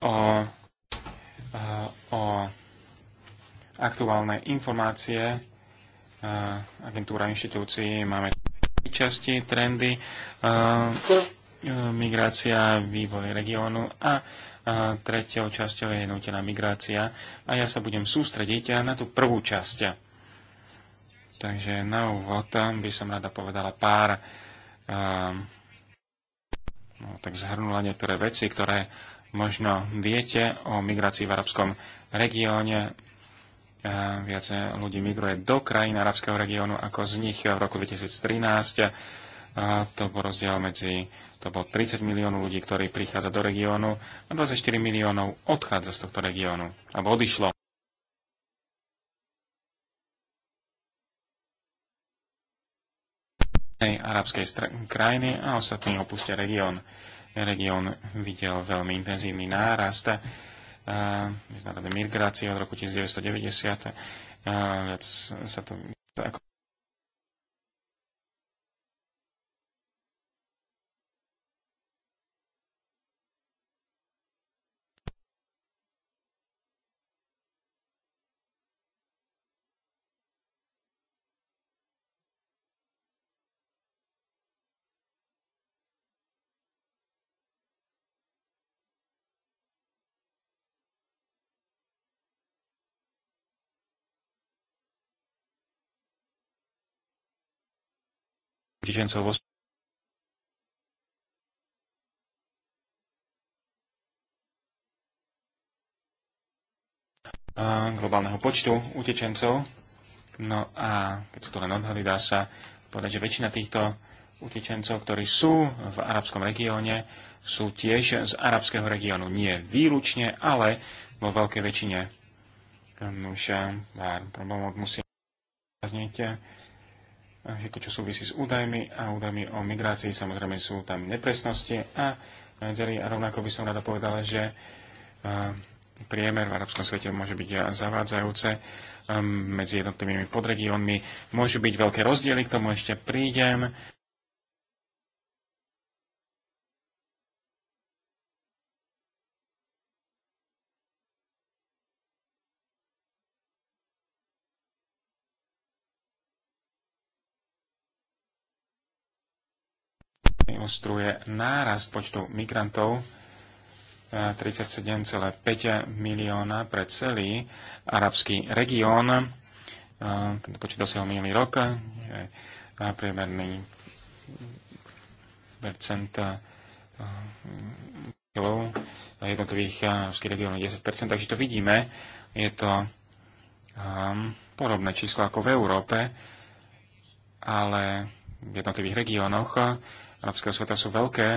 o, o aktuálne informácie agentúra inštitúcií. Máme časti, trendy, e, migrácia, vývoj regiónu a tretiou časťou je nutená migrácia a ja sa budem sústrediť na tú prvú časť. Takže na úvod by som rada povedala pár no, tak zhrnula niektoré veci, ktoré Možno viete o migrácii v arabskom regióne. Viac ľudí migruje do krajín arabského regiónu ako z nich v roku 2013. To bol rozdiel medzi to bol 30 miliónov ľudí, ktorí prichádza do regiónu a 24 miliónov odchádza z tohto regiónu, alebo odišlo. arabskej krajiny a ostatní opustia región region videl veľmi intenzívny nárast medzinárodnej migrácie od roku 1990. Viac sa to ako utečencov vo globálneho počtu utečencov. No a keď sa to len odhali, dá sa povedať, že väčšina týchto utečencov, ktorí sú v arabskom regióne, sú tiež z arabského regiónu. Nie výlučne, ale vo veľkej väčšine. Už musím keď čo súvisí s údajmi a údajmi o migrácii, samozrejme sú tam nepresnosti a medzery. A rovnako by som rada povedala, že e, priemer v arabskom svete môže byť zavádzajúce e, medzi jednotlivými podregiónmi. Môžu byť veľké rozdiely, k tomu ešte prídem. ilustruje nárast počtu migrantov 37,5 eh, milióna pre celý arabský región. Eh, tento počet dosiahol minulý rok. Eh, priemerný percent jednotlivých arabských regiónov 10 takže to vidíme. Je to ehm, podobné číslo ako v Európe, ale v jednotlivých regiónoch arabského sveta sú veľké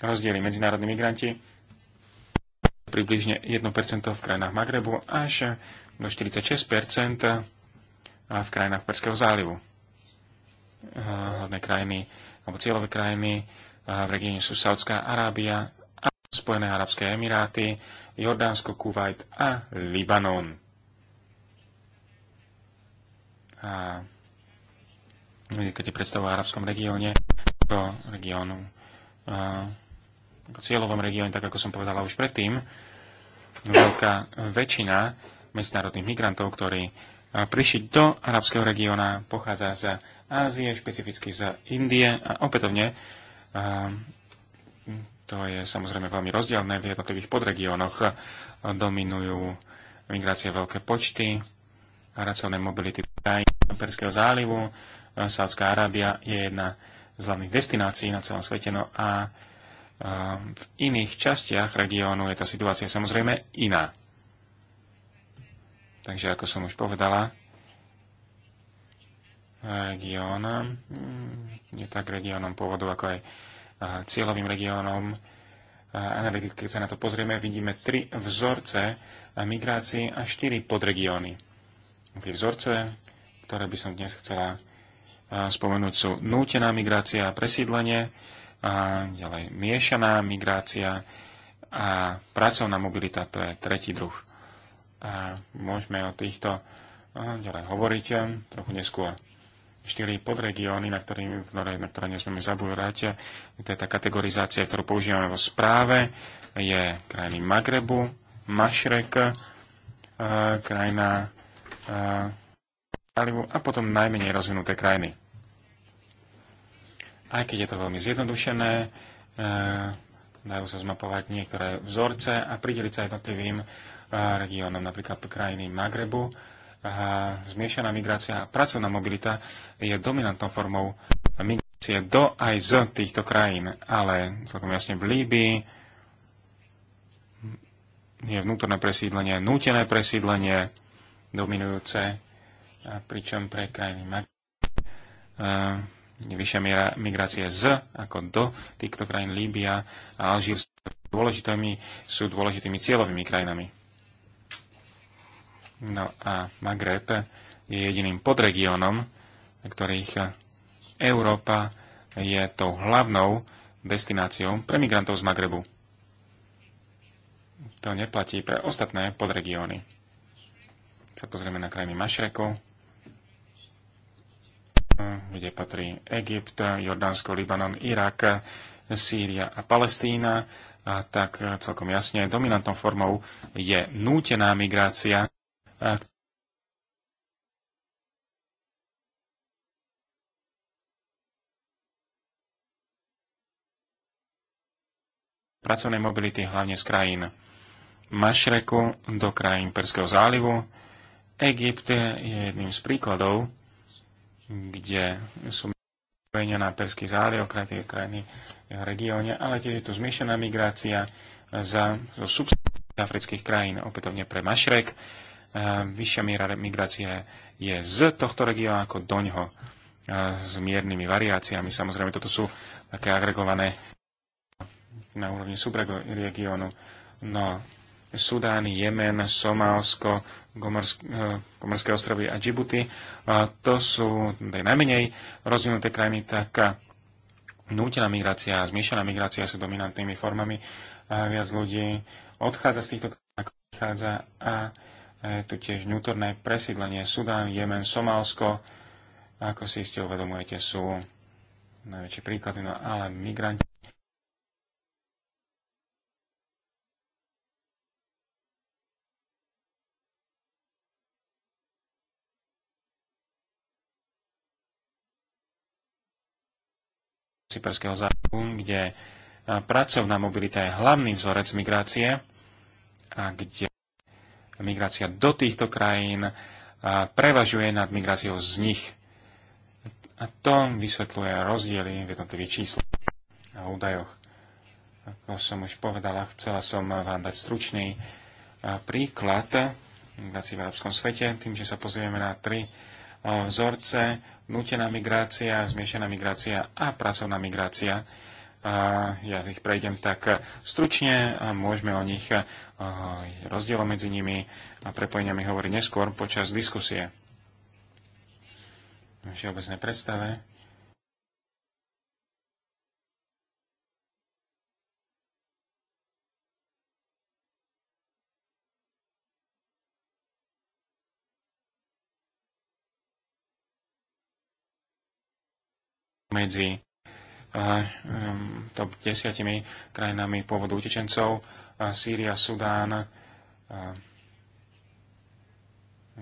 rozdiely. Medzinárodní migranti približne 1% v krajinách Magrebu až do 46% v krajinách Perského zálivu. Hlavné krajiny, alebo cieľové krajiny v regióne sú Saudská Arábia, a Spojené Arabské Emiráty, Jordánsko, Kuwait a Libanon. A keď predstavu o arabskom regióne, do regiónu, cieľovom regióne, tak ako som povedala už predtým, veľká väčšina medzinárodných migrantov, ktorí prišli do arabského regióna, pochádza z Ázie, špecificky z Indie a opätovne to je samozrejme veľmi rozdielne. V jednotlivých podregiónoch dominujú migrácie veľké počty, racionálne mobility krajín Perského zálivu. Sádská Arábia je jedna z hlavných destinácií na celom svete. No a v iných častiach regiónu je tá situácia samozrejme iná. Takže ako som už povedala, región mm, je tak regiónom pôvodu, ako aj cieľovým regiónom analytiky, keď sa na to pozrieme, vidíme tri vzorce migrácie a štyri podregióny. Tie vzorce, ktoré by som dnes chcela spomenúť sú nútená migrácia a presídlenie, a ďalej miešaná migrácia a pracovná mobilita, to je tretí druh. A môžeme o týchto ďalej hovoriť um, trochu neskôr. Štyri podregióny, na, ktorý, na ktoré nesmieme zabúrať, to je tá kategorizácia, ktorú používame vo správe, je krajiny Magrebu, Mašrek, krajina zálivu a potom najmenej rozvinuté krajiny. Aj keď je to veľmi zjednodušené, e, dajú sa zmapovať niektoré vzorce a prideliť sa jednotlivým eh, regiónom, napríklad krajiny Magrebu. A zmiešaná migrácia a pracovná mobilita je dominantnou formou migrácie do aj z týchto krajín, ale celkom jasne v Líbii, je vnútorné presídlenie, nútené presídlenie, dominujúce a pričom pre krajiny e, vyššia miera migrácie z ako do týchto krajín Líbia a Alžír sú dôležitými, sú dôležitými cieľovými krajinami. No a Magreb je jediným podregiónom, ktorých Európa je tou hlavnou destináciou pre migrantov z Magrebu. To neplatí pre ostatné podregióny. Sa pozrieme na krajiny Mašrekov kde patrí Egypt, Jordánsko, Libanon, Irak, Sýria a Palestína, a tak celkom jasne dominantnou formou je nútená migrácia, pracovnej mobility hlavne z krajín Mašreku do krajín Perského zálivu. Egypt je jedným z príkladov kde sú na Perský záliv, kratie krajiny v regióne, ale tiež je tu zmiešaná migrácia za, zo afrických krajín, opätovne pre Mašrek. E, vyššia miera migrácie je z tohto regióna ako doňho e, s miernymi variáciami. Samozrejme, toto sú také agregované na úrovni subregiónu. No, Sudán, Jemen, Somálsko, Komorské eh, ostrovy a Džibuti. To sú najmenej rozvinuté krajiny, tak nútená migrácia a zmiešaná migrácia sú dominantnými formami. A viac ľudí odchádza z týchto krajín, ako prichádza a je tu tiež vnútorné presídlenie Sudán, Jemen, Somálsko. Ako si ste uvedomujete, sú najväčšie príklady, no ale migranti cyperského zákonu, kde e, pracovná mobilita je hlavný vzorec migrácie a kde migrácia do týchto krajín e, prevažuje nad migráciou z nich. A to vysvetľuje rozdiely v jednotlivých číslach a údajoch. Ako som už povedala, chcela som vám dať stručný e, príklad migrácie v arabskom svete, tým, že sa pozrieme na tri vzorce, nutená migrácia, zmiešaná migrácia a pracovná migrácia. Ja ich prejdem tak stručne a môžeme o nich rozdielom medzi nimi a prepojeniami hovoriť neskôr počas diskusie. Všeobecné predstave medzi eh, top desiatimi krajinami pôvodu utečencov, eh, Sýria, Sudán eh,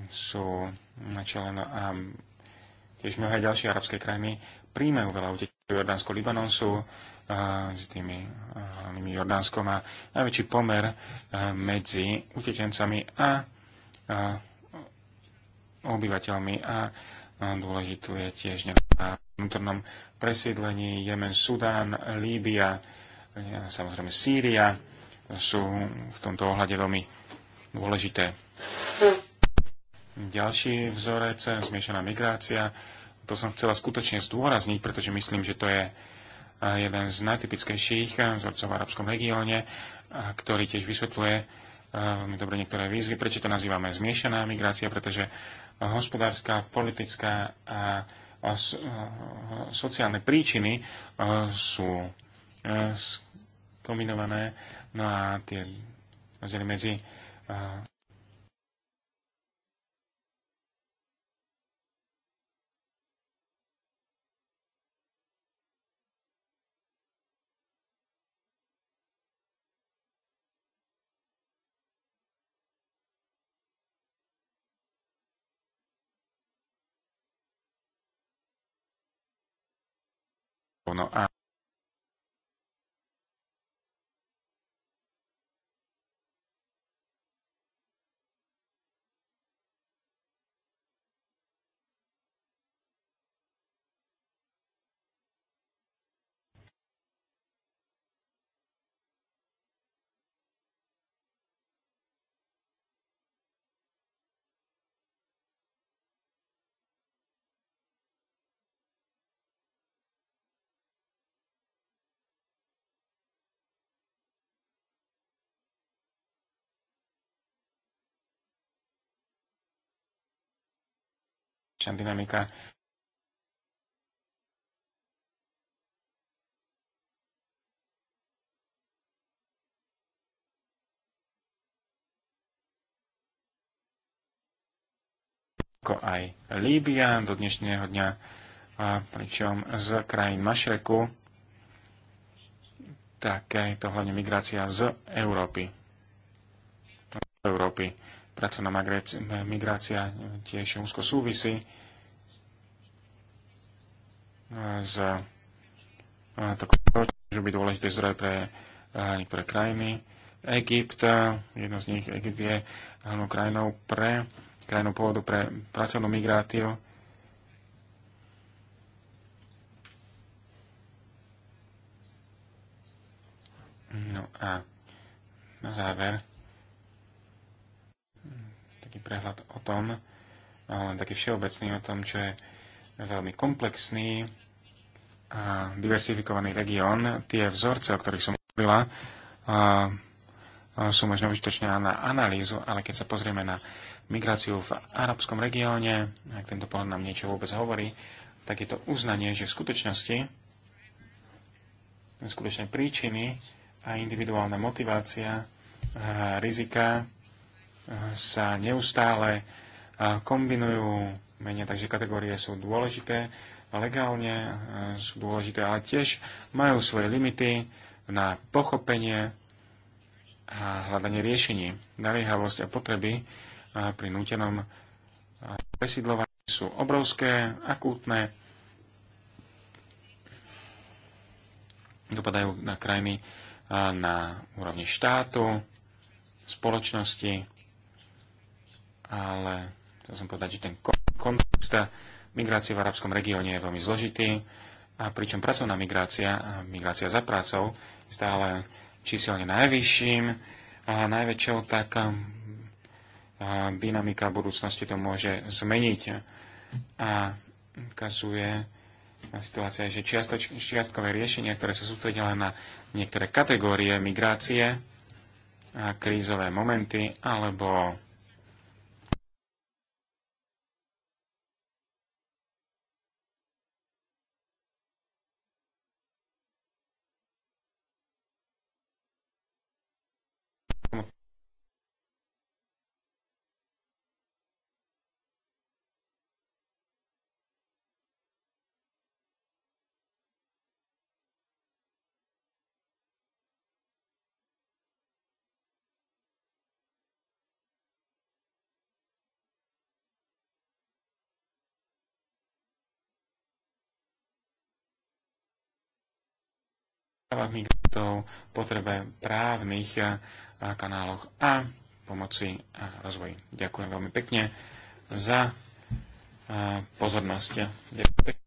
sú na čele no a tiež mnohé ďalšie arabské krajiny príjmajú veľa utečencov. Jordánsko, Libanon sú s tými hlavnými Jordánsko má najväčší pomer medzi utečencami a obyvateľmi a dôležitú je tiež nevzal vnútornom presídlení Jemen, Sudán, Líbia, samozrejme Sýria sú v tomto ohľade veľmi dôležité. Ďalší vzorec, zmiešaná migrácia. To som chcela skutočne zdôrazniť, pretože myslím, že to je jeden z najtypickejších vzorcov v arabskom regióne, ktorý tiež vysvetľuje e, veľmi dobre niektoré výzvy, prečo to nazývame zmiešaná migrácia, pretože hospodárska, politická a sociálne príčiny sú e, skombinované. No a tie rozdiely medzi No a dynamika ako aj Líbia do dnešného dňa, pričom z krajín Mašreku, tak je to hlavne migrácia z Európy. Európy pracovná migrácia tiež úzko súvisí s takou, že by dôležité zdroje pre niektoré krajiny. Egypt, jedna z nich, Egypt je hlavnou krajinou pre, krajinou pôvodu pre pracovnú migráciu. No a na záver, taký prehľad o tom, len taký všeobecný o tom, čo je veľmi komplexný a diversifikovaný región. Tie vzorce, o ktorých som hovorila, sú možno užitočné na analýzu, ale keď sa pozrieme na migráciu v arabskom regióne, ak tento pohľad nám niečo vôbec hovorí, tak je to uznanie, že v skutočnosti skutočné príčiny a individuálna motivácia a rizika sa neustále kombinujú menia, takže kategórie sú dôležité legálne, sú dôležité, ale tiež majú svoje limity na pochopenie a hľadanie riešení. Naliehavosť a potreby pri nútenom presídlovaní sú obrovské, akútne, dopadajú na krajiny na úrovni štátu, spoločnosti, ale chcel som povedať, že ten kontext migrácie v arabskom regióne je veľmi zložitý a pričom pracovná migrácia a migrácia za prácou stále číselne najvyšším a najväčšou, tak um, dynamika budúcnosti to môže zmeniť a ukazuje situácia, že čiastkové riešenia, ktoré sú sústredené na niektoré kategórie migrácie, a krízové momenty alebo právach migrantov, potrebe právnych eh, kanáloch a pomoci a rozvoji. Ďakujem veľmi pekne za eh, pozornosť. Ďakujem.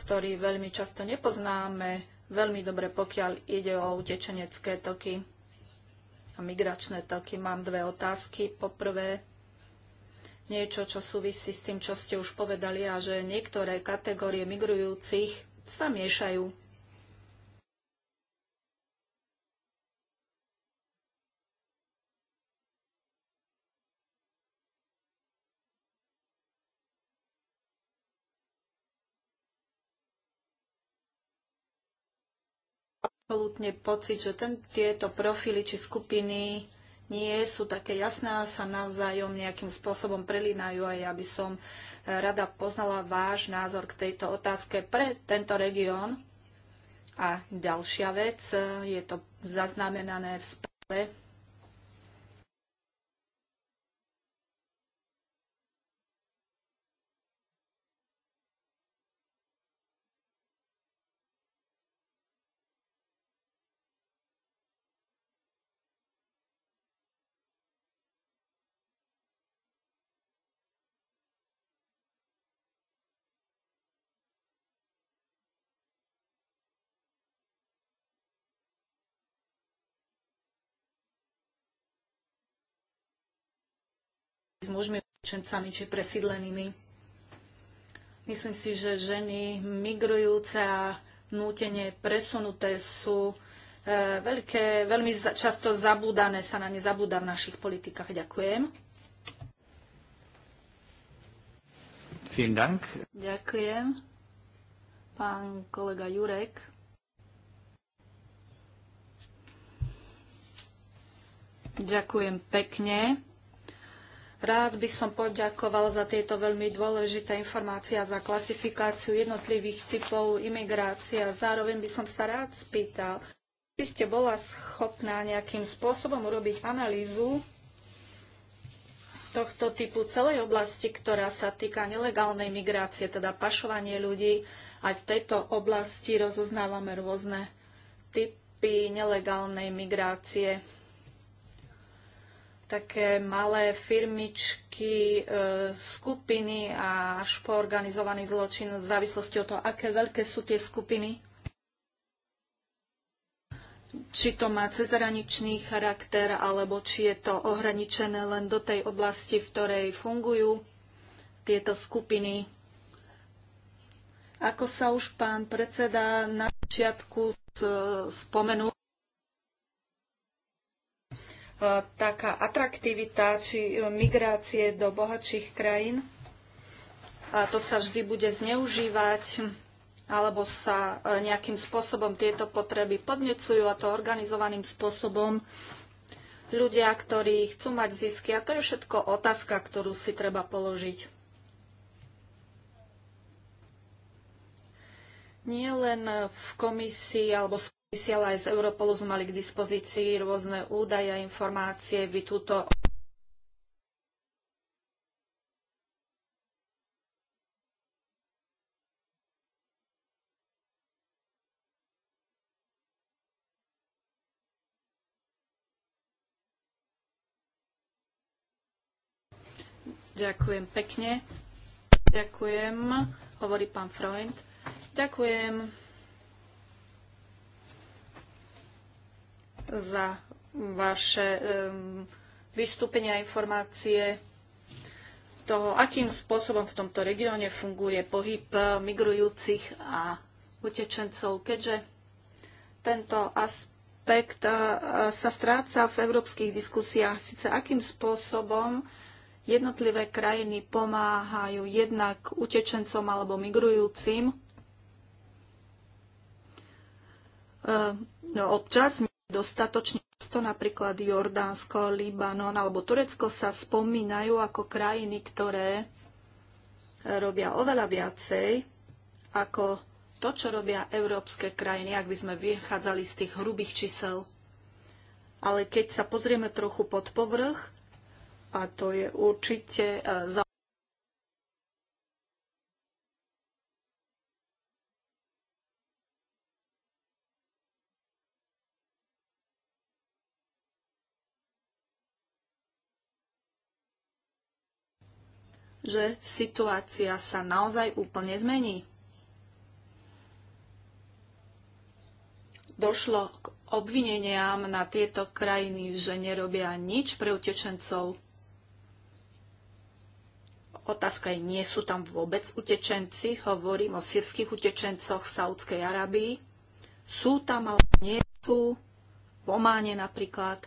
ktorý veľmi často nepoznáme veľmi dobre, pokiaľ ide o utečenecké toky a migračné toky. Mám dve otázky. Poprvé, niečo, čo súvisí s tým, čo ste už povedali a že niektoré kategórie migrujúcich sa miešajú absolútne pocit, že ten, tieto profily či skupiny nie sú také jasné a sa navzájom nejakým spôsobom prelínajú a ja by som e, rada poznala váš názor k tejto otázke pre tento región. A ďalšia vec, e, je to zaznamenané v správe s mužmi, učencami či presídlenými. Myslím si, že ženy migrujúce a nútenie presunuté sú e, veľké, veľmi často zabúdané, sa na ne zabúda v našich politikách. Ďakujem. Vielen Dank. Ďakujem. Pán kolega Jurek. Ďakujem pekne. Rád by som poďakoval za tieto veľmi dôležité informácie a za klasifikáciu jednotlivých typov imigrácie. Zároveň by som sa rád spýtal, by ste bola schopná nejakým spôsobom urobiť analýzu tohto typu celej oblasti, ktorá sa týka nelegálnej migrácie, teda pašovanie ľudí. Aj v tejto oblasti rozoznávame rôzne typy nelegálnej migrácie také malé firmičky, e, skupiny a až po organizovaný zločin v závislosti od toho, aké veľké sú tie skupiny. Či to má cezhraničný charakter, alebo či je to ohraničené len do tej oblasti, v ktorej fungujú tieto skupiny. Ako sa už pán predseda na začiatku e, spomenul, E, taká atraktivita či e, migrácie do bohatších krajín. A to sa vždy bude zneužívať alebo sa e, nejakým spôsobom tieto potreby podnecujú a to organizovaným spôsobom ľudia, ktorí chcú mať zisky. A to je všetko otázka, ktorú si treba položiť. nie len v komisii alebo vysiela aj z Europolu, sme mali k dispozícii rôzne údaje a informácie. Vy túto Ďakujem pekne. Ďakujem, hovorí pán Freund. Ďakujem za vaše um, vystúpenia a informácie toho, akým spôsobom v tomto regióne funguje pohyb eh, migrujúcich a utečencov, keďže tento aspekt eh, sa stráca v európskych diskusiách, síce akým spôsobom jednotlivé krajiny pomáhajú jednak utečencom alebo migrujúcim. Eh, no, občas dostatočne často, napríklad Jordánsko, Libanon alebo Turecko sa spomínajú ako krajiny, ktoré robia oveľa viacej ako to, čo robia európske krajiny, ak by sme vychádzali z tých hrubých čísel. Ale keď sa pozrieme trochu pod povrch, a to je určite e, za že situácia sa naozaj úplne zmení. Došlo k obvineniam na tieto krajiny, že nerobia nič pre utečencov. Otázka je, nie sú tam vôbec utečenci. Hovorím o sírskych utečencoch v Saudskej Arabii. Sú tam, ale nie sú. V Ománe napríklad.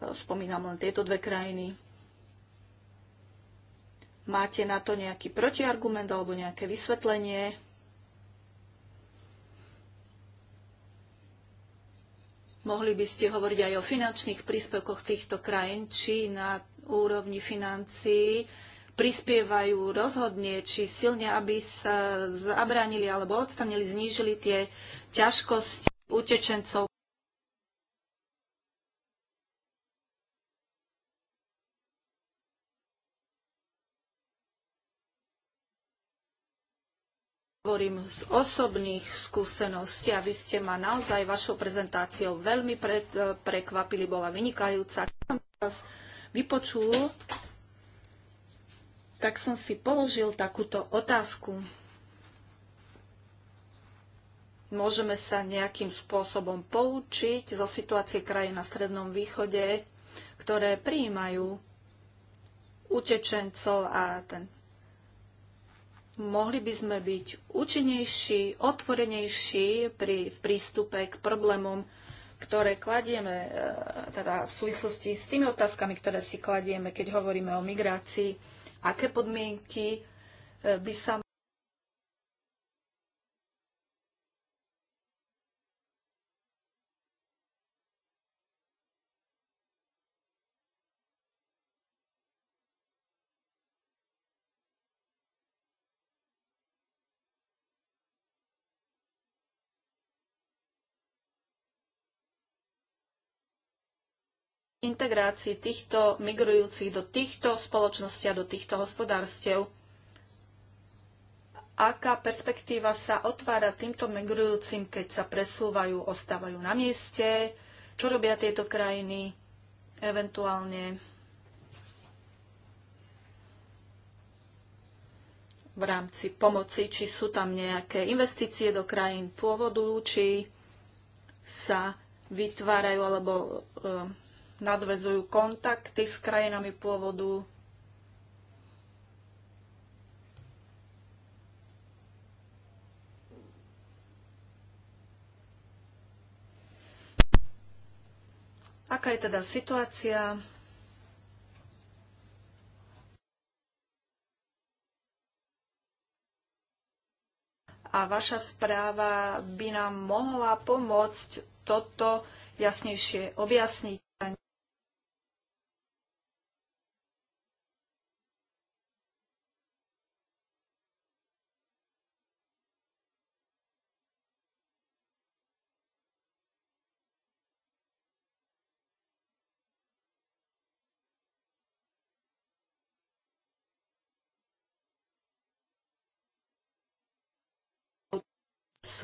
Spomínam len tieto dve krajiny. Máte na to nejaký protiargument alebo nejaké vysvetlenie? Mohli by ste hovoriť aj o finančných príspevkoch týchto krajín, či na úrovni financií prispievajú rozhodne či silne, aby sa zabránili alebo odstranili, znížili tie ťažkosti utečencov. hovorím z osobných skúseností a vy ste ma naozaj vašou prezentáciou veľmi pre, e, prekvapili, bola vynikajúca. Keď som vás vypočul, tak som si položil takúto otázku. Môžeme sa nejakým spôsobom poučiť zo situácie krajín na Strednom východe, ktoré prijímajú utečencov a ten mohli by sme byť účinnejší, otvorenejší pri, v prístupe k problémom, ktoré kladieme, e, teda v súvislosti s tými otázkami, ktoré si kladieme, keď hovoríme o migrácii, aké podmienky e, by sa integrácii týchto migrujúcich do týchto spoločností a do týchto hospodárstiev. Aká perspektíva sa otvára týmto migrujúcim, keď sa presúvajú, ostávajú na mieste? Čo robia tieto krajiny? Eventuálne v rámci pomoci, či sú tam nejaké investície do krajín pôvodu, či sa vytvárajú alebo e, nadvezujú kontakty s krajinami pôvodu. Aká je teda situácia? A vaša správa by nám mohla pomôcť toto jasnejšie objasniť.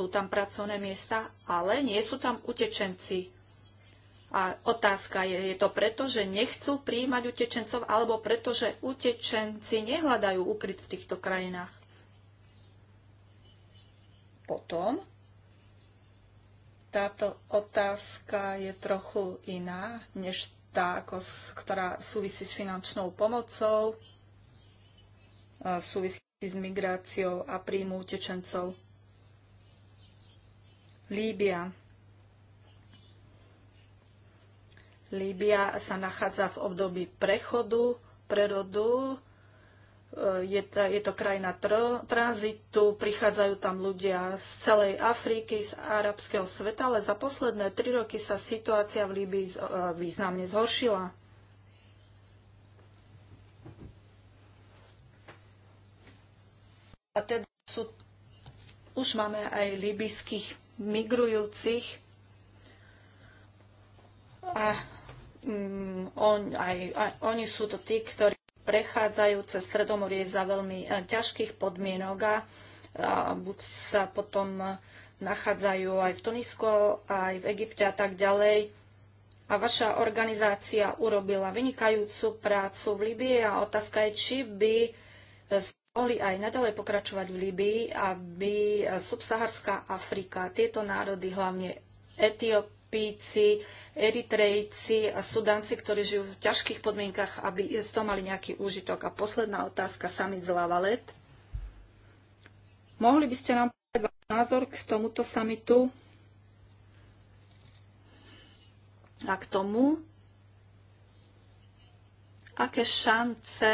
sú tam pracovné miesta, ale nie sú tam utečenci. A otázka je, je to preto, že nechcú príjmať utečencov, alebo preto, že utečenci nehľadajú ukryt v týchto krajinách. Potom táto otázka je trochu iná, než tá, ktorá súvisí s finančnou pomocou, súvisí s migráciou a príjmu utečencov. Líbia. Líbia sa nachádza v období prechodu, prerodu, e, je, to, je to krajina tr- tranzitu, prichádzajú tam ľudia z celej Afriky, z arabského sveta, ale za posledné tri roky sa situácia v Líbii e, významne zhoršila. A teda sú, už máme aj líbyských migrujúcich a mm, on, aj, a oni sú to tí, ktorí prechádzajú cez Stredomorie za veľmi e, ťažkých podmienok a, a buď sa potom nachádzajú aj v Tunisku, aj v Egypte a tak ďalej. A vaša organizácia urobila vynikajúcu prácu v Libii a otázka je, či by mohli aj naďalej pokračovať v Líbii, aby subsaharská Afrika, tieto národy, hlavne Etiopíci, Eritrejci a Sudanci, ktorí žijú v ťažkých podmienkach, aby z toho mali nejaký úžitok. A posledná otázka, summit z Lavalet. Mohli by ste nám povedať váš názor k tomuto samitu a k tomu, aké šance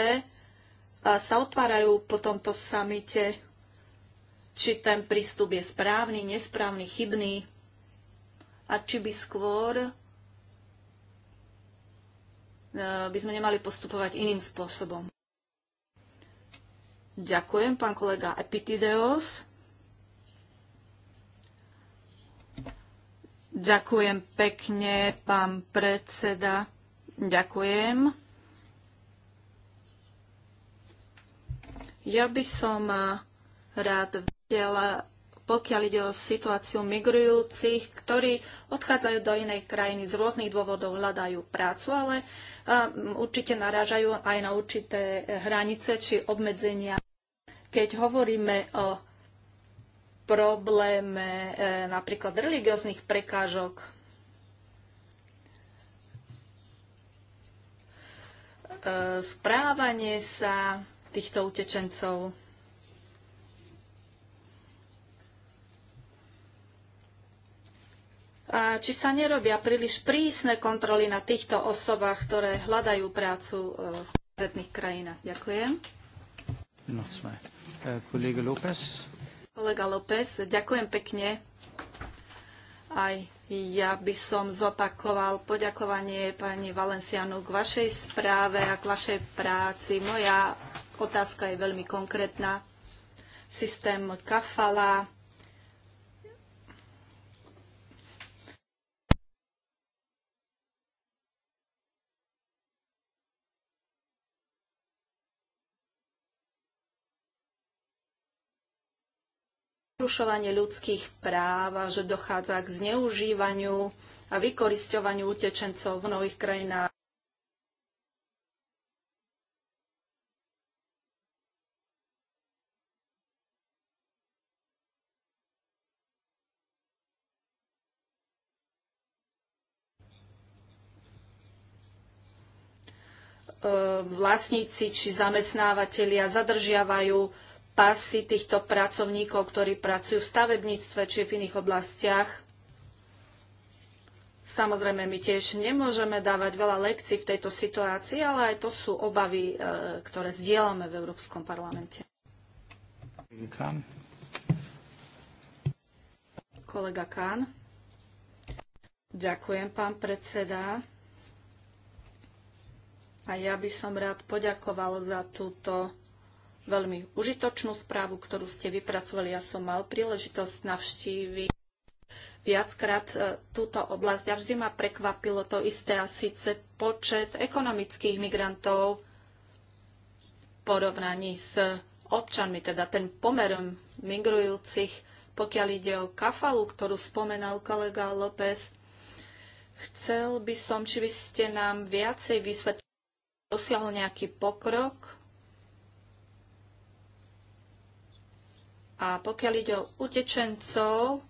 sa otvárajú po tomto samite, či ten prístup je správny, nesprávny, chybný a či by skôr e, by sme nemali postupovať iným spôsobom. Ďakujem, pán kolega Epitideos. Ďakujem pekne, pán predseda. Ďakujem. Ja by som eh, rád vedel, eh, pokiaľ ide o situáciu migrujúcich, ktorí odchádzajú do inej krajiny z rôznych dôvodov, hľadajú prácu, ale eh, určite narážajú aj na určité hranice či obmedzenia. Keď hovoríme o probléme napríklad religióznych prekážok, správanie sa týchto utečencov. A či sa nerobia príliš prísne kontroly na týchto osobách, ktoré hľadajú prácu e, v konkrétnych krajinách. Ďakujem. No, uh, Kolega López. Kolega López, ďakujem pekne. Aj ja by som zopakoval poďakovanie pani Valencianu k vašej správe a k vašej práci. Moja Otázka je veľmi konkrétna. Systém kafala, porušovanie ľudských práv a že dochádza k zneužívaniu a vykorisťovaniu utečencov v mnohých krajinách. E, vlastníci či zamestnávateľia zadržiavajú pasy týchto pracovníkov, ktorí pracujú v stavebníctve či v iných oblastiach. Samozrejme, my tiež nemôžeme dávať veľa lekcií v tejto situácii, ale aj to sú obavy, e, ktoré zdieľame v Európskom parlamente. Kolega Kán. Ďakujem, pán predseda. A ja by som rád poďakoval za túto veľmi užitočnú správu, ktorú ste vypracovali. Ja som mal príležitosť navštíviť viackrát e, túto oblasť a vždy ma prekvapilo to isté a síce počet ekonomických migrantov v porovnaní s občanmi, teda ten pomer migrujúcich, pokiaľ ide o kafalu, ktorú spomenal kolega López. Chcel by som, či by ste nám viacej vysvetlili, dosiahol nejaký pokrok. A pokiaľ ide o utečencov,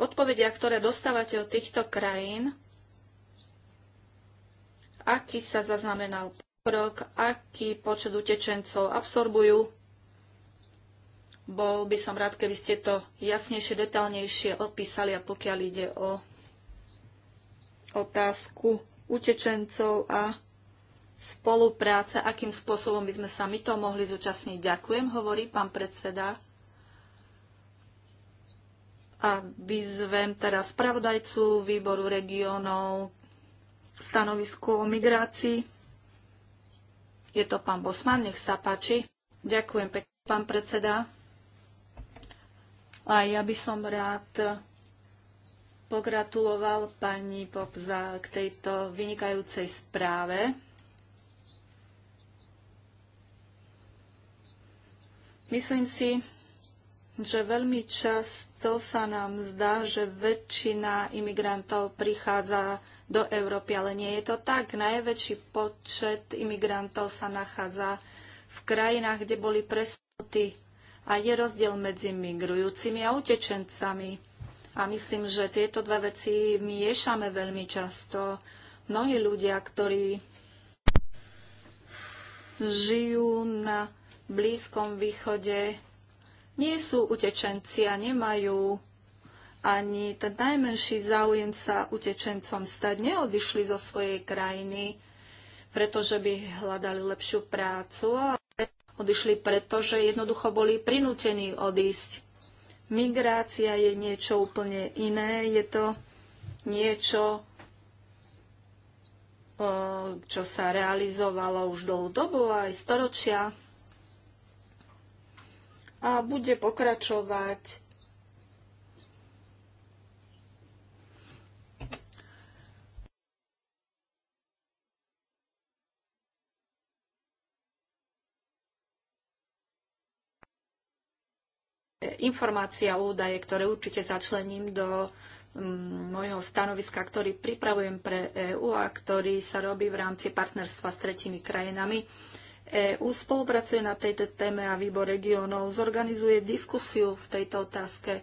odpovedia, ktoré dostávate od týchto krajín, aký sa zaznamenal pokrok, aký počet utečencov absorbujú. Bol by som rád, keby ste to jasnejšie, detálnejšie opísali a pokiaľ ide o otázku utečencov a spolupráce, akým spôsobom by sme sa my to mohli zúčastniť. Ďakujem, hovorí pán predseda. A vyzvem teraz spravodajcu výboru regionov stanovisku o migrácii. Je to pán Bosman, nech sa páči. Ďakujem pekne, pán predseda. A ja by som rád pogratuloval pani Popza k tejto vynikajúcej správe. Myslím si, že veľmi často sa nám zdá, že väčšina imigrantov prichádza do Európy, ale nie je to tak. Najväčší počet imigrantov sa nachádza v krajinách, kde boli presunutí a je rozdiel medzi migrujúcimi a utečencami. A myslím, že tieto dve veci miešame veľmi často. Mnohí ľudia, ktorí žijú na Blízkom východe, nie sú utečenci a nemajú ani ten najmenší záujem sa utečencom stať. Neodišli zo svojej krajiny, pretože by hľadali lepšiu prácu, ale odišli preto, že jednoducho boli prinútení odísť. Migrácia je niečo úplne iné, je to niečo, čo sa realizovalo už dlhú dobu, aj storočia. A bude pokračovať informácia o údaje, ktoré určite začlením do mm, môjho stanoviska, ktorý pripravujem pre EÚ a ktorý sa robí v rámci partnerstva s tretimi krajinami. EÚ spolupracuje na tejto téme a výbor regionov zorganizuje diskusiu v tejto otázke.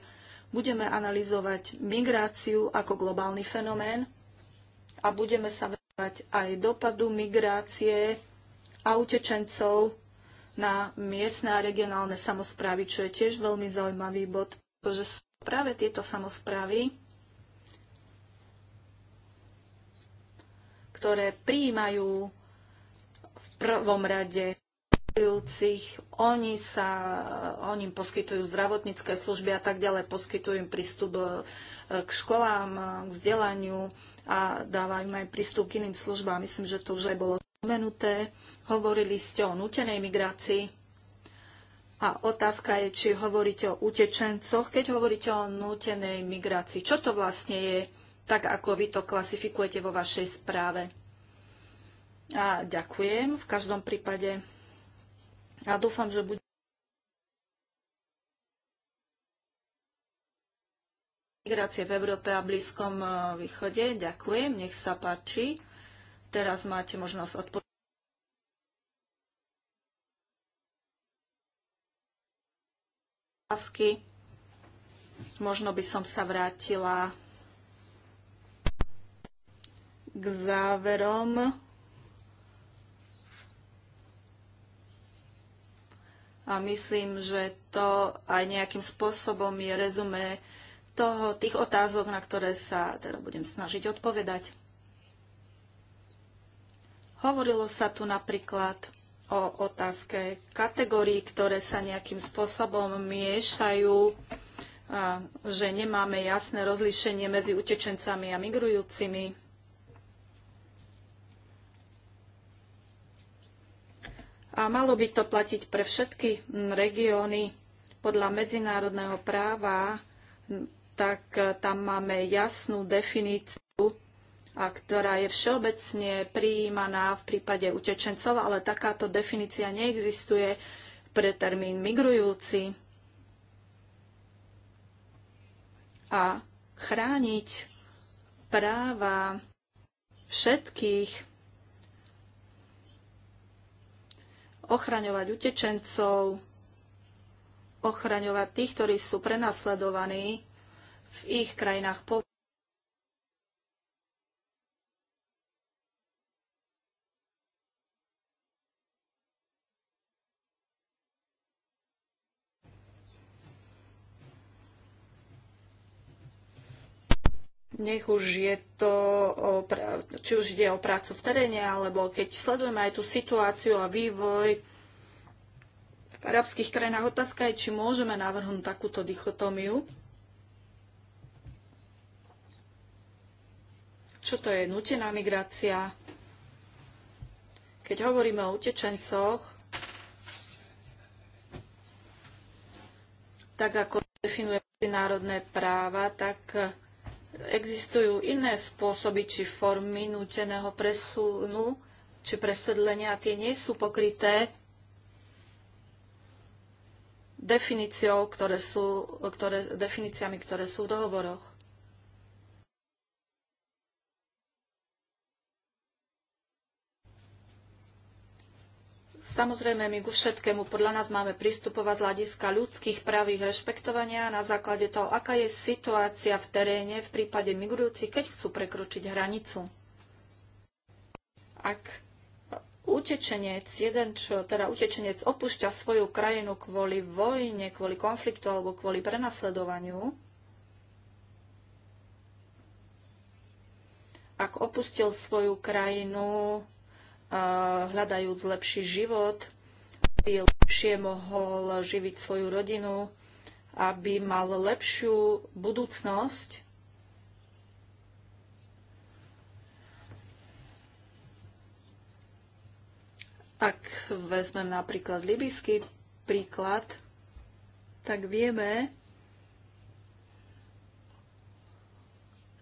Budeme analyzovať migráciu ako globálny fenomén a budeme sa venovať aj dopadu migrácie a utečencov na miestne a regionálne samozprávy, čo je tiež veľmi zaujímavý bod, pretože sú práve tieto samozprávy, ktoré prijímajú v prvom rade oni sa, oni im poskytujú zdravotnícke služby a tak ďalej, poskytujú im prístup e, k školám, e, k vzdelaniu a dávajú im aj prístup k iným službám. Myslím, že to už aj bolo spomenuté. Hovorili ste o nutenej migrácii. A otázka je, či hovoríte o utečencoch, keď hovoríte o nútenej migrácii. Čo to vlastne je, tak ako vy to klasifikujete vo vašej správe? A ďakujem v každom prípade. A dúfam, že bude. Migrácie v Európe a Blízkom e, východe. Ďakujem, nech sa páči. Teraz máte možnosť odpovedať. Možno by som sa vrátila k záverom. A myslím, že to aj nejakým spôsobom je rezume toho, tých otázok, na ktoré sa teda budem snažiť odpovedať. Hovorilo sa tu napríklad o otázke kategórií, ktoré sa nejakým spôsobom miešajú, že nemáme jasné rozlíšenie medzi utečencami a migrujúcimi. A malo by to platiť pre všetky regióny podľa medzinárodného práva, tak e, tam máme jasnú definíciu a ktorá je všeobecne prijímaná v prípade utečencov, ale takáto definícia neexistuje pre termín migrujúci. A chrániť práva všetkých ochraňovať utečencov, ochraňovať tých, ktorí sú prenasledovaní v ich krajinách Nech už je to, či už ide o prácu v teréne, alebo keď sledujeme aj tú situáciu a vývoj v arabských krajinách, otázka je, či môžeme navrhnúť takúto dichotómiu. Čo to je nutená migrácia? Keď hovoríme o utečencoch, tak ako definuje medzinárodné práva, tak Existujú iné spôsoby či formy núteného presunu či presedlenia a tie nie sú pokryté definíciou, ktoré sú, ktoré, definíciami, ktoré sú v dohovoroch. Samozrejme, my ku všetkému podľa nás máme pristupovať z hľadiska ľudských práv ich rešpektovania na základe toho, aká je situácia v teréne v prípade migrujúcich, keď chcú prekročiť hranicu. Ak utečenec, jeden čo, teda utečenec opúšťa svoju krajinu kvôli vojne, kvôli konfliktu alebo kvôli prenasledovaniu, ak opustil svoju krajinu hľadajúc lepší život, aby lepšie mohol živiť svoju rodinu, aby mal lepšiu budúcnosť. Ak vezmem napríklad libyský príklad, tak vieme,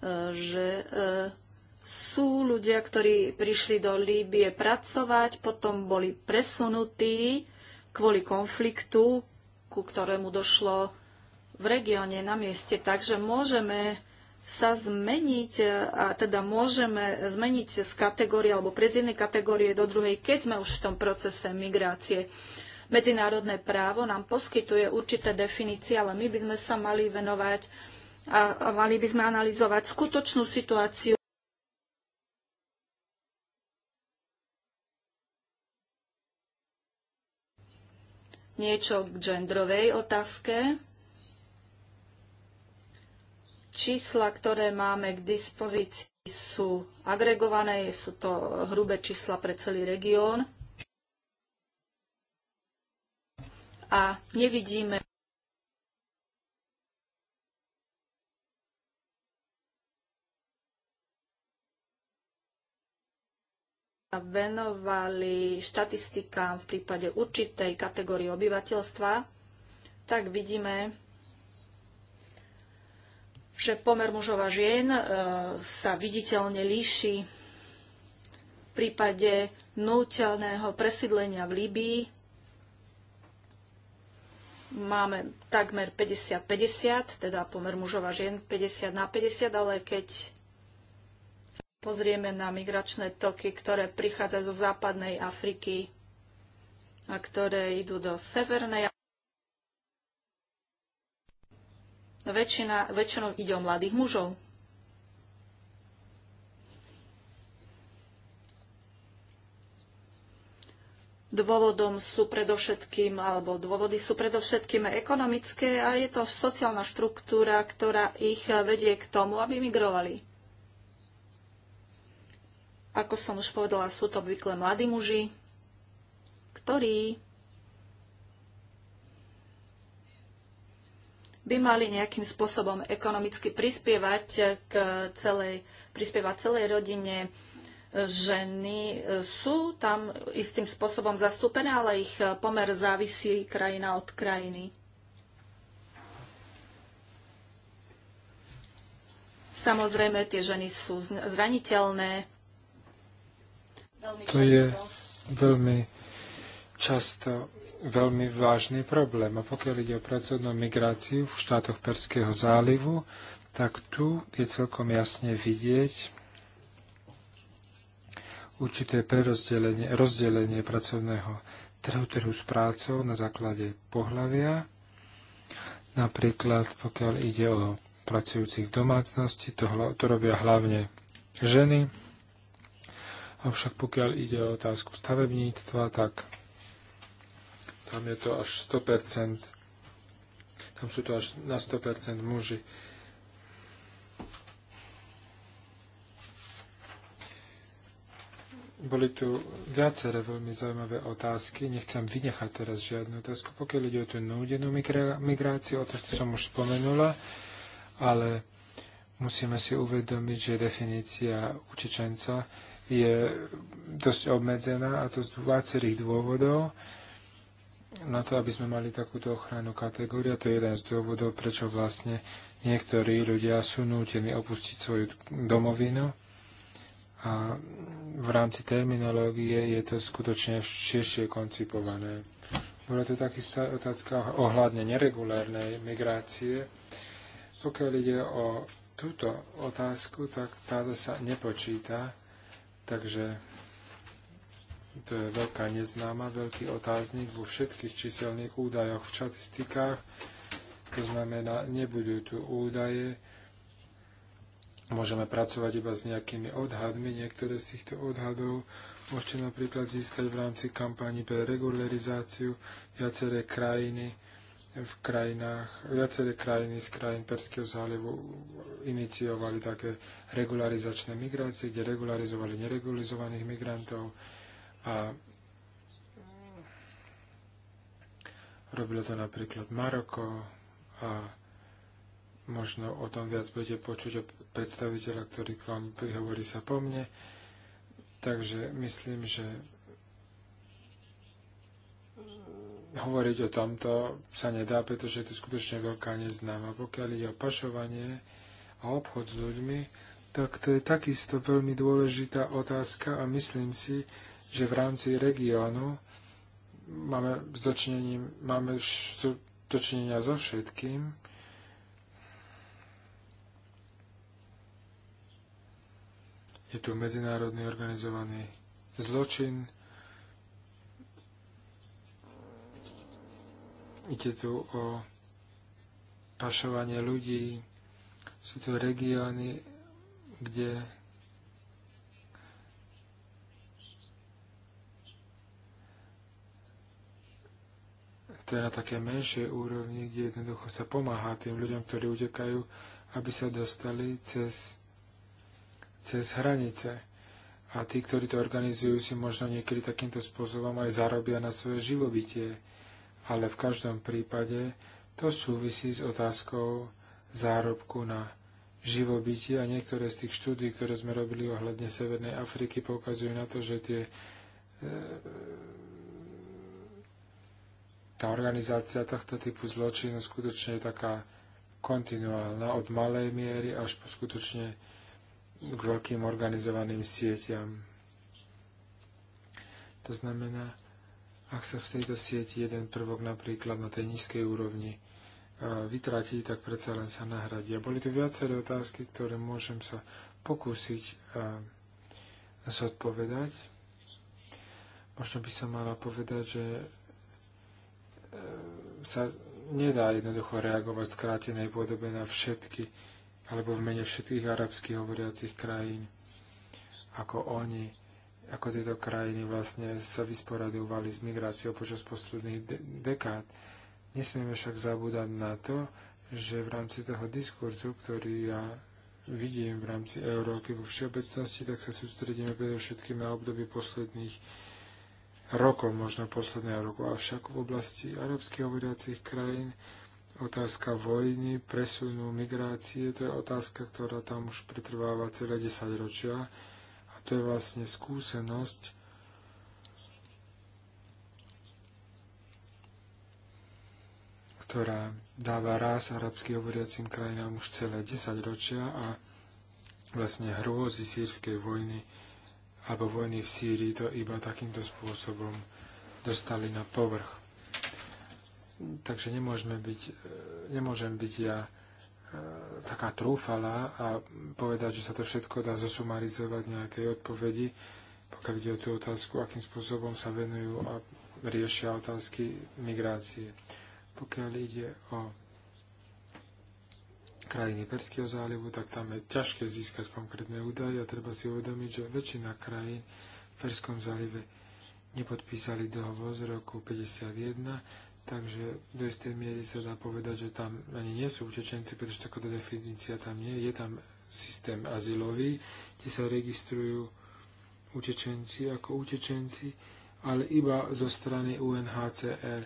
e, že e, sú ľudia, ktorí prišli do Líbie pracovať, potom boli presunutí kvôli konfliktu, ku ktorému došlo v regióne na mieste. Takže môžeme sa zmeniť, a teda môžeme zmeniť z kategórie alebo pre z jednej kategórie do druhej, keď sme už v tom procese migrácie. Medzinárodné právo nám poskytuje určité definície, ale my by sme sa mali venovať a mali by sme analyzovať skutočnú situáciu niečo k genderovej otázke. Čísla, ktoré máme k dispozícii, sú agregované, sú to hrubé čísla pre celý región. A nevidíme venovali štatistikám v prípade určitej kategórie obyvateľstva, tak vidíme, že pomer mužov a žien e, sa viditeľne líši. V prípade núteľného presídlenia v Líbii máme takmer 50-50, teda pomer mužov a žien 50 na 50, ale keď pozrieme na migračné toky, ktoré prichádzajú zo západnej Afriky a ktoré idú do severnej Väčšina, väčšinou ide o mladých mužov. Dôvodom sú predovšetkým, alebo dôvody sú predovšetkým ekonomické a je to sociálna štruktúra, ktorá ich vedie k tomu, aby migrovali. Ako som už povedala, sú to obvykle mladí muži, ktorí by mali nejakým spôsobom ekonomicky prispievať k celej, prispievať celej rodine. Ženy e, sú tam istým spôsobom zastúpené, ale ich pomer závisí krajina od krajiny. Samozrejme, tie ženy sú zraniteľné, to je veľmi často veľmi vážny problém. A pokiaľ ide o pracovnú migráciu v štátoch Perského zálivu, tak tu je celkom jasne vidieť určité prerozdelenie, rozdelenie pracovného trhu, trhu s prácou na základe pohľavia. Napríklad, pokiaľ ide o pracujúcich v domácnosti, to, to robia hlavne ženy, Avšak pokiaľ ide o otázku stavebníctva, tak tam je to až 100%, tam sú to až na 100% muži. Boli tu viaceré veľmi zaujímavé otázky, nechcem vynechať teraz žiadnu otázku, pokiaľ ide o tú núdenú migráciu, o to som už spomenula, ale musíme si uvedomiť, že definícia utečenca je dosť obmedzená a to z viacerých dôvodov na to, aby sme mali takúto ochranu kategória. To je jeden z dôvodov, prečo vlastne niektorí ľudia sú nútení opustiť svoju domovinu. A v rámci terminológie je to skutočne širšie koncipované. Bola to takisto otázka ohľadne neregulárnej migrácie. Pokiaľ ide o túto otázku, tak táto sa nepočíta Takže to je veľká neznáma, veľký otáznik vo všetkých číselných údajoch v štatistikách. To znamená, nebudú tu údaje, Môžeme pracovať iba s nejakými odhadmi. Niektoré z týchto odhadov môžete napríklad získať v rámci kampani pre regularizáciu. Viaceré krajiny v krajinách, viaceré krajiny z krajín Perského zálivu iniciovali také regularizačné migrácie, kde regularizovali neregularizovaných migrantov a robilo to napríklad Maroko a možno o tom viac budete počuť od predstaviteľa, ktorý k vám prihovorí sa po mne. Takže myslím, že hovoriť o tomto sa nedá, pretože je to skutočne veľká neznáma. Pokiaľ ide o pašovanie a obchod s ľuďmi, tak to je takisto veľmi dôležitá otázka a myslím si, že v rámci regiónu máme, máme dočinenia so všetkým, je tu medzinárodný organizovaný zločin, Ide tu o pašovanie ľudí. Sú tu regióny, kde to je na také menšej úrovni, kde jednoducho sa pomáha tým ľuďom, ktorí utekajú, aby sa dostali cez, cez hranice. A tí, ktorí to organizujú, si možno niekedy takýmto spôsobom aj zarobia na svoje živobytie ale v každom prípade to súvisí s otázkou zárobku na živobytie a niektoré z tých štúdí, ktoré sme robili ohľadne Severnej Afriky, poukazujú na to, že tie, e, tá organizácia tohto typu zločinu skutočne je taká kontinuálna od malej miery až po skutočne k veľkým organizovaným sieťam. To znamená, ak sa v tejto sieti jeden prvok napríklad na tej nízkej úrovni vytratí, tak predsa len sa nahradí. A boli tu viaceré otázky, ktoré môžem sa pokúsiť zodpovedať. Možno by som mala povedať, že e, sa nedá jednoducho reagovať v skrátenej podobe na všetky, alebo v mene všetkých arabských hovoriacich krajín, ako oni ako tieto krajiny vlastne sa vysporadovali s migráciou počas posledných de- dekád. Nesmieme však zabúdať na to, že v rámci toho diskurzu, ktorý ja vidím v rámci Európy vo všeobecnosti, tak sa sústredíme predovšetkým na obdobie posledných rokov, možno posledného roku. Avšak v oblasti arabských hovoriacich krajín otázka vojny, presunu, migrácie, to je otázka, ktorá tam už pretrváva celé 10 ročia to je vlastne skúsenosť, ktorá dáva ráz arabsky hovoriacim krajinám už celé 10 ročia a vlastne hrôzy sírskej vojny alebo vojny v Sýrii to iba takýmto spôsobom dostali na povrch. Takže nemôžeme byť, e, nemôžem byť ja E, taká trúfala a povedať, že sa to všetko dá zosumarizovať nejakej odpovedi, pokiaľ ide o tú otázku, akým spôsobom sa venujú a riešia otázky migrácie. Pokiaľ ide o krajiny Perského zálivu, tak tam je ťažké získať konkrétne údaje a treba si uvedomiť, že väčšina krajín v Perskom zálive nepodpísali dohovor z roku 51 Takže do istej miery sa dá povedať, že tam ani nie sú utečenci, pretože takáto definícia tam nie je. Je tam systém azylový, kde sa registrujú utečenci ako utečenci, ale iba zo strany UNHCR.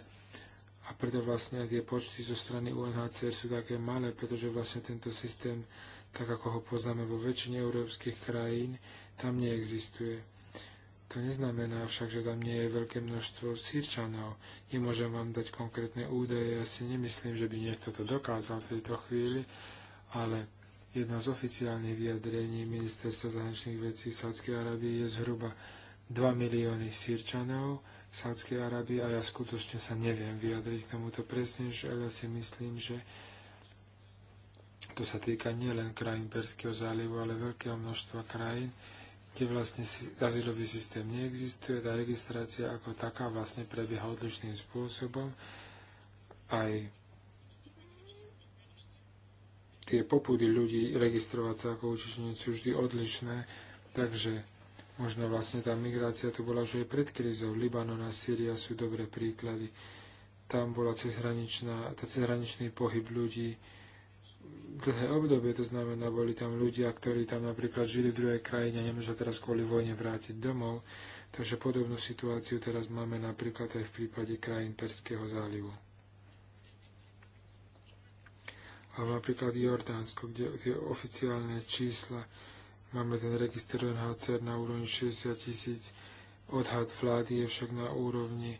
A preto vlastne tie počty zo strany UNHCR sú také malé, pretože vlastne tento systém, tak ako ho poznáme vo väčšine európskych krajín, tam neexistuje. To neznamená však, že tam nie je veľké množstvo sírčanov. Nemôžem vám dať konkrétne údaje, ja si nemyslím, že by niekto to dokázal v tejto chvíli, ale jedno z oficiálnych vyjadrení ministerstva zahraničných vecí v Sádskej Arábie je zhruba 2 milióny sírčanov v Sádskej Arábii a ja skutočne sa neviem vyjadriť k tomuto presne, ale ja si myslím, že to sa týka nielen krajín Perského zálivu, ale veľkého množstva krajín, kde vlastne azylový systém neexistuje, tá registrácia ako taká vlastne prebieha odlišným spôsobom. Aj tie popudy ľudí registrovať sa ako učičníci sú vždy odlišné, takže možno vlastne tá migrácia tu bola už aj pred krízou. Libanon a Syria sú dobré príklady. Tam bola cezhraničná, tá cezhraničný pohyb ľudí, dlhé obdobie, to znamená, boli tam ľudia, ktorí tam napríklad žili v druhej krajine a nemôžu teraz kvôli vojne vrátiť domov. Takže podobnú situáciu teraz máme napríklad aj v prípade krajín Perského zálivu. A napríklad Jordánsko, kde tie oficiálne čísla, máme ten register NHCR na úrovni 60 tisíc, odhad vlády je však na úrovni e,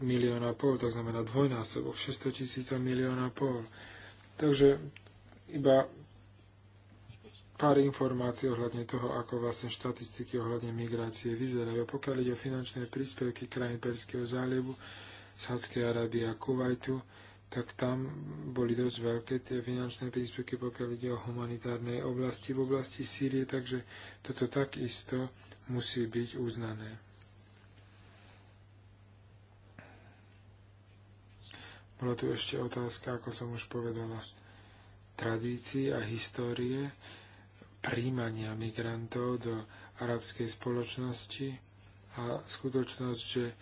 milióna pol, to znamená dvojnásobok, 600 tisíc a milióna pol. Takže iba pár informácií ohľadne toho, ako vlastne štatistiky ohľadne migrácie vyzerajú. Pokiaľ ide o finančné príspevky krajín Perského zálivu, Sádskej Arábie a Kuwaitu, tak tam boli dosť veľké tie finančné príspevky, pokiaľ ide o humanitárnej oblasti v oblasti Sýrie, takže toto takisto musí byť uznané. Bola tu ešte otázka, ako som už povedala, tradícií a histórie príjmania migrantov do arabskej spoločnosti a skutočnosť, že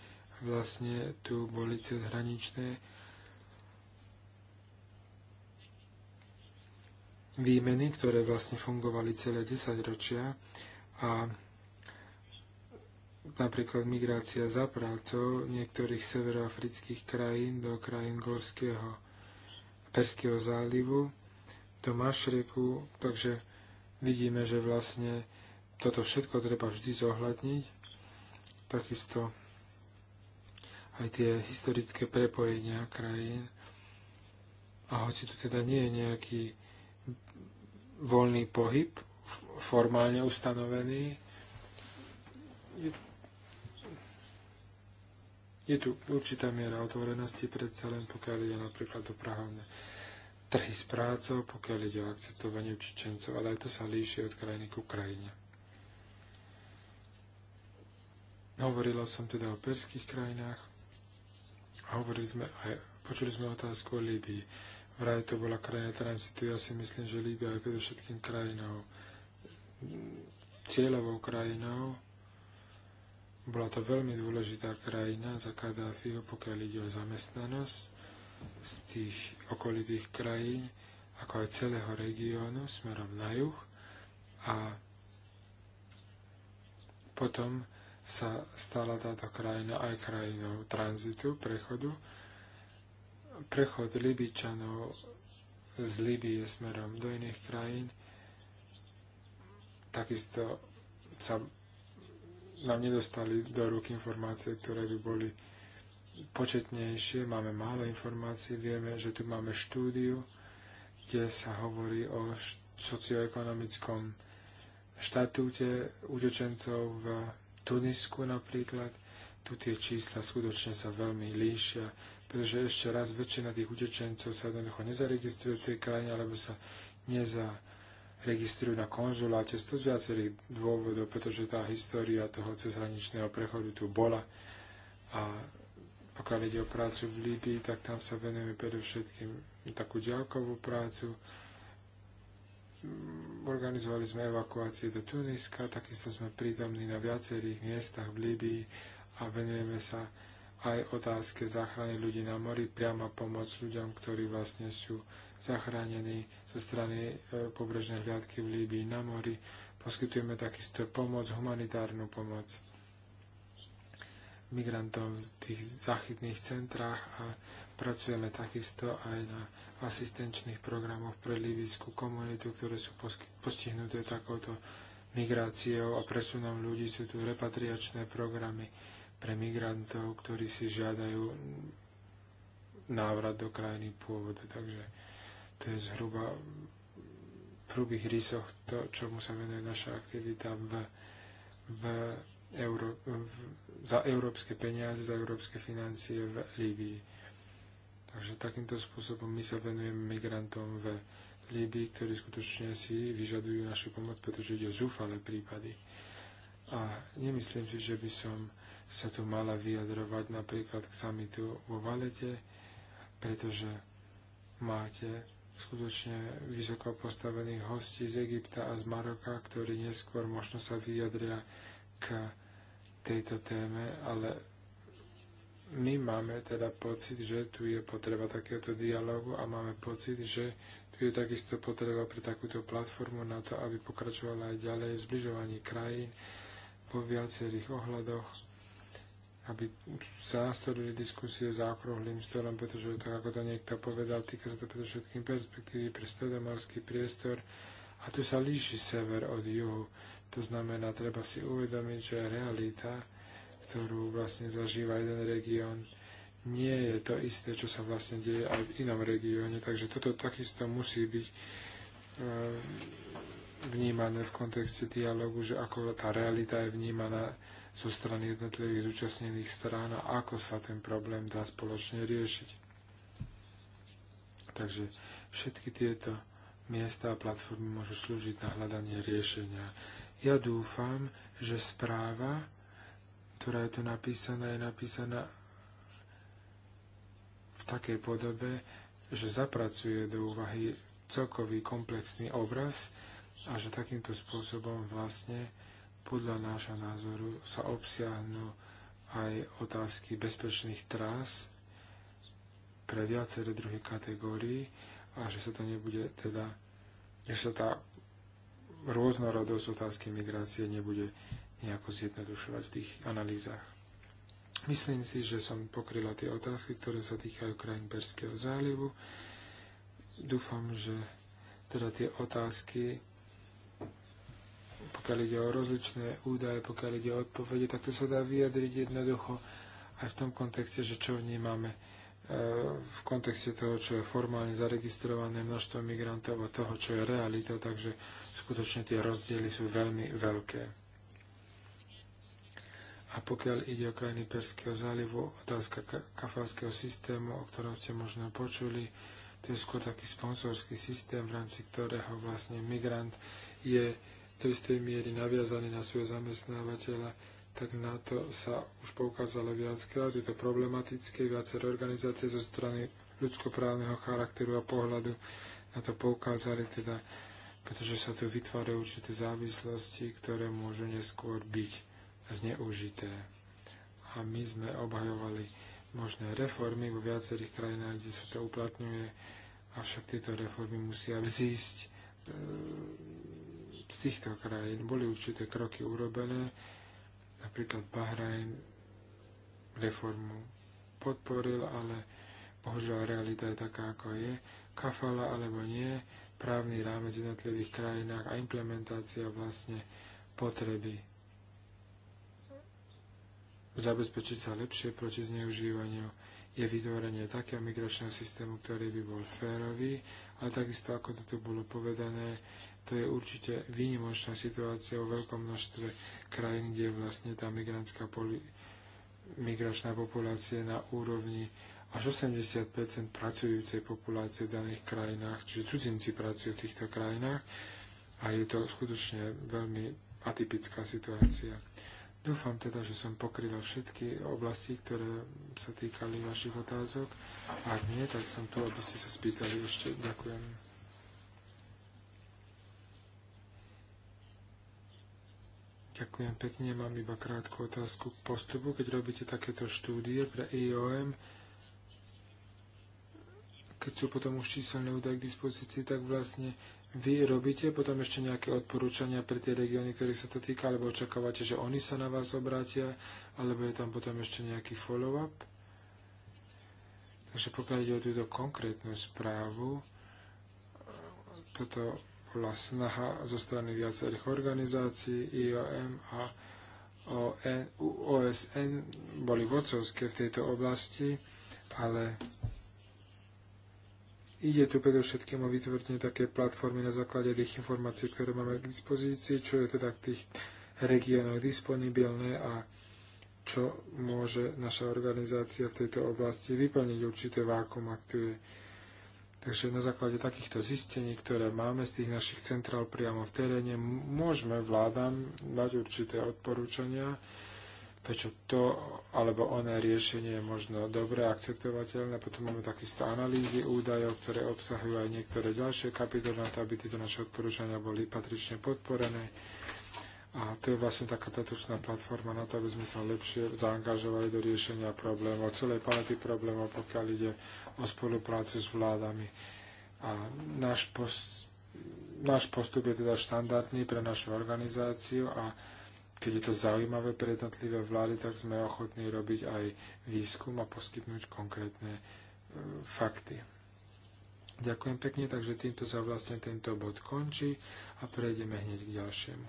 vlastne tu boli cezhraničné výmeny, ktoré vlastne fungovali celé 10 ročia a napríklad migrácia za prácou niektorých severoafrických krajín do krajín Golského Perského zálivu, do Mašreku, takže vidíme, že vlastne toto všetko treba vždy zohľadniť. Takisto aj tie historické prepojenia krajín. A hoci tu teda nie je nejaký voľný pohyb, formálne ustanovený, je tu určitá miera otvorenosti, predsa len pokiaľ ide napríklad o právne trhy s prácou, pokiaľ ide o akceptovanie učičencov, ale aj to sa líši od krajiny ku krajine. Hovorila som teda o perských krajinách a hovorili sme aj, počuli sme otázku o Líbii. Vraj to bola krajina transitu, ja si myslím, že Líbia je predovšetkým krajinou, cieľovou krajinou, bola to veľmi dôležitá krajina za Kadáfiho, pokiaľ ide o zamestnanosť z tých okolitých krajín, ako aj celého regiónu smerom na juh. A potom sa stala táto krajina aj krajinou tranzitu, prechodu. Prechod Libičanov z Libie smerom do iných krajín takisto sa nám nedostali do rúk informácie, ktoré by boli početnejšie. Máme málo informácií, vieme, že tu máme štúdiu, kde sa hovorí o socioekonomickom štatúte utečencov v Tunisku napríklad. Tu tie čísla skutočne sa veľmi líšia, pretože ešte raz väčšina tých utečencov sa jednoducho nezaregistruje v tej krajine alebo sa nezaregistruje registrujú na konzuláte z to z viacerých dôvodov, pretože tá história toho cezhraničného prechodu tu bola a pokiaľ ide o prácu v Líbii, tak tam sa venujeme predovšetkým takú ďalkovú prácu. Organizovali sme evakuácie do Tuniska, takisto sme prítomní na viacerých miestach v Líbii a venujeme sa aj otázke záchrany ľudí na mori, priama pomoc ľuďom, ktorí vlastne sú zachránení zo strany e, pobrežnej hliadky v Líbii na mori. Poskytujeme takisto pomoc, humanitárnu pomoc migrantov v tých záchytných centrách a pracujeme takisto aj na asistenčných programoch pre líbyskú komunitu, ktoré sú postihnuté takouto migráciou a presunom ľudí. Sú tu repatriačné programy pre migrantov, ktorí si žiadajú návrat do krajiny pôvodu. Takže to je zhruba v hrubých rysoch to, čomu sa venuje naša aktivita v, v Euró- v, za európske peniaze, za európske financie v Líbii. Takže takýmto spôsobom my sa venujeme migrantom v Líbii, ktorí skutočne si vyžadujú našu pomoc, pretože ide o zúfale prípady. A nemyslím si, že by som sa tu mala vyjadrovať napríklad k samitu vo Valete, pretože máte skutočne vysoko postavených hostí z Egypta a z Maroka, ktorí neskôr možno sa vyjadria k tejto téme, ale my máme teda pocit, že tu je potreba takéhoto dialogu a máme pocit, že tu je takisto potreba pre takúto platformu na to, aby pokračovala aj ďalej v zbližovaní krajín po viacerých ohľadoch aby sa nastavili diskusie za okrúhlým stolom, pretože tak ako to niekto povedal, týka sa to predovšetkým perspektívy pre stredomorský priestor a tu sa líši sever od juhu. To znamená, treba si uvedomiť, že realita, ktorú vlastne zažíva jeden región, nie je to isté, čo sa vlastne deje aj v inom regióne. Takže toto takisto musí byť e, vnímané v kontexte dialogu, že ako tá realita je vnímaná zo strany jednotlivých zúčastnených strán a ako sa ten problém dá spoločne riešiť. Takže všetky tieto miesta a platformy môžu slúžiť na hľadanie riešenia. Ja dúfam, že správa, ktorá je tu napísaná, je napísaná v takej podobe, že zapracuje do úvahy celkový komplexný obraz a že takýmto spôsobom vlastne podľa nášho názoru sa obsiahnu aj otázky bezpečných trás pre viaceré druhy kategórií a že sa to nebude teda, že sa tá rôznorodosť otázky migrácie nebude nejako zjednodušovať v tých analýzach. Myslím si, že som pokryla tie otázky, ktoré sa týkajú krajín Perského zálivu. Dúfam, že teda tie otázky pokiaľ ide o rozličné údaje, pokiaľ ide o odpovede, tak to sa dá vyjadriť jednoducho aj v tom kontexte, že čo vnímame e, v kontexte toho, čo je formálne zaregistrované množstvo migrantov a toho, čo je realita, takže skutočne tie rozdiely sú veľmi veľké. A pokiaľ ide o krajiny Perského zálivu, otázka kafalského systému, o ktorom ste možno počuli, to je skôr taký sponsorský systém, v rámci ktorého vlastne migrant je do istej miery naviazaní na svojho zamestnávateľa, tak na to sa už poukázalo viackrát. Je to problematické, viaceré organizácie zo strany ľudskoprávneho charakteru a pohľadu na to poukázali teda, pretože sa tu vytvárajú určité závislosti, ktoré môžu neskôr byť zneužité. A my sme obhajovali možné reformy vo viacerých krajinách, kde sa to uplatňuje, avšak tieto reformy musia vzísť e, z týchto krajín boli určité kroky urobené, napríklad Bahrajn reformu podporil, ale bohužiaľ realita je taká, ako je. Kafala alebo nie, právny rámec v jednotlivých krajinách a implementácia vlastne potreby zabezpečiť sa lepšie proti zneužívaniu je vytvorenie takého migračného systému, ktorý by bol férový a takisto ako to tu bolo povedané, to je určite výnimočná situácia o veľkom množstve krajín, kde je vlastne tá migrantská poli- migračná populácia na úrovni až 80 pracujúcej populácie v daných krajinách, čiže cudzinci pracujú v týchto krajinách a je to skutočne veľmi atypická situácia. Dúfam teda, že som pokryla všetky oblasti, ktoré sa týkali vašich otázok. Ak nie, tak som tu, aby ste sa spýtali ešte. Ďakujem. Ďakujem pekne. Mám iba krátku otázku k postupu. Keď robíte takéto štúdie pre IOM, e keď sú potom už číselné údaje k dispozícii, tak vlastne vy robíte potom ešte nejaké odporúčania pre tie regióny, ktorých sa to týka, alebo očakávate, že oni sa na vás obrátia, alebo je tam potom ešte nejaký follow-up? Takže pokiaľ ide o túto konkrétnu správu, toto bola snaha zo strany viacerých organizácií, IOM a OSN, boli vodcovské v tejto oblasti, ale Ide tu predovšetkým o vytvorenie také platformy na základe tých informácií, ktoré máme k dispozícii, čo je teda v tých regiónoch disponibilné a čo môže naša organizácia v tejto oblasti vyplniť určité vákum, ak tu je. Takže na základe takýchto zistení, ktoré máme z tých našich centrál priamo v teréne, môžeme vládam dať určité odporúčania, prečo to alebo oné riešenie je možno dobre akceptovateľné. Potom máme takisto analýzy údajov, ktoré obsahujú aj niektoré ďalšie kapitoly na to, aby tieto naše odporúčania boli patrične podporené. A to je vlastne taká dotočná platforma na to, aby sme sa lepšie zaangažovali do riešenia problémov, celej palety problémov, pokiaľ ide o spoluprácu s vládami. A náš, post, náš postup je teda štandardný pre našu organizáciu a keď je to zaujímavé pre jednotlivé vlády, tak sme ochotní robiť aj výskum a poskytnúť konkrétne e, fakty. Ďakujem pekne, takže týmto sa vlastne tento bod končí a prejdeme hneď k ďalšiemu.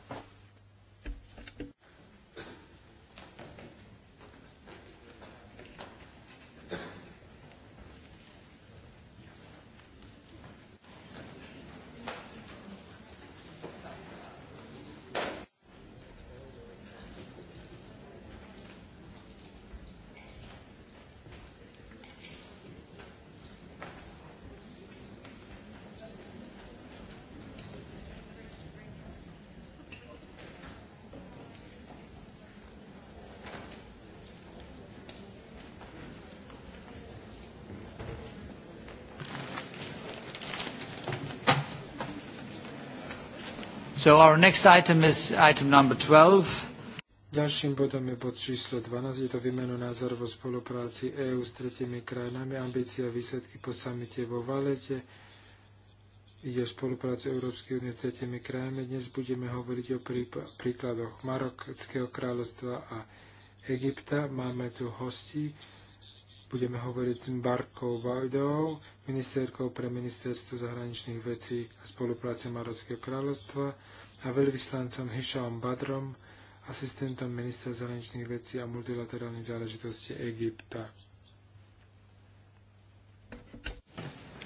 our next item is item number 12. Ďalším bodom je bod číslo 12, je to výmenu názor o spolupráci EÚ s tretími krajinami, ambícia a výsledky po samite vo Valete. Ide o spoluprácu Európskej únie s tretími krajinami. Dnes budeme hovoriť o príkladoch Marockého kráľovstva a Egypta. Máme tu hostí. Budeme hovoriť s Barkou Vajdou, ministerkou pre ministerstvo zahraničných vecí a spolupráce Marockého kráľovstva a veľvyslancom Hisham Badrom, asistentom ministra zahraničných vecí a multilaterálnych záležitostí Egypta.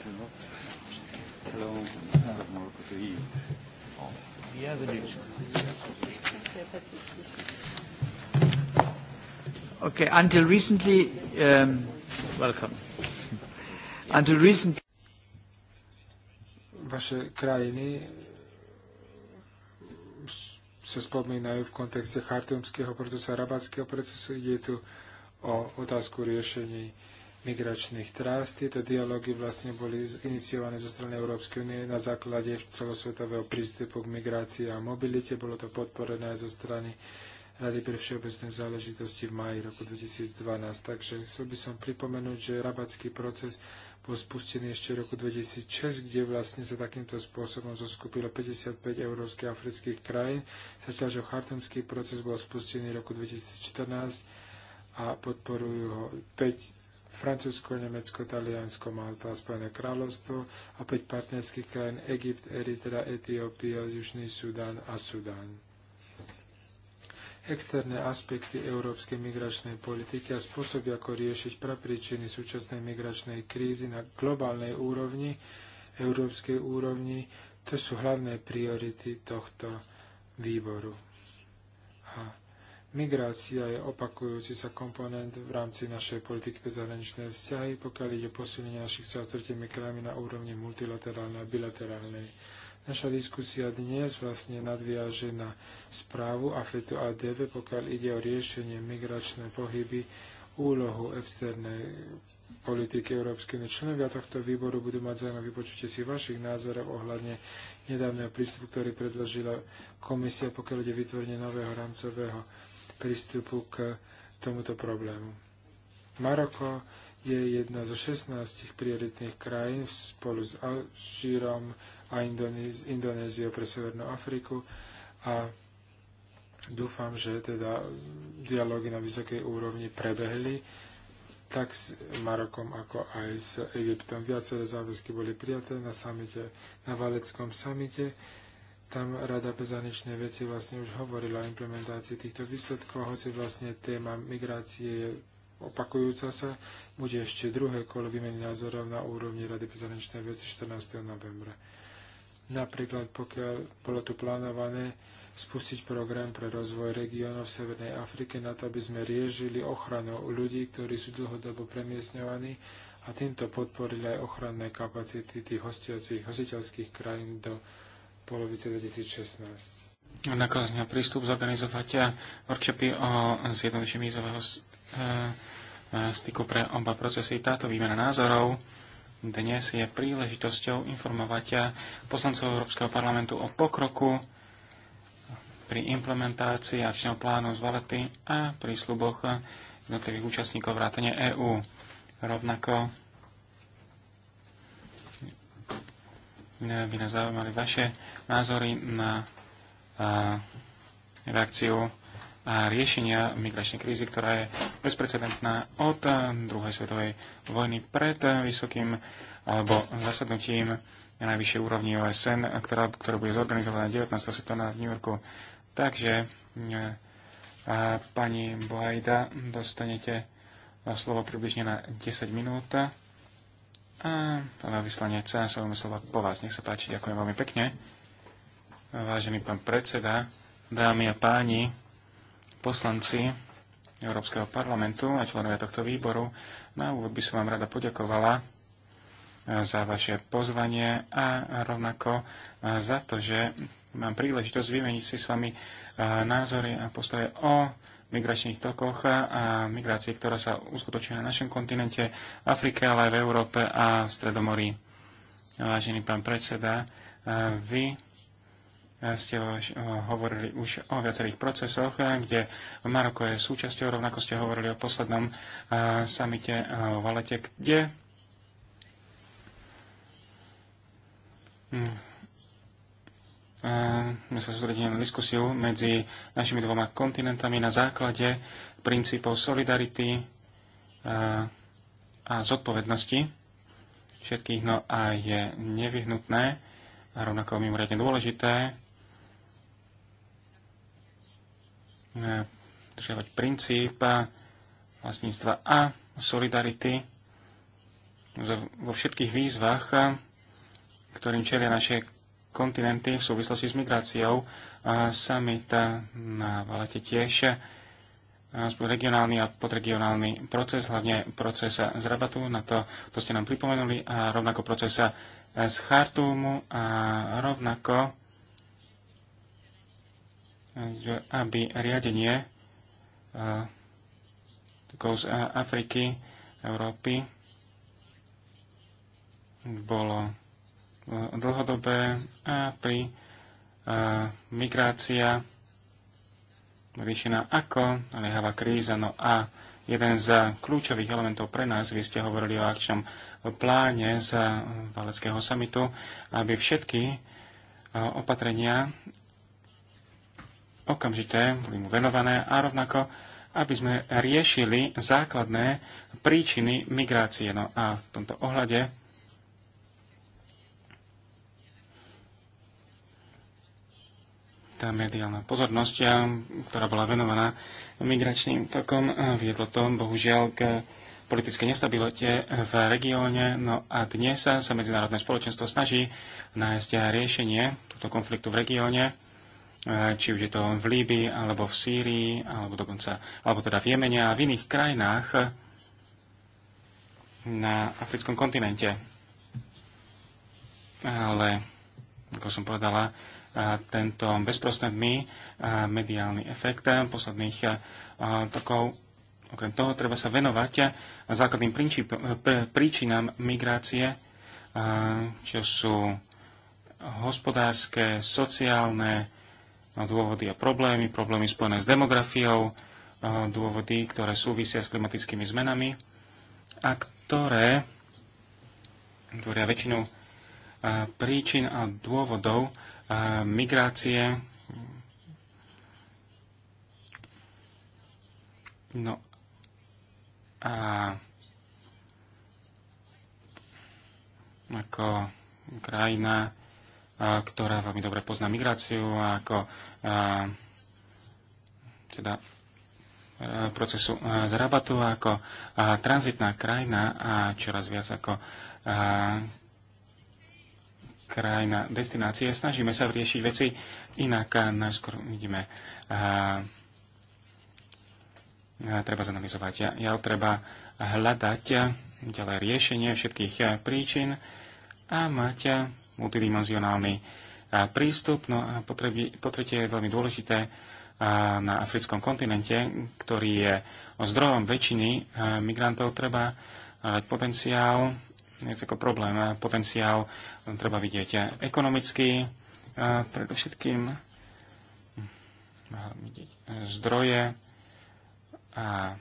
Hello. Hello. Hello. Okay, until recently, um, welcome. Until recently... Vaše krajiny sa spomínajú v kontexte chartumského procesu a rabatského procesu. Ide tu o otázku riešení migračných trás. Tieto dialógy vlastne boli iniciované zo strany Európskej únie na základe celosvetového prístupu k migrácii a mobilite. Bolo to podporené zo strany Rady pre všeobecné záležitosti v maji roku 2012. Takže chcel by som pripomenúť, že rabatský proces bol spustený ešte v roku 2006, kde vlastne sa takýmto spôsobom zoskupilo 55 európskych afrických krajín, zatiaľ, že chartumský proces bol spustený v roku 2014 a podporujú ho 5 Francúzsko, Nemecko, Taliansko, Malta a Spojené kráľovstvo a 5 partnerských krajín Egypt, Eritrea, Etiópia, Južný Sudán a Sudán externé aspekty európskej migračnej politiky a spôsoby, ako riešiť prapríčiny súčasnej migračnej krízy na globálnej úrovni, európskej úrovni, to sú hlavné priority tohto výboru. A Migrácia je opakujúci sa komponent v rámci našej politiky pre zahraničné vzťahy, pokiaľ ide posunenie našich vzťahov s tretimi krajinami na úrovni multilaterálnej a bilaterálnej. Naša diskusia dnes vlastne nadviaže na správu AFETu a DV, pokiaľ ide o riešenie migračné pohyby, úlohu externej politiky Európskej únie. Členovia tohto výboru budú mať zájem vypočutie si vašich názorov ohľadne nedávneho prístupu, ktorý predložila komisia, pokiaľ ide vytvorenie nového rámcového prístupu k tomuto problému. Maroko je jedna zo 16 prioritných krajín spolu s Alžírom a Indonéziou pre Severnú Afriku a dúfam, že teda dialógy na vysokej úrovni prebehli tak s Marokom, ako aj s Egyptom. Viaceré záväzky boli prijaté na samite, na Valeckom samite. Tam Rada pre zahraničné veci vlastne už hovorila o implementácii týchto výsledkov, hoci vlastne téma migrácie je opakujúca sa. Bude ešte druhé kolo výmeny názorov na úrovni Rady pre zahraničné veci 14. novembra. Napríklad, pokiaľ bolo tu plánované spustiť program pre rozvoj regiónov v Severnej Afrike na to, aby sme riešili ochranu ľudí, ktorí sú dlhodobo premiesňovaní a týmto podporili aj ochranné kapacity tých hostiacich hostiteľských krajín do polovice 2016. Nakazňa prístup zorganizovať workshopy o zjednodušení vízového e, styku pre oba procesy. Táto výmena názorov dnes je príležitosťou informovať poslancov Európskeho parlamentu o pokroku pri implementácii akčného plánu z Valety a pri sluboch jednotlivých účastníkov vrátane EÚ. Rovnako eh, by nás zaujímali vaše názory na eh, reakciu a riešenia migračnej krízy, ktorá je bezprecedentná od druhej svetovej vojny pred vysokým alebo zasadnutím na najvyššej úrovni OSN, ktorá, ktorá bude zorganizovaná 19. septembra v New Yorku. Takže e, a pani Blajda dostanete slovo približne na 10 minút a pána vyslanecá sa slova po vás. Nech sa páči, ďakujem veľmi pekne. Vážený pán predseda, dámy a páni, poslanci Európskeho parlamentu a členovia tohto výboru. Na úvod by som vám rada poďakovala eh, za vaše pozvanie a rovnako eh, za to, že mám príležitosť vymeniť si s vami eh, názory a postoje o migračných tokoch a migrácii, ktorá sa uskutočňuje na našom kontinente, Afrike, ale aj v Európe a v Stredomorí. Vážený pán predseda, vy ste eh, hovorili už o viacerých procesoch, eh, kde Maroko je súčasťou, rovnako ste hovorili o poslednom eh, samite v Valete, kde hm. my sa sústredíme na diskusiu medzi našimi dvoma kontinentami na základe princípov solidarity a zodpovednosti všetkých, no a je nevyhnutné a rovnako mimoriadne dôležité držiavať princíp vlastníctva a solidarity vo všetkých výzvach, ktorým čelia naše kontinenty v súvislosti s migráciou. Summit na Valete tiež regionálny a podregionálny proces, hlavne proces z Rabatu, na to, to ste nám pripomenuli, a rovnako proces z Chartúmu a rovnako že aby riadenie z eh, Afriky, Európy bolo eh, dlhodobé a pri eh, migrácia riešená ako naliehavá kríza. No a jeden z kľúčových elementov pre nás, vy ste hovorili o akčnom pláne z Valeckého samitu, aby všetky opatrenia okamžité boli mu venované a rovnako, aby sme riešili základné príčiny migrácie. No a v tomto ohľade tá mediálna pozornosť, ktorá bola venovaná migračným tokom, viedlo to bohužiaľ k politickej nestabilite v regióne. No a dnes sa medzinárodné spoločenstvo snaží nájsť riešenie tohto konfliktu v regióne. Eh, či už je to v Líbii, alebo v Sýrii, alebo dokonca, alebo teda v Jemene a v iných krajinách na africkom kontinente. Ale, ako som povedala, eh, tento bezprostredný eh, mediálny efekt posledných tokov Okrem toho treba sa venovať základným príčinám migrácie, čo sú hospodárske, sociálne, dôvody a problémy, problémy spojené s demografiou, dôvody, ktoré súvisia s klimatickými zmenami a ktoré tvoria väčšinu príčin a dôvodov migrácie. No a ako krajina ktorá veľmi dobre pozná migráciu a ako teda e, procesu e, z Rabatu ako tranzitná krajina a čoraz viac ako krajina destinácie. Snažíme sa riešiť veci inak a najskôr vidíme treba zanalizovať. Ja, ja treba hľadať ďalej riešenie všetkých e, príčin a mať multidimenzionálny prístup. No a po tretie je veľmi dôležité na africkom kontinente, ktorý je zdrojom väčšiny migrantov, treba potenciál, nie ako problém, potenciál treba vidieť ekonomicky, predovšetkým zdroje a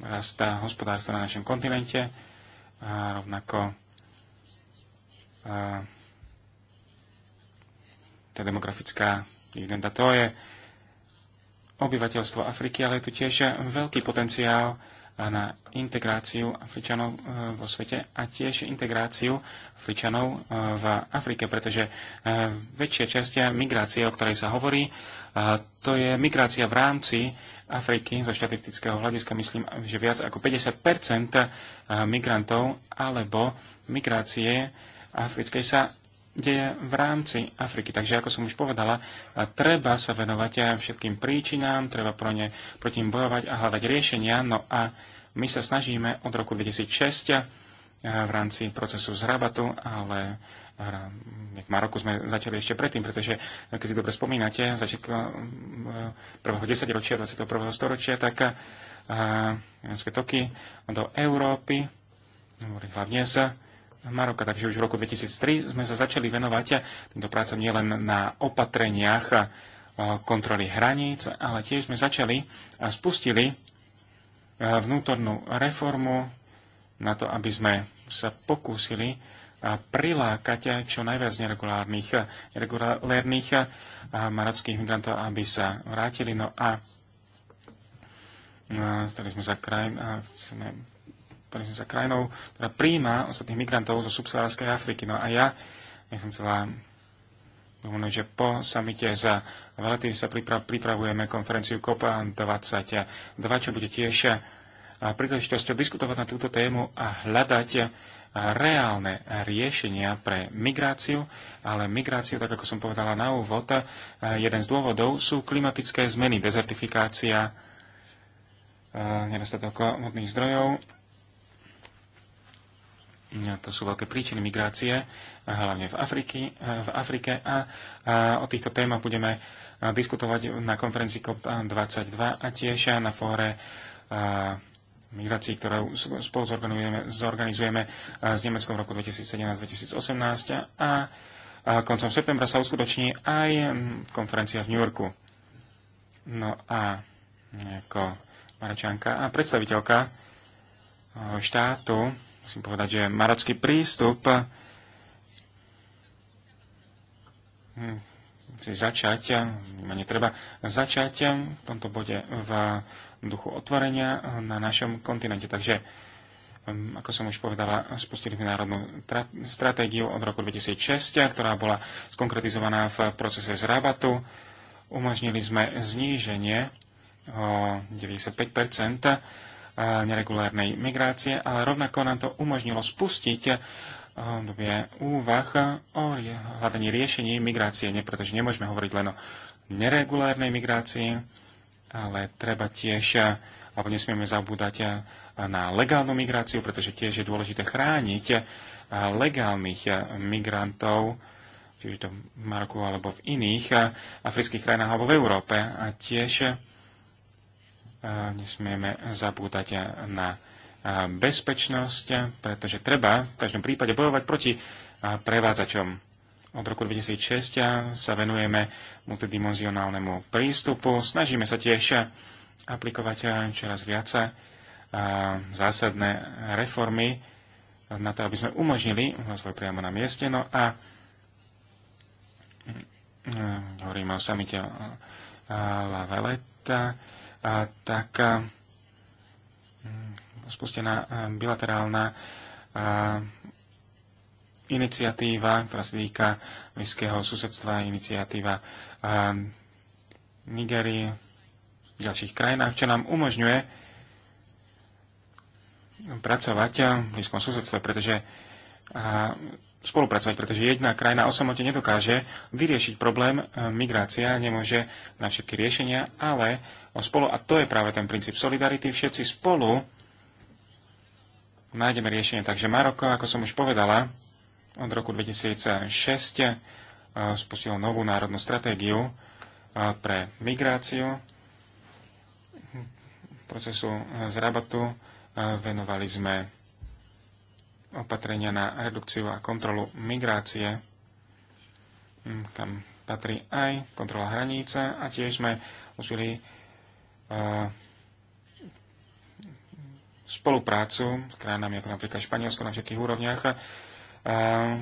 rasta hospodárstva na našom kontinente, a rovnako tá demografická identita. to je obyvateľstvo Afriky, ale je tu tiež veľký potenciál na integráciu Afričanov e, vo svete a tiež integráciu Afričanov e, v Afrike, pretože e, väčšia časť migrácie, o ktorej sa hovorí, to je migrácia v rámci Afriky. Zo štatistického hľadiska myslím, že viac ako 50 migrantov alebo migrácie africkej sa deje v rámci Afriky. Takže ako som už povedala, treba sa venovať aj všetkým príčinám, treba pro ne, proti nim bojovať a hľadať riešenia. No a my sa snažíme od roku 2006 eh, v rámci procesu z ale má eh, Maroku sme začali ešte predtým, pretože eh, keď si dobre spomínate, začiatko prvého desaťročia 21. storočia, tak Janské toky do Európy, hlavne sa. Maroka. Takže už v roku 2003 sme sa začali venovať týmto prácam nielen na opatreniach eh, kontroly hraníc, ale tiež sme začali a spustili eh, vnútornú reformu na to, aby sme sa pokúsili eh, prilákať čo najviac neregulárnych, neregulárnych marockých migrantov, aby sa vrátili. No a stali sme za krajin a chceme Parížim sa krajinou, ktorá príjma ostatných migrantov zo subsaharskej Afriky. No a ja, ja som chcela Spomenúť, že po samite za Valety sa priprav, pripravujeme konferenciu COP22, čo bude tiež príležitosťou diskutovať na túto tému a hľadať reálne riešenia pre migráciu, ale migrácia, tak ako som povedala na úvod, jeden z dôvodov sú klimatické zmeny, dezertifikácia, nedostatok vodných zdrojov, to sú veľké príčiny migrácie, hlavne v, Afriky, v Afrike. A, a o týchto témach budeme diskutovať na konferencii COP22 a tiež na fóre migrácií, ktorú spolu zorganizujeme, zorganizujeme s Nemeckom v roku 2017-2018 a, a koncom septembra sa uskutoční aj konferencia v New Yorku. No a ako Maračanka a predstaviteľka e, štátu musím povedať, že marocký prístup hm, začať, začať, hm, netreba začať hm, v tomto bode v duchu otvorenia na našom kontinente. Takže, hm, ako som už povedala, spustili sme národnú stratégiu od roku 2006, ktorá bola skonkretizovaná v procese z Rabatu. Umožnili sme zníženie o 95 E, neregulárnej migrácie, ale rovnako nám to umožnilo spustiť e, obdobie úvah o hľadaní riešení migrácie, nie, pretože nemôžeme hovoriť len o neregulárnej migrácii, ale treba tiež, e, alebo nesmieme zabúdať na legálnu migráciu, pretože tiež je dôležité chrániť legálnych migrantov, čiže to v Maroku alebo v iných afrických krajinách alebo v Európe. A tiež nesmieme zabúdať na bezpečnosť, pretože treba v každom prípade bojovať proti prevádzačom. Od roku 2006 sa venujeme multidimenzionálnemu prístupu. Snažíme sa tiež aplikovať čoraz viac zásadné reformy na to, aby sme umožnili rozvoj priamo na mieste. No a mm, mm, hovoríme o samite La tak mm, spustená bilaterálna iniciatíva, ktorá sa týka blízkeho susedstva, iniciatíva Nigerii, v ďalších krajinách, čo nám umožňuje pracovať v blízkom susedstve, pretože spolupracovať, pretože jedna krajina o samote nedokáže vyriešiť problém. E, migrácia nemôže na všetky riešenia, ale o spolu, a to je práve ten princíp solidarity, všetci spolu nájdeme riešenie. Takže Maroko, ako som už povedala, od roku 2006 e, spustilo novú národnú stratégiu e, pre migráciu. Procesu z rabatu venovali sme opatrenia na redukciu a kontrolu migrácie, kam mm, patrí aj kontrola hranice a tiež sme užili uh, spoluprácu s krajinami ako napríklad Španielsko na všetkých úrovniach, uh,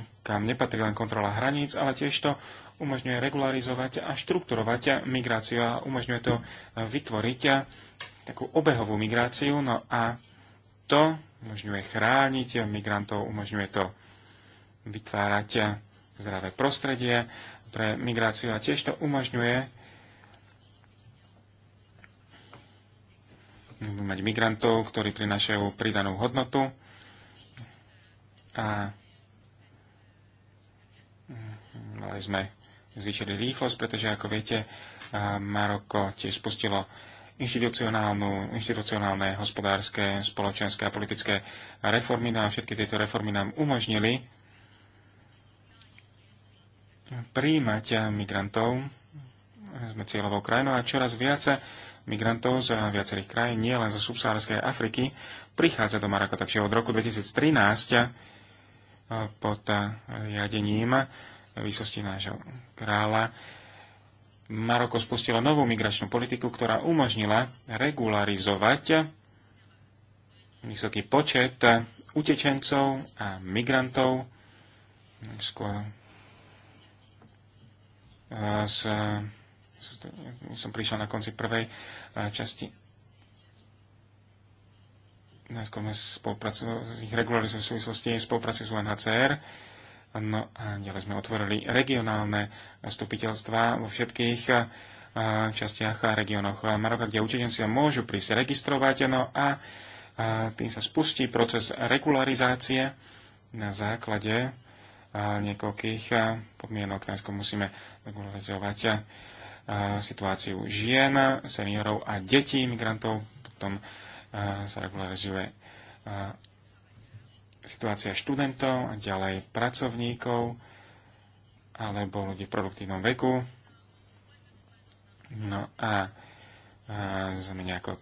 kam nepatrí len kontrola hraníc, ale tiež to umožňuje regularizovať a štrukturovať migráciu a umožňuje to vytvoriť takú obehovú migráciu. No a to umožňuje chrániť migrantov, umožňuje to vytvárať zdravé prostredie pre migráciu a tiež to umožňuje mať migrantov, ktorí prinášajú pridanú hodnotu a ale sme zvýšili rýchlosť, pretože ako viete, Maroko tiež spustilo inštitucionálne, hospodárske, spoločenské a politické reformy. No a všetky tieto reformy nám umožnili príjmať migrantov. Sme cieľovou krajinou a čoraz viac migrantov z viacerých krajín, nielen zo subsárskej Afriky, prichádza do Maroka. Takže od roku 2013 eh, pod riadením výsosti nášho kráľa Maroko spustilo novú migračnú politiku, ktorá umožnila regularizovať vysoký počet utečencov a migrantov skôr z, eh, som prišiel na konci prvej eh, časti najskôr sme spolupracovali, v súvislosti spolupracujú s UNHCR No a ďalej sme otvorili regionálne zastupiteľstva vo všetkých častiach a regiónoch Maroka, kde učenci sa môžu prísť registrovať. No a tým sa spustí proces regularizácie na základe niekoľkých podmienok. Najskôr musíme regularizovať situáciu žien, seniorov a detí, migrantov. Potom sa regularizuje situácia študentov a ďalej pracovníkov alebo ľudí v produktívnom veku. No a, a za menej ako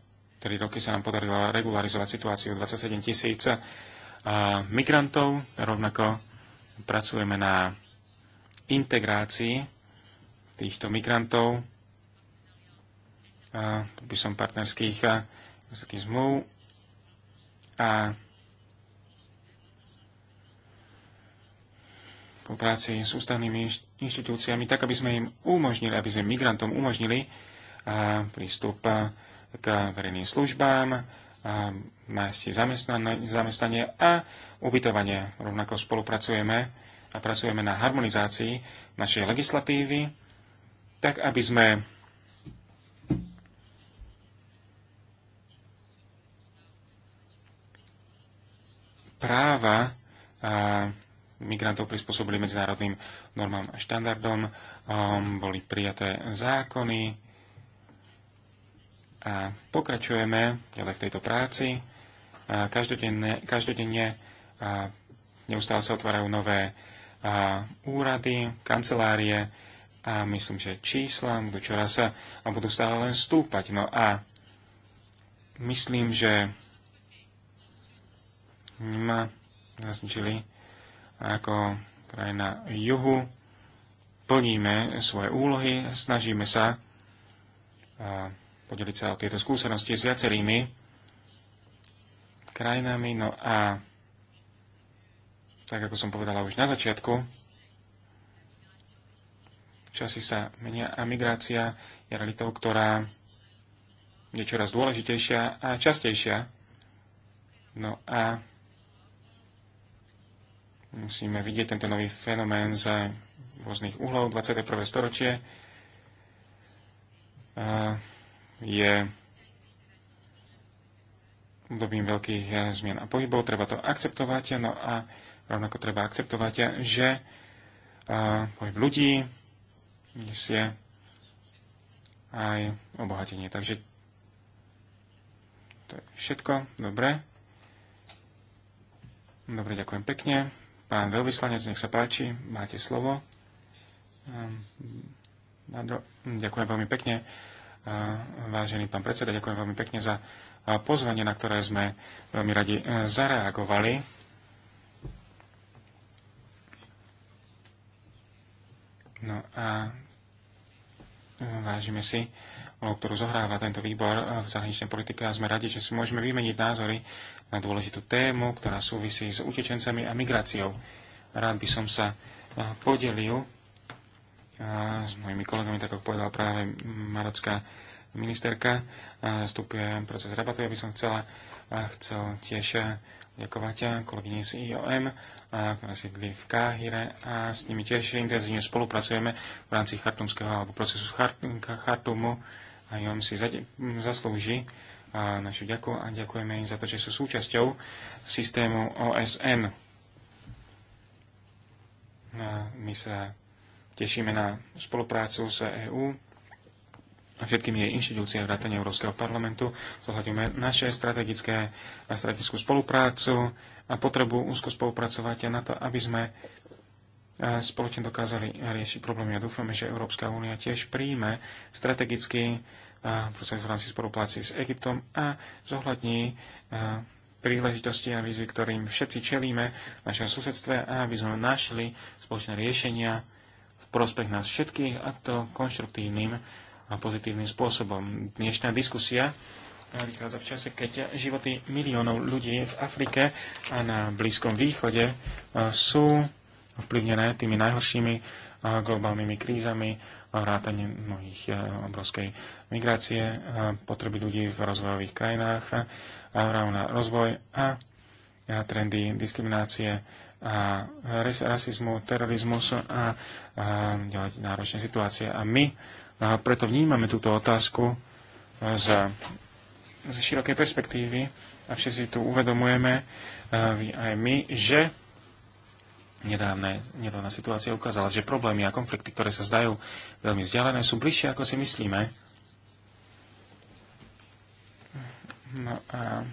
3 roky sa nám podarilo regularizovať situáciu 27 tisíc migrantov. Rovnako pracujeme na integrácii týchto migrantov by som partnerských zmluv a spolupráci s ústavnými inštitúciami, tak aby sme im umožnili, aby sme migrantom umožnili prístup k verejným službám, nájsť zamestnanie a ubytovanie. Rovnako spolupracujeme a pracujeme na harmonizácii našej legislatívy, tak aby sme práva migrantov prispôsobili medzinárodným normám a štandardom, ehm, boli prijaté zákony a pokračujeme ďalej v tejto práci. Každodenne, každodenne neustále sa otvárajú nové úrady, kancelárie a myslím, že čísla budú čoraz a budú stále len stúpať. No a myslím, že ma naznačili ako krajina juhu plníme svoje úlohy, snažíme sa podeliť sa o tieto skúsenosti s viacerými krajinami. No a tak ako som povedala už na začiatku, časy sa menia a migrácia je realitou, ktorá je čoraz dôležitejšia a častejšia. No a Musíme vidieť tento nový fenomén z rôznych uhlov 21. storočie. Je obdobím veľkých eh, zmien a pohybov, treba to akceptovať, no a rovnako treba akceptovať, že eh, pohyb ľudí je aj obohatenie. Takže to je všetko. Dobre. Dobre, ďakujem pekne. Pán veľvyslanec, nech sa páči, máte slovo. Ehm, ďakujem veľmi pekne, vážený pán predseda, ďakujem veľmi pekne za pozvanie, na ktoré sme veľmi radi e, zareagovali. No a e, vážime si ktorú zohráva tento výbor v zahraničnej politike a sme radi, že si môžeme vymeniť názory na dôležitú tému, ktorá súvisí s utečencami a migráciou. Rád by som sa eh, podelil eh, s mojimi kolegami, tak ako povedala práve marocká ministerka, eh, vstupuje proces rabatu. Ja by som chcela, chcel tiež ďakovať kolegyne z IOM, ktorá sídli v Káhire a s nimi tiež intenzívne spolupracujeme v rámci chartumského alebo procesu chart, chartumu a on si zaslúži našu ďaku a ďakujeme im za to, že sú súčasťou systému OSN. A my sa tešíme na spoluprácu s EÚ a všetkými jej inštitúcie vrátane Európskeho parlamentu. Zohľadíme naše strategické a strategickú spoluprácu a potrebu úzko spolupracovať na to, aby sme spoločne dokázali riešiť problémy a dúfame, že Európska únia tiež príjme strategický proces v rámci spolupráci s Egyptom a zohľadní príležitosti a výzvy, ktorým všetci čelíme v našom susedstve a aby sme našli spoločné riešenia v prospech nás všetkých a to konštruktívnym a pozitívnym spôsobom. Dnešná diskusia vychádza v čase, keď životy miliónov ľudí v Afrike a na Blízkom východe sú ovplyvnené tými najhoršími globálnymi krízami, vrátanie mnohých e, obrovskej migrácie, potreby ľudí v rozvojových krajinách, na rozvoj a trendy diskriminácie a rasizmu, terorizmus a, a ďalej náročné situácie. A my a preto vnímame túto otázku e, z, z širokej perspektívy a všetci tu uvedomujeme, a vy aj my, že Nedávne, nedávna situácia ukázala, že problémy a konflikty, ktoré sa zdajú veľmi vzdialené, sú bližšie, ako si myslíme. No a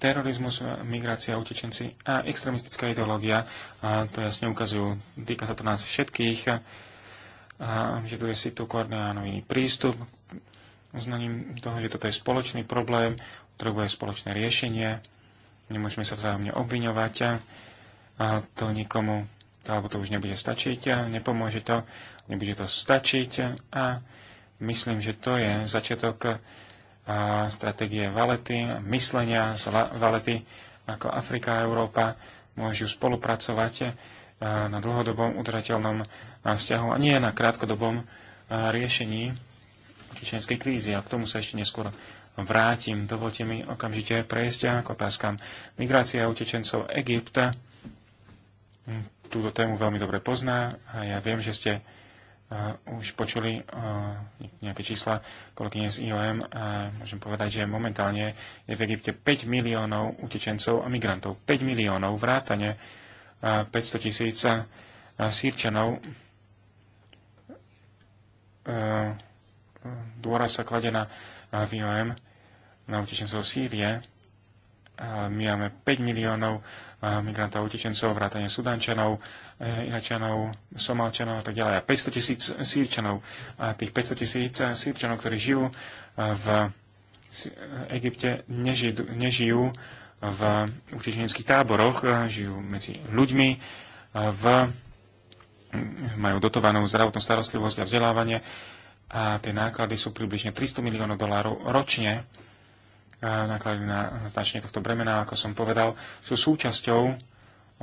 terorizmus, migrácia, utečenci a extremistická ideológia, a to jasne ukazujú, týka sa to nás všetkých, a je si tu koordinovaný prístup, uznaním toho, že toto je spoločný problém, potrebuje spoločné riešenie, nemôžeme sa vzájomne obviňovať a to nikomu, alebo to už nebude stačiť, nepomôže to, nebude to stačiť a myslím, že to je začiatok a stratégie Valety, myslenia z Valety, ako Afrika a Európa môžu spolupracovať na dlhodobom udržateľnom vzťahu a nie na krátkodobom riešení čečenskej krízy. A k tomu sa ešte neskôr vrátim. Dovolte mi okamžite prejsť k otázkam migrácia utečencov Egypta túto tému veľmi dobre pozná a ja viem, že ste uh, už počuli uh, nejaké čísla kolegyne z IOM a môžem povedať, že momentálne je v Egypte 5 miliónov utečencov a migrantov. 5 miliónov vrátane uh, 500 tisíc uh, sírčanov. Uh, dôraz sa kladie na uh, v IOM na utečencov Sýrie. Uh, my máme 5 miliónov migrantov, utečencov, vrátane Sudančanov, eh, Iračanov, Somálčanov a tak ďalej. A 500 tisíc sírčanov. A tých 500 tisíc sírčanov, ktorí žijú eh, v eh, Egypte, nežijú, nežijú v utečeneckých táboroch, žijú medzi ľuďmi, v, majú dotovanú zdravotnú starostlivosť a vzdelávanie a tie náklady sú približne 300 miliónov dolárov ročne náklady na značenie tohto bremena, ako som povedal, sú súčasťou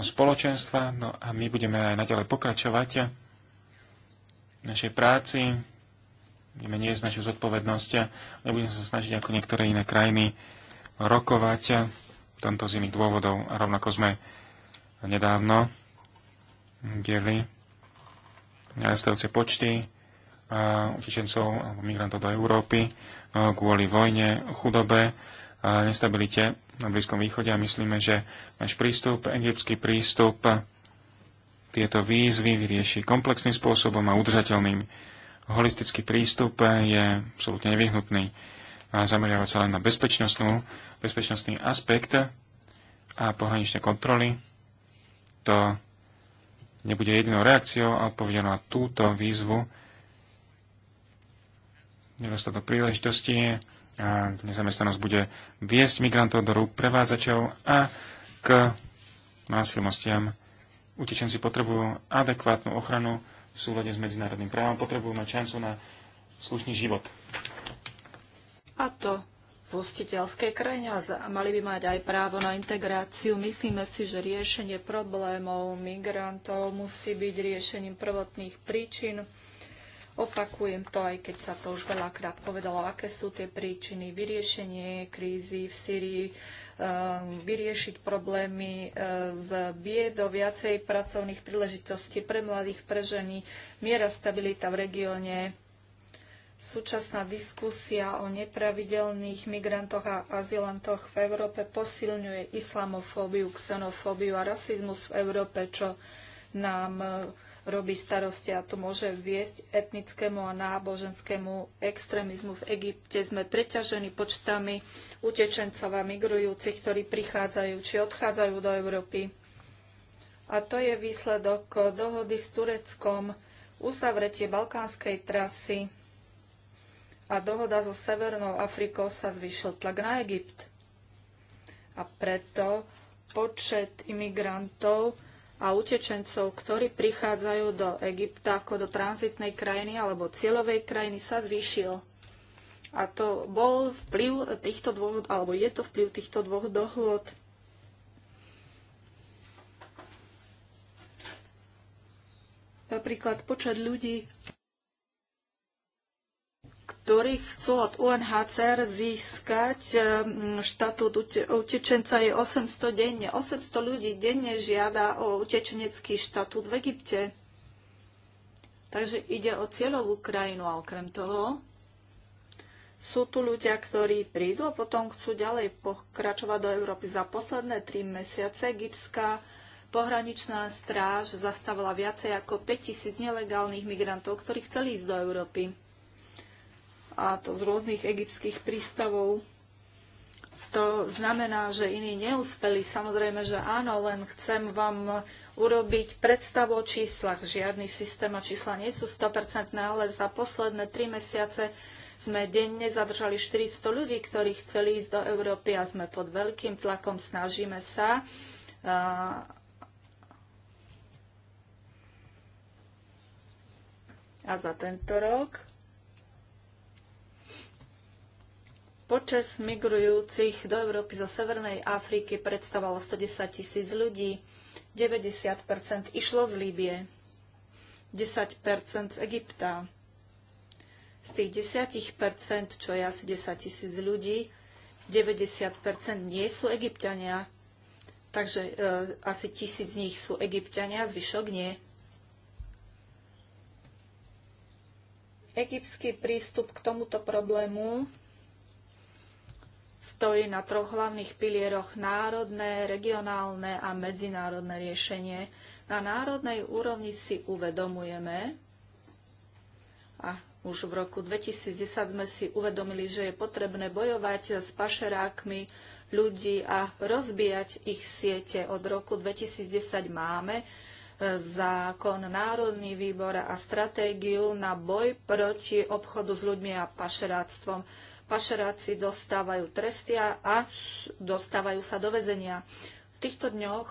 spoločenstva no a my budeme aj naďalej pokračovať v našej práci, budeme nie našej zodpovednosť, ale budeme sa snažiť ako niektoré iné krajiny rokovať tomto z iných dôvodov. A rovnako sme nedávno deli narastajúce počty utečencov alebo migrantov do Európy e, kvôli vojne, chudobe, nestabilite na Blízkom východe a myslíme, že náš prístup, egyptský prístup, tieto výzvy vyrieši komplexným spôsobom a udržateľným. Holistický prístup je absolútne nevyhnutný a zameriavať sa len na bezpečnostnú, bezpečnostný aspekt a pohraničné kontroly. To nebude jedinou reakciou a odpovedou na túto výzvu nedostatok príležitosti a nezamestnanosť bude viesť migrantov do rúk prevádzačov a k násilnostiam. Utečenci potrebujú adekvátnu ochranu v súlade s medzinárodným právom, potrebujú mať šancu na slušný život. A to v hostiteľskej krajine a mali by mať aj právo na integráciu. Myslíme si, že riešenie problémov migrantov musí byť riešením prvotných príčin Opakujem to, aj keď sa to už veľakrát povedalo, aké sú tie príčiny. Vyriešenie krízy v Syrii, ehm, vyriešiť problémy ehm, z biedo, viacej pracovných príležitostí pre mladých, pre ženy, miera stabilita v regióne, súčasná diskusia o nepravidelných migrantoch a azilantoch v Európe posilňuje islamofóbiu, xenofóbiu a rasizmus v Európe, čo nám robí starosti a to môže viesť etnickému a náboženskému extrémizmu. V Egypte sme preťažení počtami utečencov a migrujúcich, ktorí prichádzajú či odchádzajú do Európy. A to je výsledok dohody s Tureckom, uzavretie balkánskej trasy a dohoda so Severnou Afrikou sa zvyšil tlak na Egypt. A preto počet imigrantov a utečencov, ktorí prichádzajú do Egypta ako do tranzitnej krajiny alebo cieľovej krajiny, sa zvýšil. A to bol vplyv týchto dvoch, alebo je to vplyv týchto dvoch dohôd. Napríklad počet ľudí, ktorí chcú od UNHCR získať ehm, štatút utečenca je 800 denne. 800 ľudí denne žiada o utečenecký štatút v Egypte. Takže ide o cieľovú krajinu a okrem toho sú tu ľudia, ktorí prídu a potom chcú ďalej pokračovať do Európy. Za posledné tri mesiace egyptská pohraničná stráž zastavila viacej ako 5000 nelegálnych migrantov, ktorí chceli ísť do Európy a to z rôznych egyptských prístavov. To znamená, že iní neúspeli. Samozrejme, že áno, len chcem vám urobiť predstavu o číslach. Žiadny systém a čísla nie sú 100%, ale za posledné tri mesiace sme denne zadržali 400 ľudí, ktorí chceli ísť do Európy a sme pod veľkým tlakom. Snažíme sa a za tento rok Počas migrujúcich do Európy zo Severnej Afriky predstavovalo 110 tisíc ľudí, 90 išlo z Líbie, 10 z Egypta. Z tých 10 čo je asi 10 tisíc ľudí, 90 nie sú egyptiania, takže e, asi tisíc z nich sú egyptiania, zvyšok nie. Egyptský prístup k tomuto problému stojí na troch hlavných pilieroch národné, regionálne a medzinárodné riešenie. Na národnej úrovni si uvedomujeme, a už v roku 2010 sme si uvedomili, že je potrebné bojovať s pašerákmi ľudí a rozbíjať ich siete. Od roku 2010 máme e, zákon, Národný výbor a stratégiu na boj proti obchodu s ľuďmi a pašeráctvom pašeráci dostávajú trestia a dostávajú sa do väzenia. V týchto dňoch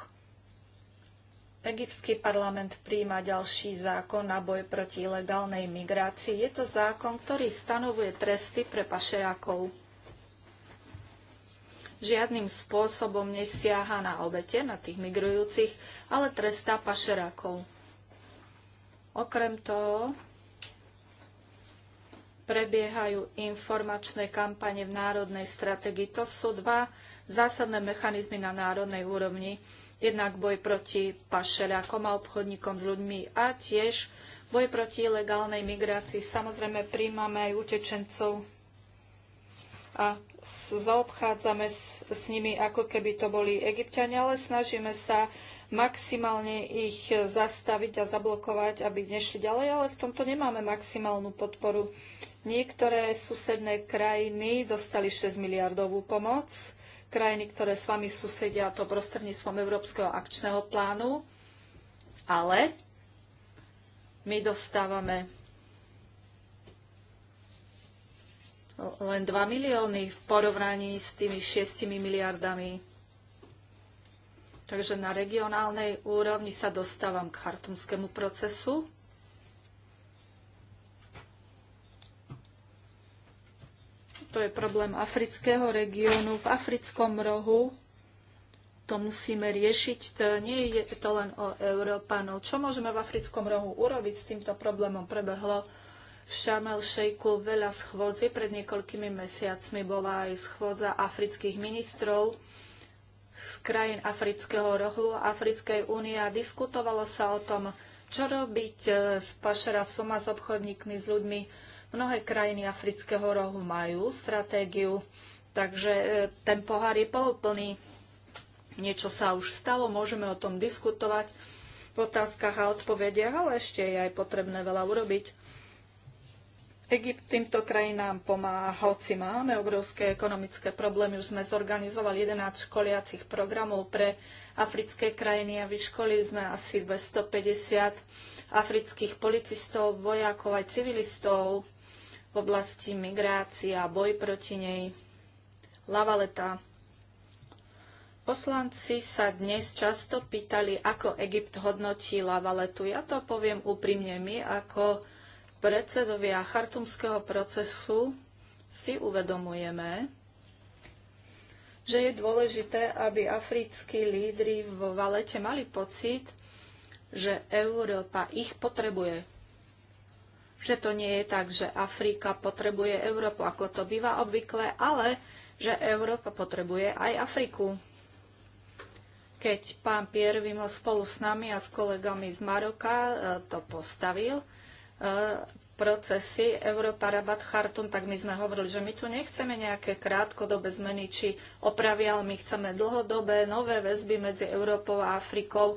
Egyptský parlament príjma ďalší zákon na boj proti ilegálnej migrácii. Je to zákon, ktorý stanovuje tresty pre pašerákov. Žiadnym spôsobom nesiaha na obete, na tých migrujúcich, ale trestá pašerákov. Okrem toho, prebiehajú informačné kampane v národnej strategii. To sú dva zásadné mechanizmy na národnej úrovni. Jednak boj proti pašerákom a obchodníkom s ľuďmi a tiež boj proti ilegálnej migrácii. Samozrejme, príjmame aj utečencov a zaobchádzame s, s nimi, ako keby to boli egyptiani, ale snažíme sa maximálne ich zastaviť a zablokovať, aby nešli ďalej, ale v tomto nemáme maximálnu podporu. Niektoré susedné krajiny dostali 6 miliardovú pomoc, krajiny, ktoré s vami susedia, to prostredníctvom Európskeho akčného plánu, ale my dostávame len 2 milióny v porovnaní s tými 6 miliardami. Takže na regionálnej úrovni sa dostávam k chartumskému procesu. To je problém afrického regiónu. V africkom rohu to musíme riešiť. To nie je to len o Európanov. Čo môžeme v africkom rohu urobiť s týmto problémom? Prebehlo v Šamel Šejku veľa schôdzi. Pred niekoľkými mesiacmi bola aj schôdza afrických ministrov z krajín Afrického rohu Africkej únie a diskutovalo sa o tom, čo robiť s eh, pašeráctvom a s obchodníkmi, s ľuďmi Mnohé krajiny Afrického rohu majú stratégiu, takže e, ten pohár je poloplný. Niečo sa už stalo, môžeme o tom diskutovať v otázkach a odpovediach, ale ešte je aj potrebné veľa urobiť. Egypt týmto krajinám pomáha, hoci máme obrovské ekonomické problémy. Už sme zorganizovali 11 školiacich programov pre africké krajiny a vyškolili sme asi 250 afrických policistov, vojakov aj civilistov v oblasti migrácia, boj proti nej, lavaleta. Poslanci sa dnes často pýtali, ako Egypt hodnotí lavaletu. Ja to poviem úprimne, my ako predsedovia chartumského procesu si uvedomujeme, že je dôležité, aby africkí lídry v Valete mali pocit, že Európa ich potrebuje že to nie je tak, že Afrika potrebuje Európu, ako to býva obvykle, ale že Európa potrebuje aj Afriku. Keď pán Pierre Vimo spolu s nami a s kolegami z Maroka e, to postavil, e, procesy Európa Rabat Chartum, tak my sme hovorili, že my tu nechceme nejaké krátkodobé zmeny či opravy, ale my chceme dlhodobé nové väzby medzi Európou a Afrikou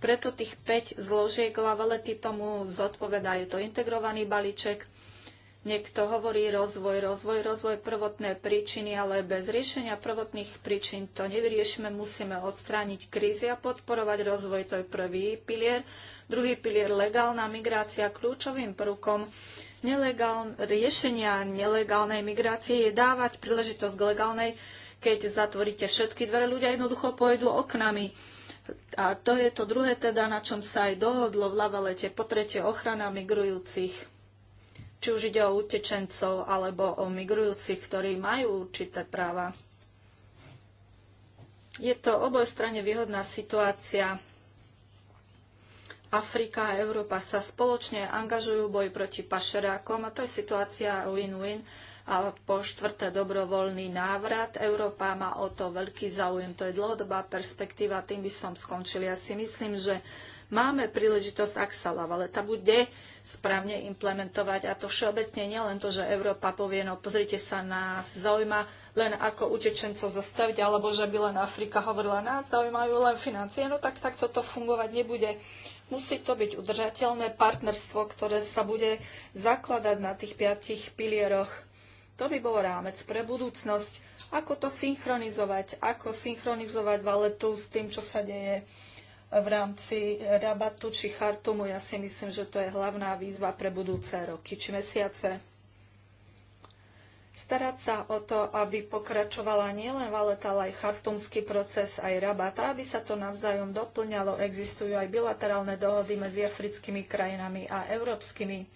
preto tých 5 zložiek Laveleky tomu zodpovedá. Je to integrovaný balíček. Niekto hovorí rozvoj, rozvoj, rozvoj, prvotné príčiny, ale bez riešenia prvotných príčin to nevyriešime. Musíme odstrániť krízy a podporovať rozvoj. To je prvý pilier. Druhý pilier legálna migrácia kľúčovým prvkom nelegál, riešenia nelegálnej migrácie je dávať príležitosť k legálnej, keď zatvoríte všetky dvere, ľudia jednoducho pôjdu oknami. A to je to druhé teda, na čom sa aj dohodlo v Lavalete. Po tretie, ochrana migrujúcich. Či už ide o utečencov, alebo o migrujúcich, ktorí majú určité práva. Je to obojstranne výhodná situácia. Afrika a Európa sa spoločne angažujú v boji proti pašerákom a to je situácia win-win. A po štvrté dobrovoľný návrat. Európa má o to veľký záujem. To je dlhodobá perspektíva. Tým by som skončil. Ja si myslím, že máme príležitosť Axala, ale tá bude správne implementovať. A to všeobecne nie len to, že Európa povie, no pozrite sa, nás zaujíma len ako utečencov zastaviť, alebo že by len Afrika hovorila, nás zaujímajú len financie, no tak takto to fungovať nebude. Musí to byť udržateľné partnerstvo, ktoré sa bude zakladať na tých piatich pilieroch to by bol rámec pre budúcnosť. Ako to synchronizovať? Ako synchronizovať valetu s tým, čo sa deje v rámci rabatu či chartumu? Ja si myslím, že to je hlavná výzva pre budúce roky či mesiace. Starať sa o to, aby pokračovala nielen valeta, ale aj chartumský proces, aj rabat, aby sa to navzájom doplňalo. Existujú aj bilaterálne dohody medzi africkými krajinami a európskymi.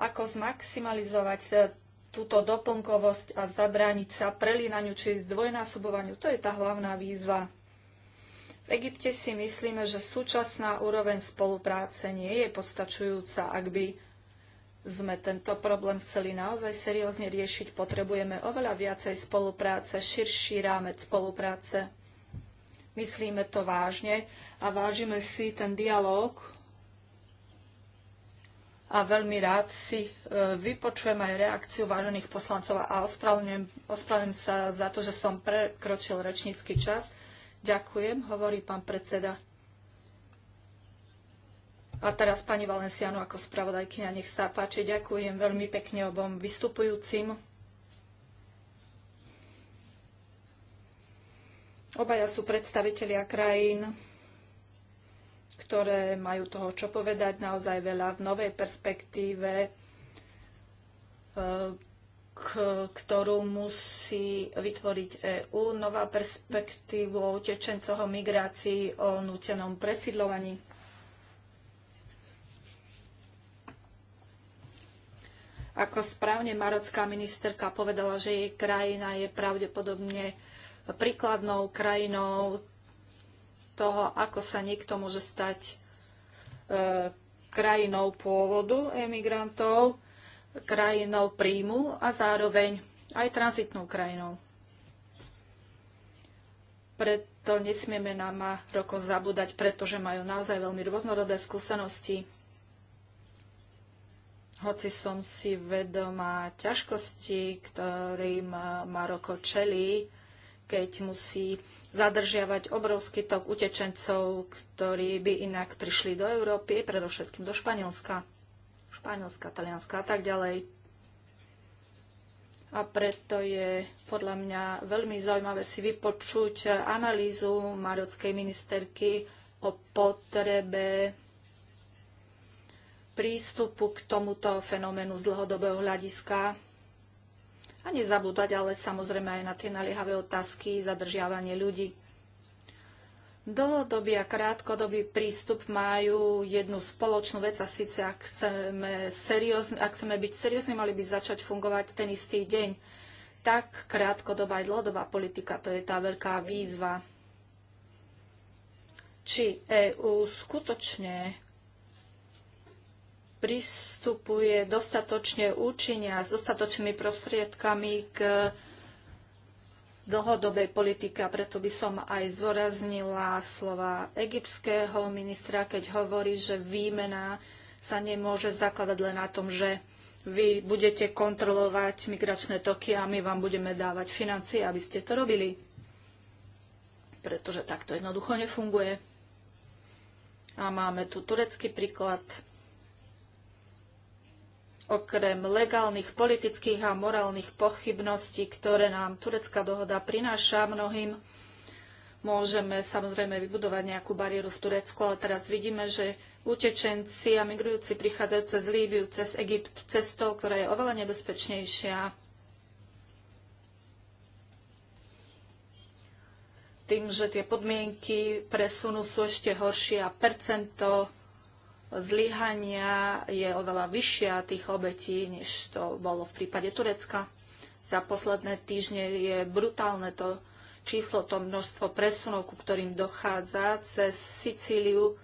Ako zmaximalizovať túto doplnkovosť a zabrániť sa prelínaniu či zdvojnásobovaniu. To je tá hlavná výzva. V Egypte si myslíme, že súčasná úroveň spolupráce nie je postačujúca. Ak by sme tento problém chceli naozaj seriózne riešiť, potrebujeme oveľa viacej spolupráce, širší rámec spolupráce. Myslíme to vážne a vážime si ten dialog, a veľmi rád si e, vypočujem aj reakciu vážených poslancov a ospravedlňujem, ospravedlňujem sa za to, že som prekročil rečnícky čas. Ďakujem, hovorí pán predseda. A teraz pani Valenciano ako spravodajkyňa, nech sa páči. Ďakujem veľmi pekne obom vystupujúcim. Obaja sú predstavitelia krajín, ktoré majú toho čo povedať naozaj veľa v novej perspektíve, e, k, ktorú musí vytvoriť EÚ, nová perspektíva o utečencoch, o migrácii, o nútenom presídlovaní. Ako správne marocká ministerka povedala, že jej krajina je pravdepodobne príkladnou krajinou toho, ako sa niekto môže stať e, krajinou pôvodu emigrantov, krajinou príjmu a zároveň aj tranzitnou krajinou. Preto nesmieme na roko zabúdať, pretože majú naozaj veľmi rôznorodé skúsenosti. Hoci som si vedomá ťažkosti, ktorým Maroko čelí, keď musí zadržiavať obrovský tok utečencov, ktorí by inak prišli do Európy, predovšetkým do Španielska, Španielska, Talianska a tak ďalej. A preto je podľa mňa veľmi zaujímavé si vypočuť analýzu marockej ministerky o potrebe prístupu k tomuto fenoménu z dlhodobého hľadiska a nezabúdať ale samozrejme aj na tie naliehavé otázky, zadržiavanie ľudí. Dlhodobý a krátkodobý prístup majú jednu spoločnú vec a síce ak chceme, seriózne, ak chceme byť seriózni, mali by začať fungovať ten istý deň. Tak krátkodobá aj dlhodobá politika, to je tá veľká výzva. Či EÚ skutočne pristupuje dostatočne účinne a s dostatočnými prostriedkami k dlhodobej politike. A preto by som aj zdôraznila slova egyptského ministra, keď hovorí, že výmena sa nemôže zakladať len na tom, že vy budete kontrolovať migračné toky a my vám budeme dávať financie, aby ste to robili. Pretože takto jednoducho nefunguje. A máme tu turecký príklad okrem legálnych politických a morálnych pochybností, ktoré nám turecká dohoda prináša mnohým, môžeme samozrejme vybudovať nejakú bariéru v Turecku, ale teraz vidíme, že utečenci a migrujúci prichádzajú cez Líbiu, cez Egypt, cestou, ktorá je oveľa nebezpečnejšia. Tým, že tie podmienky presunu sú ešte horšie a percento zlyhania je oveľa vyššia tých obetí, než to bolo v prípade Turecka. Za posledné týždne je brutálne to číslo, to množstvo presunov, ku ktorým dochádza cez Sicíliu,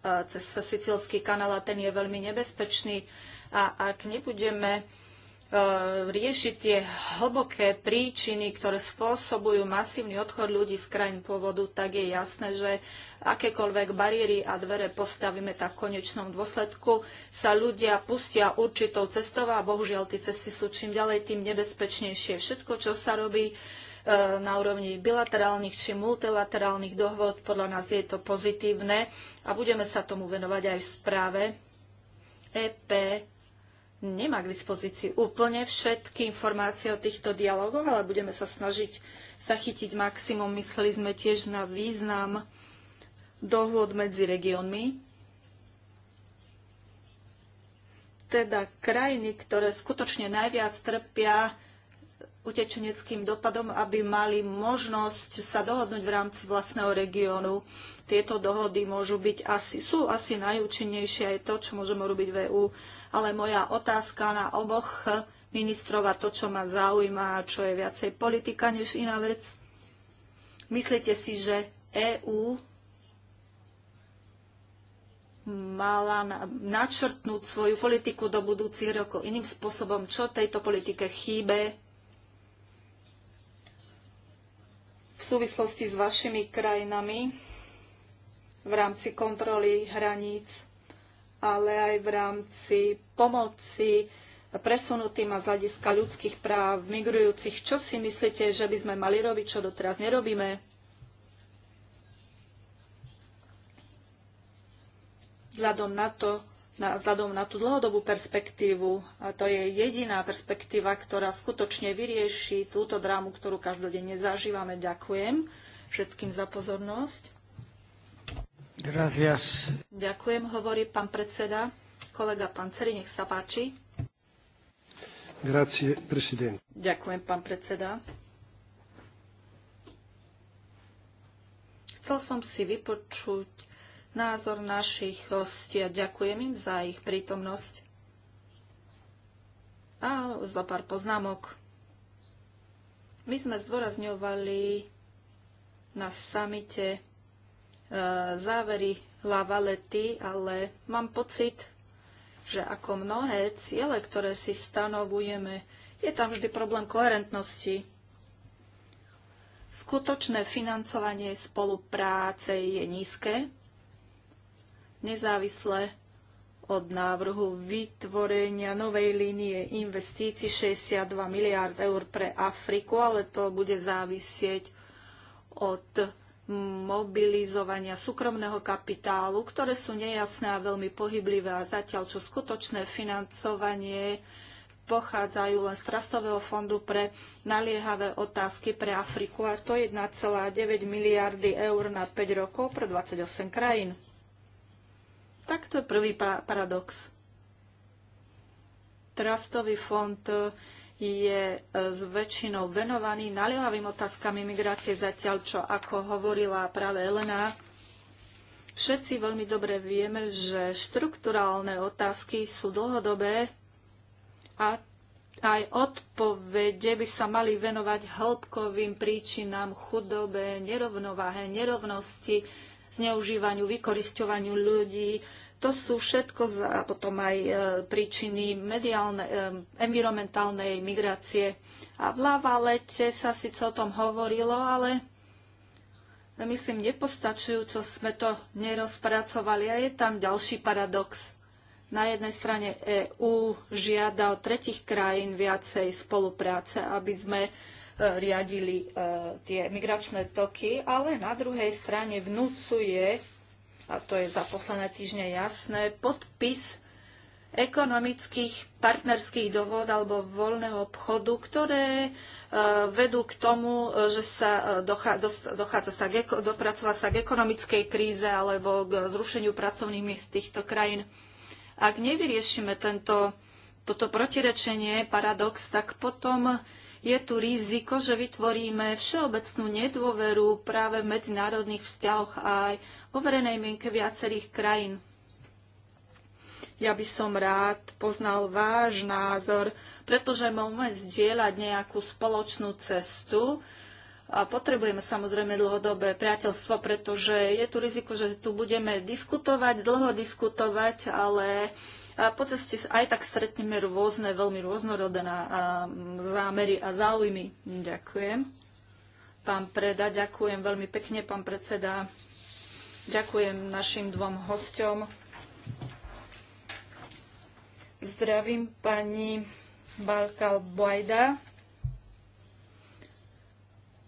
eh, cez Sicílsky kanál a ten je veľmi nebezpečný. A ak nebudeme E, riešiť tie hlboké príčiny, ktoré spôsobujú masívny odchod ľudí z krajín pôvodu, tak je jasné, že akékoľvek bariéry a dvere postavíme, tak v konečnom dôsledku sa ľudia pustia určitou cestou a bohužiaľ tie cesty sú čím ďalej tým nebezpečnejšie. Všetko, čo sa robí e, na úrovni bilaterálnych či multilaterálnych dohôd, podľa nás je to pozitívne a budeme sa tomu venovať aj v správe EP nemá k dispozícii úplne všetky informácie o týchto dialogoch, ale budeme sa snažiť zachytiť maximum. Mysleli sme tiež na význam dohôd medzi regiónmi, teda krajiny, ktoré skutočne najviac trpia utečeneckým dopadom, aby mali možnosť sa dohodnúť v rámci vlastného regiónu. Tieto dohody môžu byť asi, sú asi najúčinnejšie aj to, čo môžeme robiť v EÚ. Ale moja otázka na oboch ministrov a to, čo ma zaujíma čo je viacej politika než iná vec. Myslíte si, že EÚ mala načrtnúť svoju politiku do budúcich rokov iným spôsobom, čo tejto politike chýbe, v súvislosti s vašimi krajinami v rámci kontroly hraníc, ale aj v rámci pomoci presunutým a z hľadiska ľudských práv migrujúcich. Čo si myslíte, že by sme mali robiť, čo doteraz nerobíme? Vzhľadom na to, na, vzhľadom na tú dlhodobú perspektívu. A to je jediná perspektíva, ktorá skutočne vyrieši túto drámu, ktorú každodenne zažívame. Ďakujem všetkým za pozornosť. Gracias. Ďakujem, hovorí pán predseda. Kolega Panceri, nech sa páči. Grazie, president. Ďakujem, pán predseda. Chcel som si vypočuť názor našich hostia. Ďakujem im za ich prítomnosť a za pár poznámok. My sme zdôrazňovali na samite e, závery Lavalety, ale mám pocit, že ako mnohé ciele, ktoré si stanovujeme, je tam vždy problém koherentnosti. Skutočné financovanie spolupráce je nízke nezávisle od návrhu vytvorenia novej línie investícií 62 miliard eur pre Afriku, ale to bude závisieť od mobilizovania súkromného kapitálu, ktoré sú nejasné a veľmi pohyblivé a zatiaľ čo skutočné financovanie pochádzajú len z Trastového fondu pre naliehavé otázky pre Afriku a to 1,9 miliardy eur na 5 rokov pre 28 krajín. Tak to je prvý paradox. Trastový fond je e, s väčšinou venovaný naliehavým otázkami migrácie zatiaľ, čo ako hovorila práve Elena, všetci veľmi dobre vieme, že štrukturálne otázky sú dlhodobé a aj odpovede by sa mali venovať hĺbkovým príčinám chudobe, nerovnováhe, nerovnosti, zneužívaniu, vykorisťovaniu ľudí. To sú všetko a potom aj e, príčiny mediálne, e, environmentálnej migrácie. A v Lavalete sa síce o tom hovorilo, ale myslím, nepostačujúco sme to nerozpracovali a je tam ďalší paradox. Na jednej strane EÚ žiada od tretich krajín viacej spolupráce, aby sme Eh, riadili eh, tie migračné toky, ale na druhej strane vnúcuje, a to je za posledné týždne jasné, podpis ekonomických partnerských dohod alebo voľného obchodu, ktoré eh, vedú k tomu, že sa dochádza sa k, sa k ekonomickej kríze alebo k zrušeniu pracovných miest týchto krajín. Ak nevyriešime tento, toto protirečenie, paradox, tak potom je tu riziko, že vytvoríme všeobecnú nedôveru práve v medzinárodných vzťahoch aj vo verejnej mienke viacerých krajín. Ja by som rád poznal váš názor, pretože môžeme zdieľať nejakú spoločnú cestu, a potrebujeme samozrejme dlhodobé priateľstvo, pretože je tu riziko, že tu budeme diskutovať, dlho diskutovať, ale a po ceste aj tak stretneme rôzne, veľmi rôznorodé zámery a záujmy. Ďakujem. Pán Preda, ďakujem veľmi pekne, pán predseda. Ďakujem našim dvom hosťom. Zdravím pani Balkal Bojda,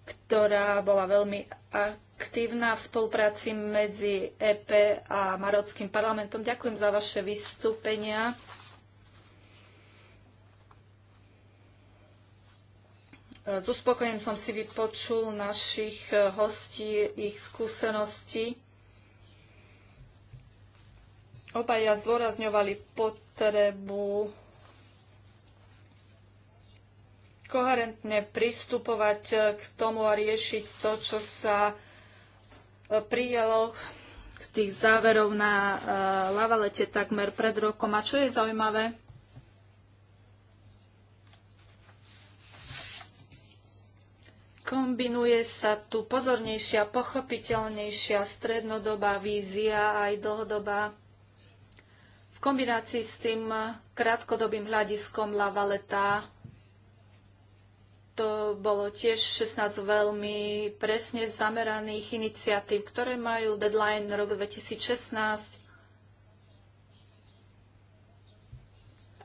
ktorá bola veľmi aktívna v spolupráci medzi EP a Marockým parlamentom. Ďakujem za vaše vystúpenia. S uspokojením som si vypočul našich hostí, ich skúsenosti. Obaja zdôrazňovali potrebu koherentne pristupovať k tomu a riešiť to, čo sa prijalo tých záverov na e, lavalete takmer pred rokom. A čo je zaujímavé, kombinuje sa tu pozornejšia, pochopiteľnejšia strednodobá vízia aj dlhodobá v kombinácii s tým krátkodobým hľadiskom lavaleta to bolo tiež 16 veľmi presne zameraných iniciatív, ktoré majú deadline rok 2016,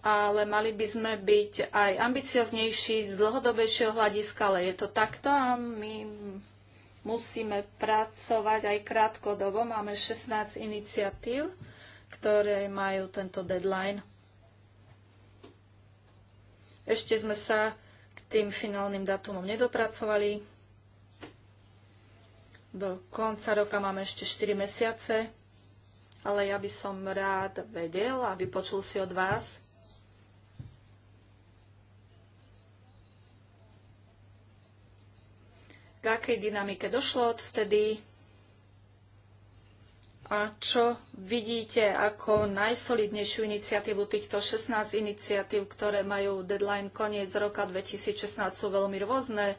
ale mali by sme byť aj ambicioznejší z dlhodobejšieho hľadiska, ale je to takto a my musíme pracovať aj krátkodobo. Máme 16 iniciatív, ktoré majú tento deadline. Ešte sme sa tým finálnym datumom nedopracovali. Do konca roka máme ešte 4 mesiace, ale ja by som rád vedel aby počul si od vás, k akej dynamike došlo od vtedy, čo vidíte ako najsolidnejšiu iniciatívu týchto 16 iniciatív, ktoré majú deadline koniec roka 2016, sú veľmi rôzne.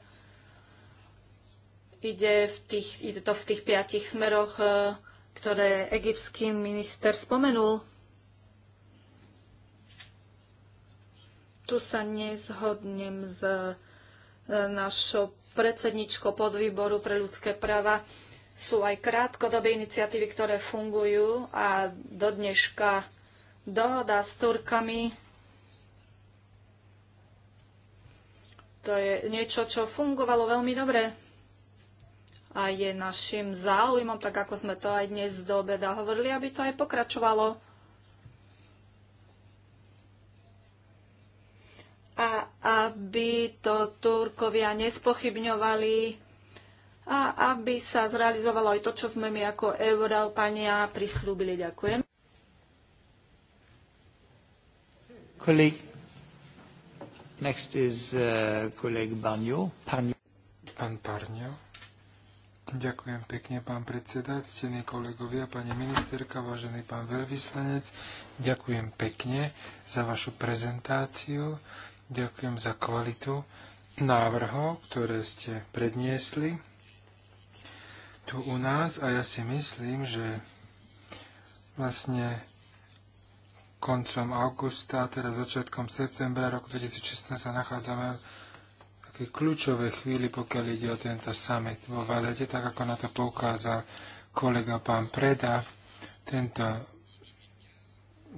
Ide, v tých, ide to v tých piatich smeroch, e, ktoré egyptský minister spomenul. Tu sa nezhodnem s e, našou predsedničkou podvýboru pre ľudské práva sú aj krátkodobé iniciatívy, ktoré fungujú a do dneška dohoda s Turkami to je niečo, čo fungovalo veľmi dobre a je našim záujmom, tak ako sme to aj dnes do obeda hovorili, aby to aj pokračovalo. A aby to Turkovia nespochybňovali a aby sa zrealizovalo aj to, čo sme my ako Európania prislúbili. Ďakujem. Next is uh, Pán Parnio. Ďakujem pekne, pán predseda, ctení kolegovia, pani ministerka, vážený pán veľvyslanec. Ďakujem pekne za vašu prezentáciu. Ďakujem za kvalitu návrhov, ktoré ste predniesli tu u nás a ja si myslím, že vlastne koncom augusta, teda začiatkom septembra roku 2016 sa nachádzame v takej kľúčovej chvíli, pokiaľ ide o tento summit vo Valete, tak ako na to poukázal kolega pán Preda. Tento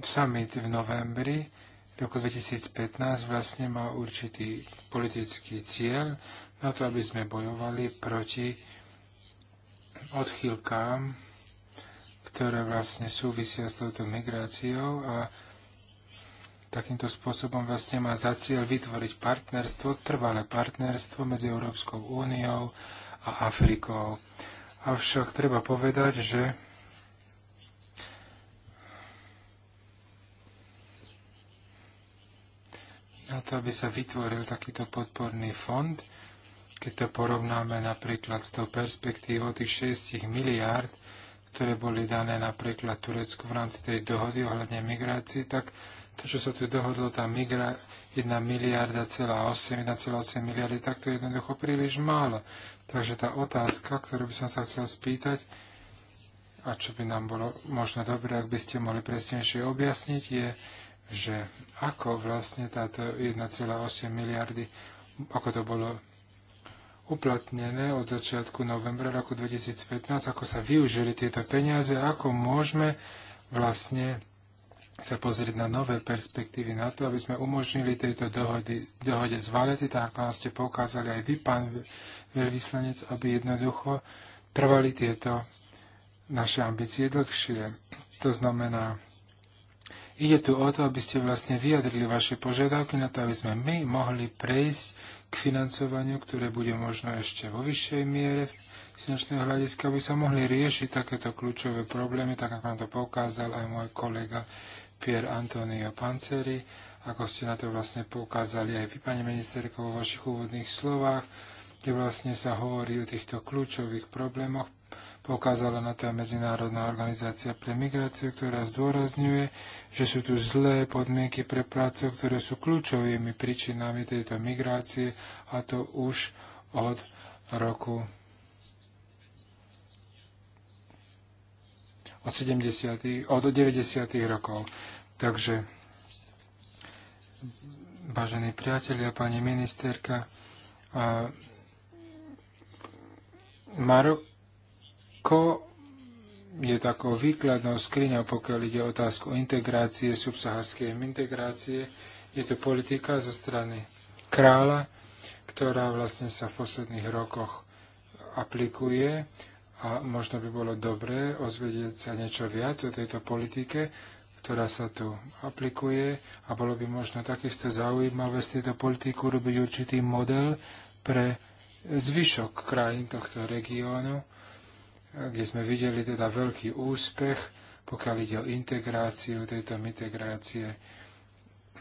summit v novembri roku 2015 vlastne mal určitý politický cieľ na to, aby sme bojovali proti odchýlkám, ktoré vlastne súvisia s touto migráciou a takýmto spôsobom vlastne má za cieľ vytvoriť partnerstvo, trvalé partnerstvo medzi Európskou úniou a Afrikou. Avšak treba povedať, že na to, aby sa vytvoril takýto podporný fond, keď to porovnáme napríklad s tou perspektívou tých 6 miliárd, ktoré boli dané napríklad Turecku v rámci tej dohody ohľadne migrácie, tak to, čo sa tu dohodlo, tá migra 1 miliarda celá 8, 1,8 miliardy, tak to je jednoducho príliš málo. Takže tá otázka, ktorú by som sa chcel spýtať, a čo by nám bolo možno dobré, ak by ste mohli presnejšie objasniť, je, že ako vlastne táto 1,8 miliardy, ako to bolo uplatnené od začiatku novembra roku 2015, ako sa využili tieto peniaze, ako môžeme vlastne sa pozrieť na nové perspektívy na to, aby sme umožnili tejto dohody, dohode z Valety, tak ako ste poukázali aj vy, pán veľvyslanec, aby jednoducho trvali tieto naše ambície dlhšie. To znamená, ide tu o to, aby ste vlastne vyjadrili vaše požiadavky na to, aby sme my mohli prejsť k financovaniu, ktoré bude možno ešte vo vyššej miere finančného hľadiska, aby sa mohli riešiť takéto kľúčové problémy, tak ako nám to poukázal aj môj kolega Pier Antonio Panceri, ako ste na to vlastne poukázali aj vy, pani ministerko, vo vašich úvodných slovách, kde vlastne sa hovorí o týchto kľúčových problémoch Pokázala na to aj Medzinárodná organizácia pre migráciu, ktorá zdôrazňuje, že sú tu zlé podmienky pre prácu, ktoré sú kľúčovými príčinami tejto migrácie a to už od roku od, 70, od 90. rokov. Takže, vážení priatelia, pani ministerka, Marok Ko je takou výkladnou skriňou, pokiaľ ide o otázku integrácie, subsaharskej integrácie. Je to politika zo strany kráľa, ktorá vlastne sa v posledných rokoch aplikuje a možno by bolo dobré ozvedieť sa niečo viac o tejto politike, ktorá sa tu aplikuje a bolo by možno takisto zaujímavé z tejto politiku robiť určitý model pre zvyšok krajín tohto regiónu kde sme videli teda veľký úspech, pokiaľ ide o integráciu tejto integrácie,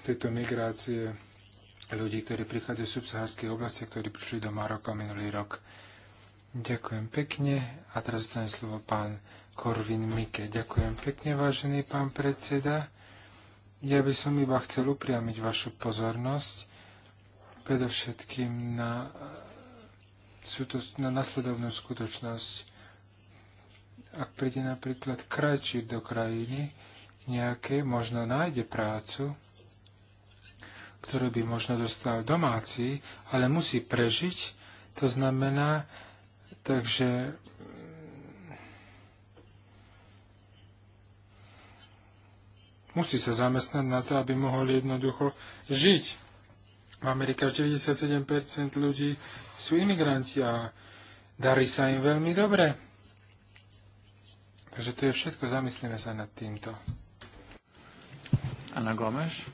tejto migrácie ľudí, ktorí prichádzajú z subsahárskej oblasti, ktorí prišli do Maroka minulý rok. Ďakujem pekne a teraz dostane slovo pán Korvin Mike. Ďakujem pekne, vážený pán predseda. Ja by som iba chcel upriamiť vašu pozornosť predovšetkým na, na nasledovnú skutočnosť ak príde napríklad kračiť do krajiny nejaké, možno nájde prácu, ktorú by možno dostal domáci, ale musí prežiť. To znamená, takže mm, musí sa zamestnať na to, aby mohol jednoducho žiť. V Amerike 97% ľudí sú imigranti a darí sa im veľmi dobre. Takže to je všetko, zamyslíme sa nad týmto. Anna Gomes.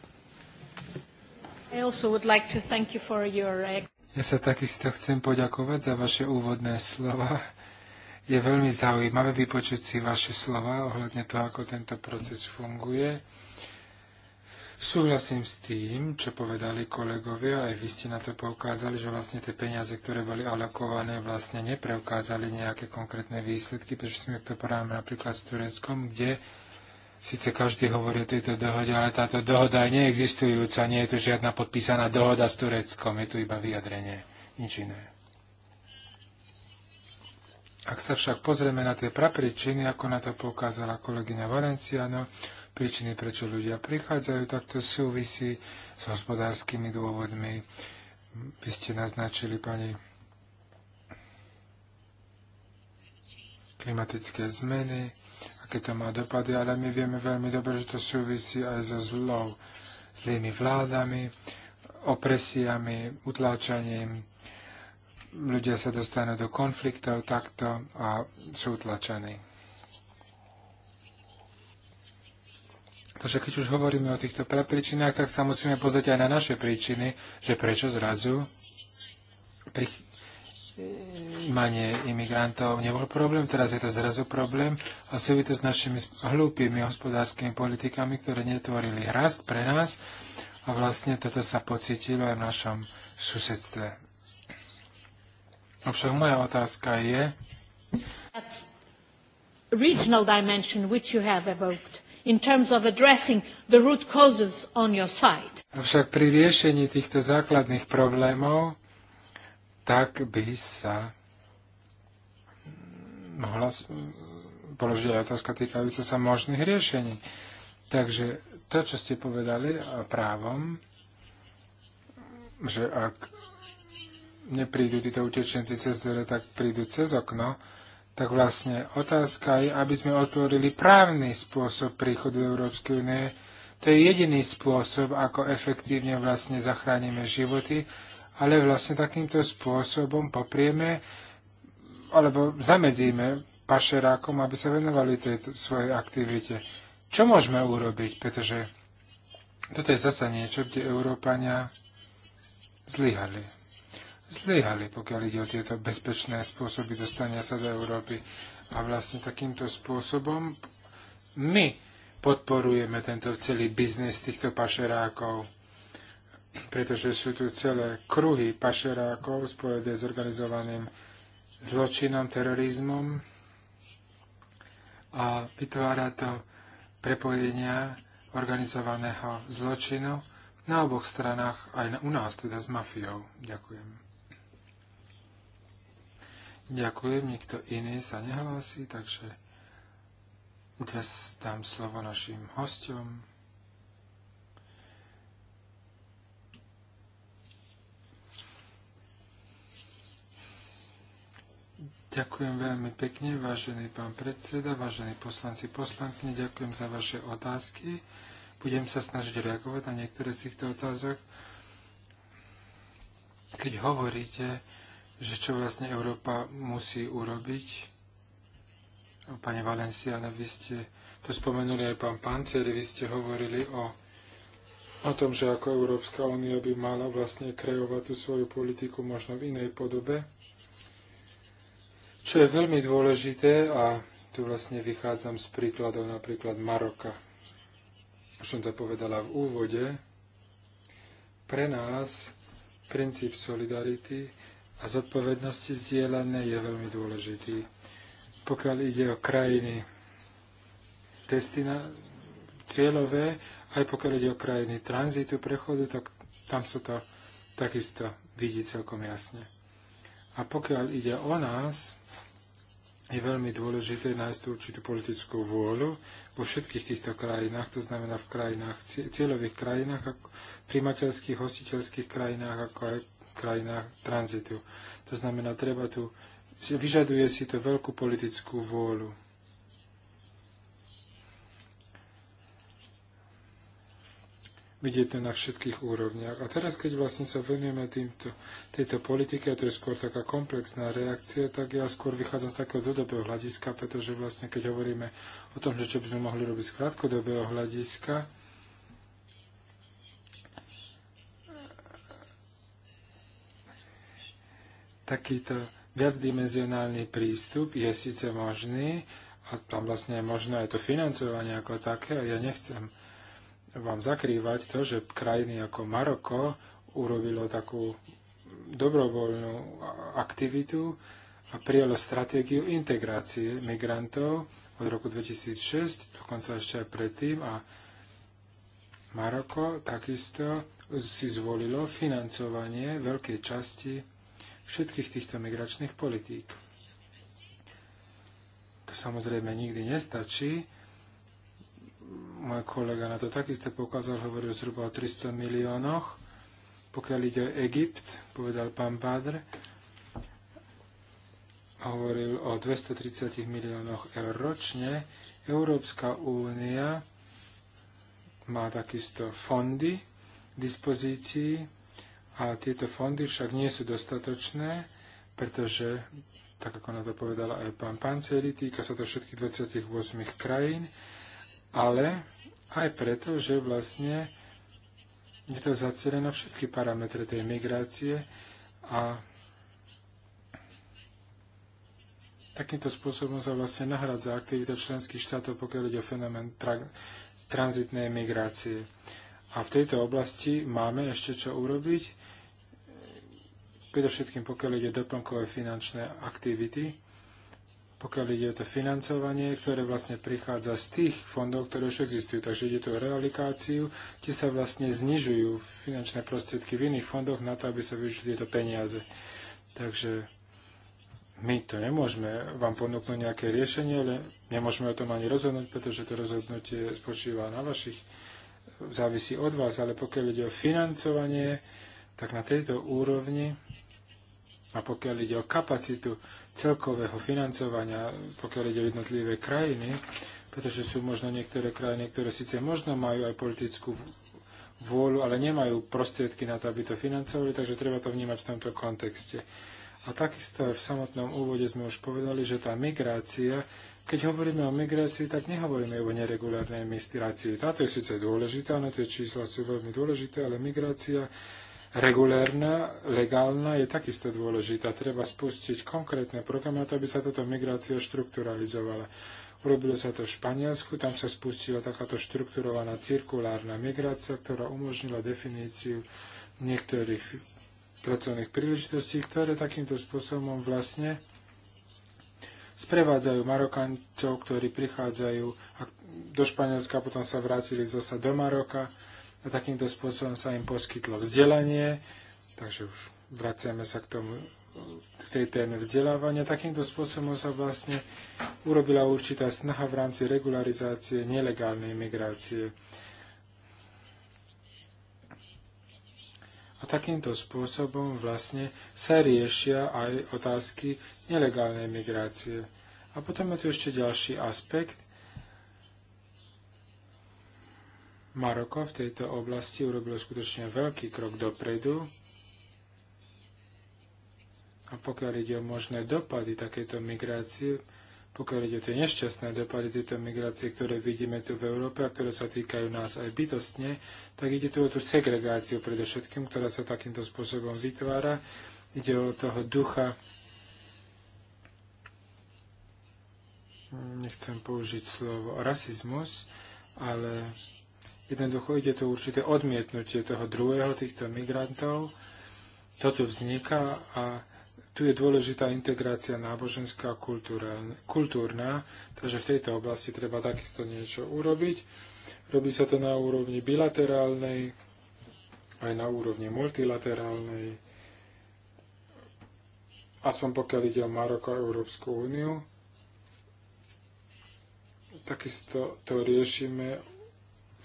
Ja sa takisto chcem poďakovať za vaše úvodné slova. Je veľmi zaujímavé vypočuť si vaše slova ohľadne toho, ako tento proces funguje. Súhlasím s tým, čo povedali kolegovia, aj vy ste na to poukázali, že vlastne tie peniaze, ktoré boli alokované, vlastne nepreukázali nejaké konkrétne výsledky, pretože sme to porávame napríklad s Tureckom, kde síce každý hovorí o tejto dohode, ale táto dohoda je neexistujúca, nie je tu žiadna podpísaná dohoda s Tureckom, je tu iba vyjadrenie, nič iné. Ak sa však pozrieme na tie prapričiny, ako na to poukázala kolegyňa Valenciano, príčiny, prečo ľudia prichádzajú, tak to súvisí s hospodárskymi dôvodmi. Vy ste naznačili, pani, klimatické zmeny, aké to má dopady, ale my vieme veľmi dobre, že to súvisí aj so zlou, zlými vládami, opresiami, utláčaním, ľudia sa dostanú do konfliktov takto a sú utlačení. Takže keď už hovoríme o týchto prapríčinách, tak sa musíme pozrieť aj na naše príčiny, že prečo zrazu manie imigrantov nebol problém, teraz je to zrazu problém a súvisí to s našimi hlúpými hospodárskymi politikami, ktoré netvorili rast pre nás a vlastne toto sa pocítilo aj v našom susedstve. Avšak moja otázka je, regional dimension which you have evoked in terms of addressing the root causes on your side. Avšak pri riešení týchto základných problémov tak by sa mohla položiť aj otázka týkajúca sa možných riešení. Takže to, čo ste povedali právom, že ak neprídu títo utečenci cez dvere, tak prídu cez okno, tak vlastne otázka je, aby sme otvorili právny spôsob príchodu Európskej únie. To je jediný spôsob, ako efektívne vlastne zachránime životy, ale vlastne takýmto spôsobom poprieme alebo zamedzíme pašerákom, aby sa venovali tej svojej aktivite. Čo môžeme urobiť? Pretože toto je zasa niečo, kde Európania zlyhali zlyhali, pokiaľ ide o tieto bezpečné spôsoby dostania sa do Európy. A vlastne takýmto spôsobom my podporujeme tento celý biznis týchto pašerákov, pretože sú tu celé kruhy pašerákov spojené s organizovaným zločinom, terorizmom a vytvára to prepojenia organizovaného zločinu na oboch stranách, aj na, u nás, teda s mafiou. Ďakujem. Ďakujem, nikto iný sa nehlási, takže teraz dám slovo našim hostom. Ďakujem veľmi pekne, vážený pán predseda, vážení poslanci, poslankyne, ďakujem za vaše otázky. Budem sa snažiť reagovať na niektoré z týchto otázok. Keď hovoríte že čo vlastne Európa musí urobiť. Pane Valenciana, vy ste to spomenuli aj pán Pancer, vy ste hovorili o, o tom, že ako Európska únia by mala vlastne kreovať tú svoju politiku možno v inej podobe, čo je veľmi dôležité a tu vlastne vychádzam z príkladov napríklad Maroka. Už som to povedala v úvode. Pre nás princíp solidarity a zodpovednosti zdieľané je veľmi dôležitý. Pokiaľ ide o krajiny destina- cieľové, aj pokiaľ ide o krajiny tranzitu, prechodu, tak tam sa to takisto vidí celkom jasne. A pokiaľ ide o nás, je veľmi dôležité nájsť určitú politickú vôľu vo všetkých týchto krajinách, to znamená v krajinách, cieľových krajinách, ako primateľských, hostiteľských krajinách, ako aj krajinách tranzitu. To znamená, treba tu, vyžaduje si to veľkú politickú vôľu. Vidieť to na všetkých úrovniach. A teraz, keď vlastne sa venujeme týmto, tejto politike, a to je skôr taká komplexná reakcia, tak ja skôr vychádzam z takého dodobého hľadiska, pretože vlastne keď hovoríme o tom, že čo by sme mohli robiť z krátkodobého hľadiska, takýto viacdimenzionálny prístup je síce možný, a tam vlastne je možné aj to financovanie ako také, a ja nechcem vám zakrývať to, že krajiny ako Maroko urobilo takú dobrovoľnú aktivitu a prijalo stratégiu integrácie migrantov od roku 2006, dokonca ešte aj predtým, a Maroko takisto si zvolilo financovanie veľkej časti všetkých týchto migračných politík. To samozrejme nikdy nestačí. Môj kolega na to takisto pokázal, hovoril zhruba o 300 miliónoch. Pokiaľ ide o Egypt, povedal pán Badr, hovoril o 230 miliónoch eur ročne. Európska únia má takisto fondy k dispozícii a tieto fondy však nie sú dostatočné, pretože, tak ako na to povedala aj pán pancery, týka sa to všetkých 28 krajín, ale aj preto, že vlastne je to zacelené na všetky parametre tej migrácie a takýmto spôsobom sa vlastne nahradza aktivita členských štátov, pokiaľ ide o fenomén tra- tranzitnej migrácie. A v tejto oblasti máme ešte čo urobiť, predovšetkým pokiaľ ide doplnkové finančné aktivity, pokiaľ ide o to financovanie, ktoré vlastne prichádza z tých fondov, ktoré už existujú. Takže ide tu o realikáciu, kde sa vlastne znižujú finančné prostriedky v iných fondoch na to, aby sa využili tieto peniaze. Takže my to nemôžeme vám ponúknuť nejaké riešenie, ale nemôžeme o tom ani rozhodnúť, pretože to rozhodnutie spočíva na vašich závisí od vás, ale pokiaľ ide o financovanie, tak na tejto úrovni a pokiaľ ide o kapacitu celkového financovania, pokiaľ ide o jednotlivé krajiny, pretože sú možno niektoré krajiny, ktoré síce možno majú aj politickú vôľu, ale nemajú prostriedky na to, aby to financovali, takže treba to vnímať v tomto kontexte. A takisto aj v samotnom úvode sme už povedali, že tá migrácia keď hovoríme o migrácii, tak nehovoríme o neregulárnej migrácii. Táto je síce dôležitá, na no tie čísla sú veľmi dôležité, ale migrácia regulárna, legálna je takisto dôležitá. Treba spustiť konkrétne programy to, aby sa táto migrácia štrukturalizovala. Urobilo sa to v Španielsku, tam sa spustila takáto štrukturovaná cirkulárna migrácia, ktorá umožnila definíciu niektorých pracovných príležitostí, ktoré takýmto spôsobom vlastne sprevádzajú Marokancov, ktorí prichádzajú do Španielska, potom sa vrátili zasa do Maroka a takýmto spôsobom sa im poskytlo vzdelanie, takže už vraciame sa k tomu k tej téme vzdelávania. Takýmto spôsobom sa vlastne urobila určitá snaha v rámci regularizácie nelegálnej migrácie. A takýmto spôsobom vlastne sa riešia aj otázky nelegálnej migrácie. A potom je tu ešte ďalší aspekt. Maroko v tejto oblasti urobilo skutočne veľký krok dopredu. A pokiaľ ide o možné dopady takéto migrácie, pokiaľ ide o tie nešťastné dopady tejto migrácie, ktoré vidíme tu v Európe a ktoré sa týkajú nás aj bytostne, tak ide tu o tú segregáciu predovšetkým, ktorá sa takýmto spôsobom vytvára. Ide o toho ducha nechcem použiť slovo rasizmus, ale jednoducho ide to určité odmietnutie toho druhého, týchto migrantov. Toto vzniká a tu je dôležitá integrácia náboženská a kultúrna, takže v tejto oblasti treba takisto niečo urobiť. Robí sa to na úrovni bilaterálnej, aj na úrovni multilaterálnej, aspoň pokiaľ ide o Maroko a Európsku úniu takisto to riešime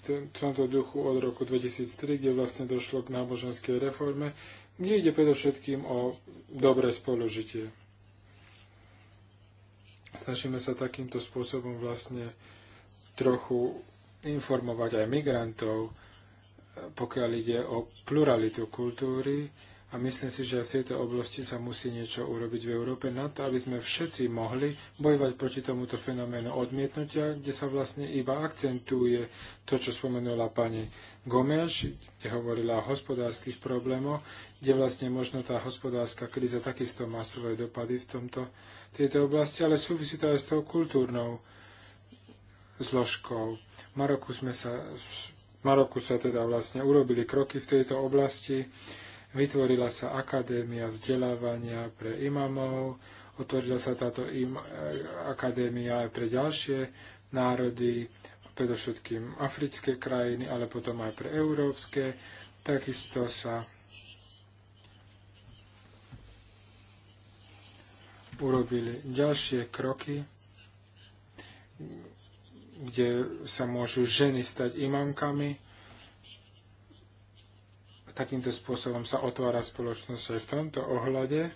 v tomto duchu od roku 2003, kde vlastne došlo k náboženskej reforme, kde ide predovšetkým o dobré spolužitie. Snažíme sa takýmto spôsobom vlastne trochu informovať aj migrantov, pokiaľ ide o pluralitu kultúry, a myslím si, že v tejto oblasti sa musí niečo urobiť v Európe na to, aby sme všetci mohli bojovať proti tomuto fenoménu odmietnutia, kde sa vlastne iba akcentuje to, čo spomenula pani Gomeš, kde hovorila o hospodárskych problémoch, kde vlastne možno tá hospodárska kríza takisto má svoje dopady v tomto, tejto oblasti, ale súvisí to aj s tou kultúrnou zložkou. V Maroku, sme sa, v Maroku sa teda vlastne urobili kroky v tejto oblasti Vytvorila sa akadémia vzdelávania pre imamov, otvorila sa táto im, akadémia aj pre ďalšie národy, predovšetkým africké krajiny, ale potom aj pre európske. Takisto sa urobili ďalšie kroky, kde sa môžu ženy stať imamkami takýmto spôsobom sa otvára spoločnosť aj v tomto ohľade.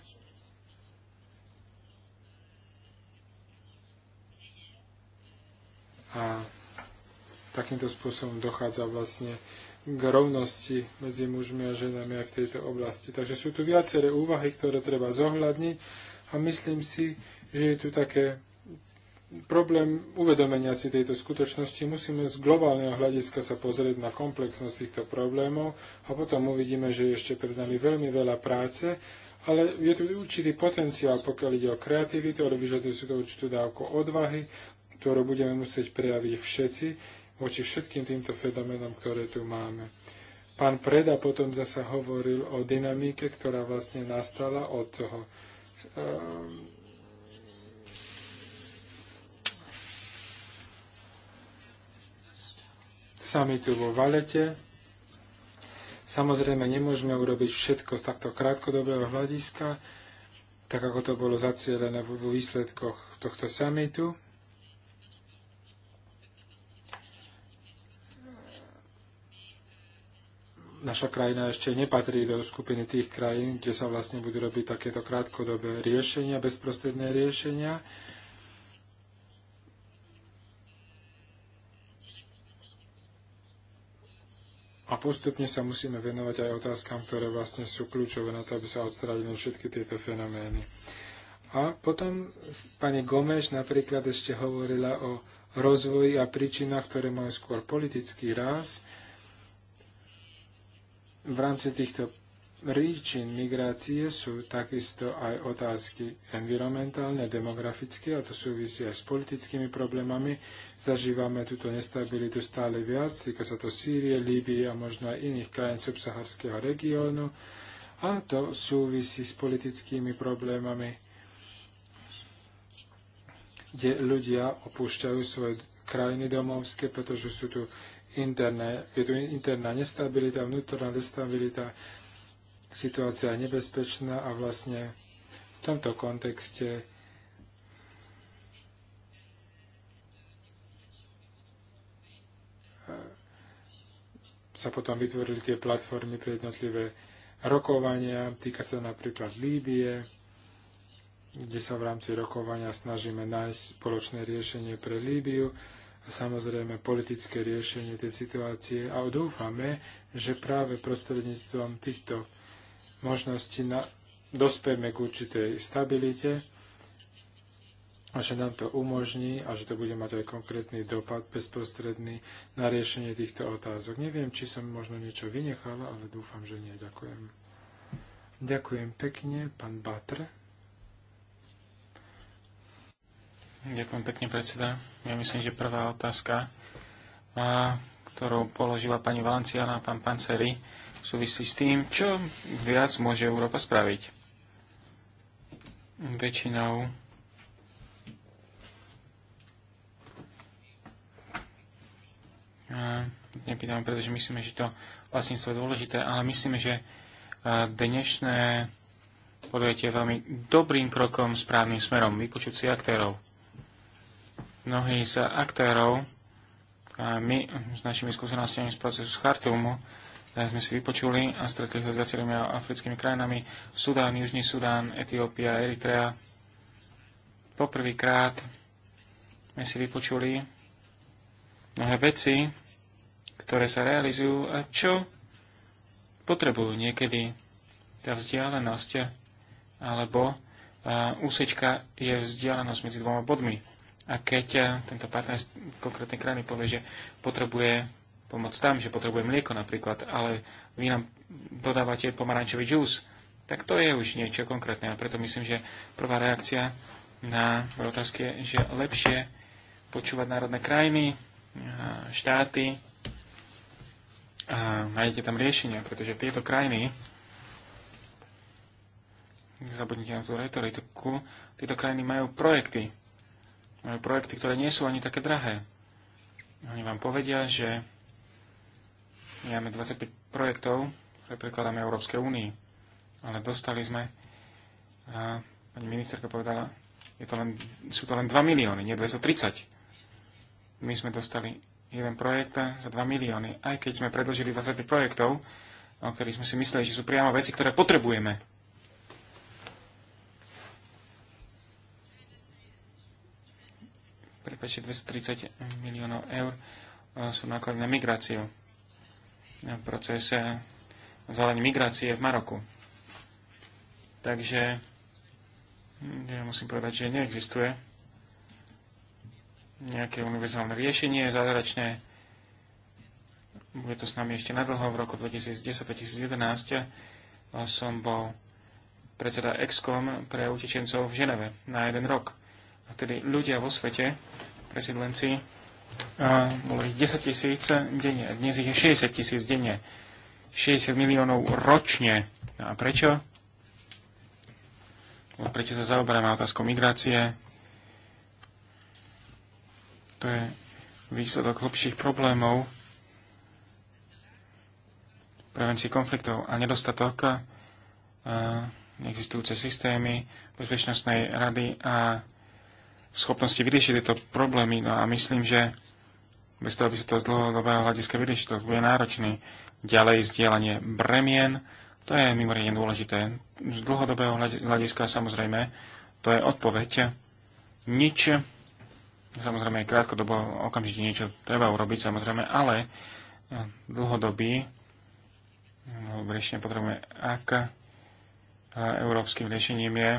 A takýmto spôsobom dochádza vlastne k rovnosti medzi mužmi a ženami aj v tejto oblasti. Takže sú tu viaceré úvahy, ktoré treba zohľadniť a myslím si, že je tu také problém uvedomenia si tejto skutočnosti musíme z globálneho hľadiska sa pozrieť na komplexnosť týchto problémov a potom uvidíme, že je ešte pred nami veľmi veľa práce, ale je tu určitý potenciál, pokiaľ ide o kreativitu, ale vyžaduje si to určitú dávku odvahy, ktorú budeme musieť prejaviť všetci voči všetkým týmto fenomenom, ktoré tu máme. Pán Preda potom zasa hovoril o dynamike, ktorá vlastne nastala od toho um, samitu vo Valete. Samozrejme, nemôžeme urobiť všetko z takto krátkodobého hľadiska, tak ako to bolo zacielené v výsledkoch tohto samitu. naša krajina ešte nepatrí do skupiny tých krajín, kde sa vlastne budú robiť takéto krátkodobé riešenia, bezprostredné riešenia. A postupne sa musíme venovať aj otázkam, ktoré vlastne sú kľúčové na to, aby sa odstránili všetky tieto fenomény. A potom pani Gomeš napríklad ešte hovorila o rozvoji a príčinách, ktoré majú skôr politický ráz. V rámci týchto príčin migrácie sú takisto aj otázky environmentálne, demografické, a to súvisí aj s politickými problémami. Zažívame túto nestabilitu stále viac, týka sa to Sýrie, Líbie a možno aj iných krajín subsaharského regiónu. A to súvisí s politickými problémami, kde ľudia opúšťajú svoje krajiny domovské, pretože sú tu interné, je tu interná nestabilita, vnútorná nestabilita, situácia je nebezpečná a vlastne v tomto kontexte sa potom vytvorili tie platformy pre jednotlivé rokovania. Týka sa napríklad Líbie, kde sa v rámci rokovania snažíme nájsť spoločné riešenie pre Líbiu a samozrejme politické riešenie tej situácie. A dúfame, že práve prostredníctvom týchto možnosti na, dospieme k určitej stabilite a že nám to umožní a že to bude mať aj konkrétny dopad bezprostredný na riešenie týchto otázok. Neviem, či som možno niečo vynechal, ale dúfam, že nie. Ďakujem. Ďakujem pekne, pán Batr. Ďakujem pekne, predseda. Ja myslím, že prvá otázka, ktorú položila pani Valenciana a pán Panceri, súvisí s tým, čo viac môže Európa spraviť. Väčšinou nepýtam, pretože myslíme, že to vlastníctvo je dôležité, ale myslíme, že dnešné podujete veľmi dobrým krokom správnym smerom, vypočuť si aktérov. Mnohí z aktérov, my s našimi skúsenostiami z procesu z Chartumu, tak sme si vypočuli a stretli sa s viacerými africkými krajinami. Sudán, Južný Sudán, Etiópia, Eritrea. Poprvýkrát sme si vypočuli mnohé veci, ktoré sa realizujú a čo potrebujú niekedy tá vzdialenosť alebo úsečka je vzdialenosť medzi dvoma bodmi. A keď tento partner konkrétnej krajiny povie, že potrebuje pomoc tam, že potrebuje mlieko napríklad, ale vy nám dodávate pomarančový džús, tak to je už niečo konkrétne. A preto myslím, že prvá reakcia na otázky je, že lepšie počúvať národné krajiny, štáty a nájdete tam riešenia, pretože tieto krajiny zabudnite na tú retoriku, tieto krajiny majú projekty. Majú projekty, ktoré nie sú ani také drahé. Oni vám povedia, že máme 25 projektov, ktoré prekladáme Európskej únii. Ale dostali sme, a pani ministerka povedala, je to len, sú to len 2 milióny, nie 230. My sme dostali jeden projekt za 2 milióny, aj keď sme predložili 25 projektov, o ktorých sme si mysleli, že sú priamo veci, ktoré potrebujeme. Prepačte, 230 miliónov eur e, sú náklady na migráciu proces zelenej migrácie v Maroku. Takže ja musím povedať, že neexistuje nejaké univerzálne riešenie, zázračné. Bude to s nami ešte nadlho. V roku 2010-2011 som bol predseda EXCOM pre utečencov v Ženeve na jeden rok. A vtedy ľudia vo svete, presidenci, bolo ich 10 tisíc denne, dnes ich je 60 tisíc denne, 60 miliónov ročne. No a prečo? Prečo sa zaoberáme otázkou migrácie? To je výsledok hlbších problémov prevencii konfliktov a nedostatok existujúce systémy bezpečnostnej rady a schopnosti vyriešiť tieto problémy. No a myslím, že bez toho by sa to z dlhodobého hľadiska vyriešilo, to bude náročný. Ďalej zdieľanie bremien, to je mimoriadne dôležité. Z dlhodobého hľadiska samozrejme, to je odpoveď. Nič, samozrejme aj krátkodobo okamžite niečo treba urobiť, samozrejme, ale eh, dlhodobý no, riešenie potrebujeme, ak eh, európskym riešením je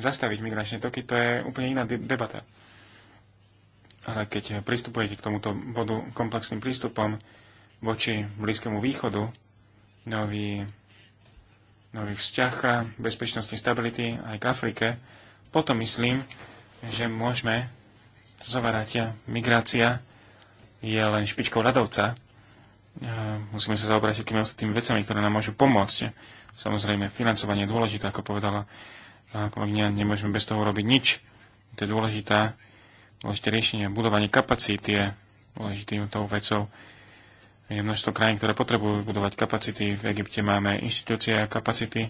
zastaviť migračné toky, to je úplne iná debata ale keď pristupujete k tomuto bodu komplexným prístupom voči Blízkému východu, nový, nový vzťah bezpečnosti, stability aj k Afrike, potom myslím, že môžeme zoverať, migrácia je len špičkou ľadovca. Musíme sa zaobrať všetkými ostatnými vecami, ktoré nám môžu pomôcť. Samozrejme, financovanie je dôležité, ako povedala kolegyňa, nemôžeme bez toho robiť nič. To je dôležitá dôležité riešenie. Budovanie kapacity je dôležitým tou vecou. Je množstvo krajín, ktoré potrebujú budovať kapacity. V Egypte máme inštitúcie a kapacity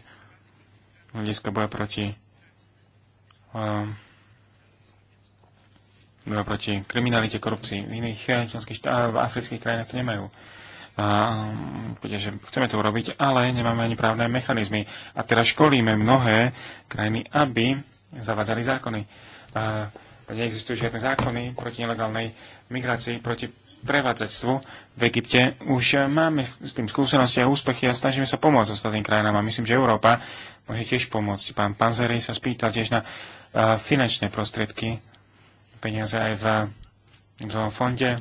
hľadiska boja proti um, boja proti kriminalite, korupcii. V iných eh, členských štát, v afrických krajinách to nemajú. Ehm, že chceme to urobiť, ale nemáme ani právne mechanizmy. A teraz školíme mnohé krajiny, aby zavádzali zákony. A neexistujú žiadne zákony proti nelegálnej migrácii, proti prevádzačstvu v Egypte. Už máme s tým skúsenosti a úspechy a snažíme sa pomôcť ostatným krajinám a myslím, že Európa môže tiež pomôcť. Pán Panzeri sa spýtal tiež na uh, finančné prostriedky, peniaze aj v Zónom fonde,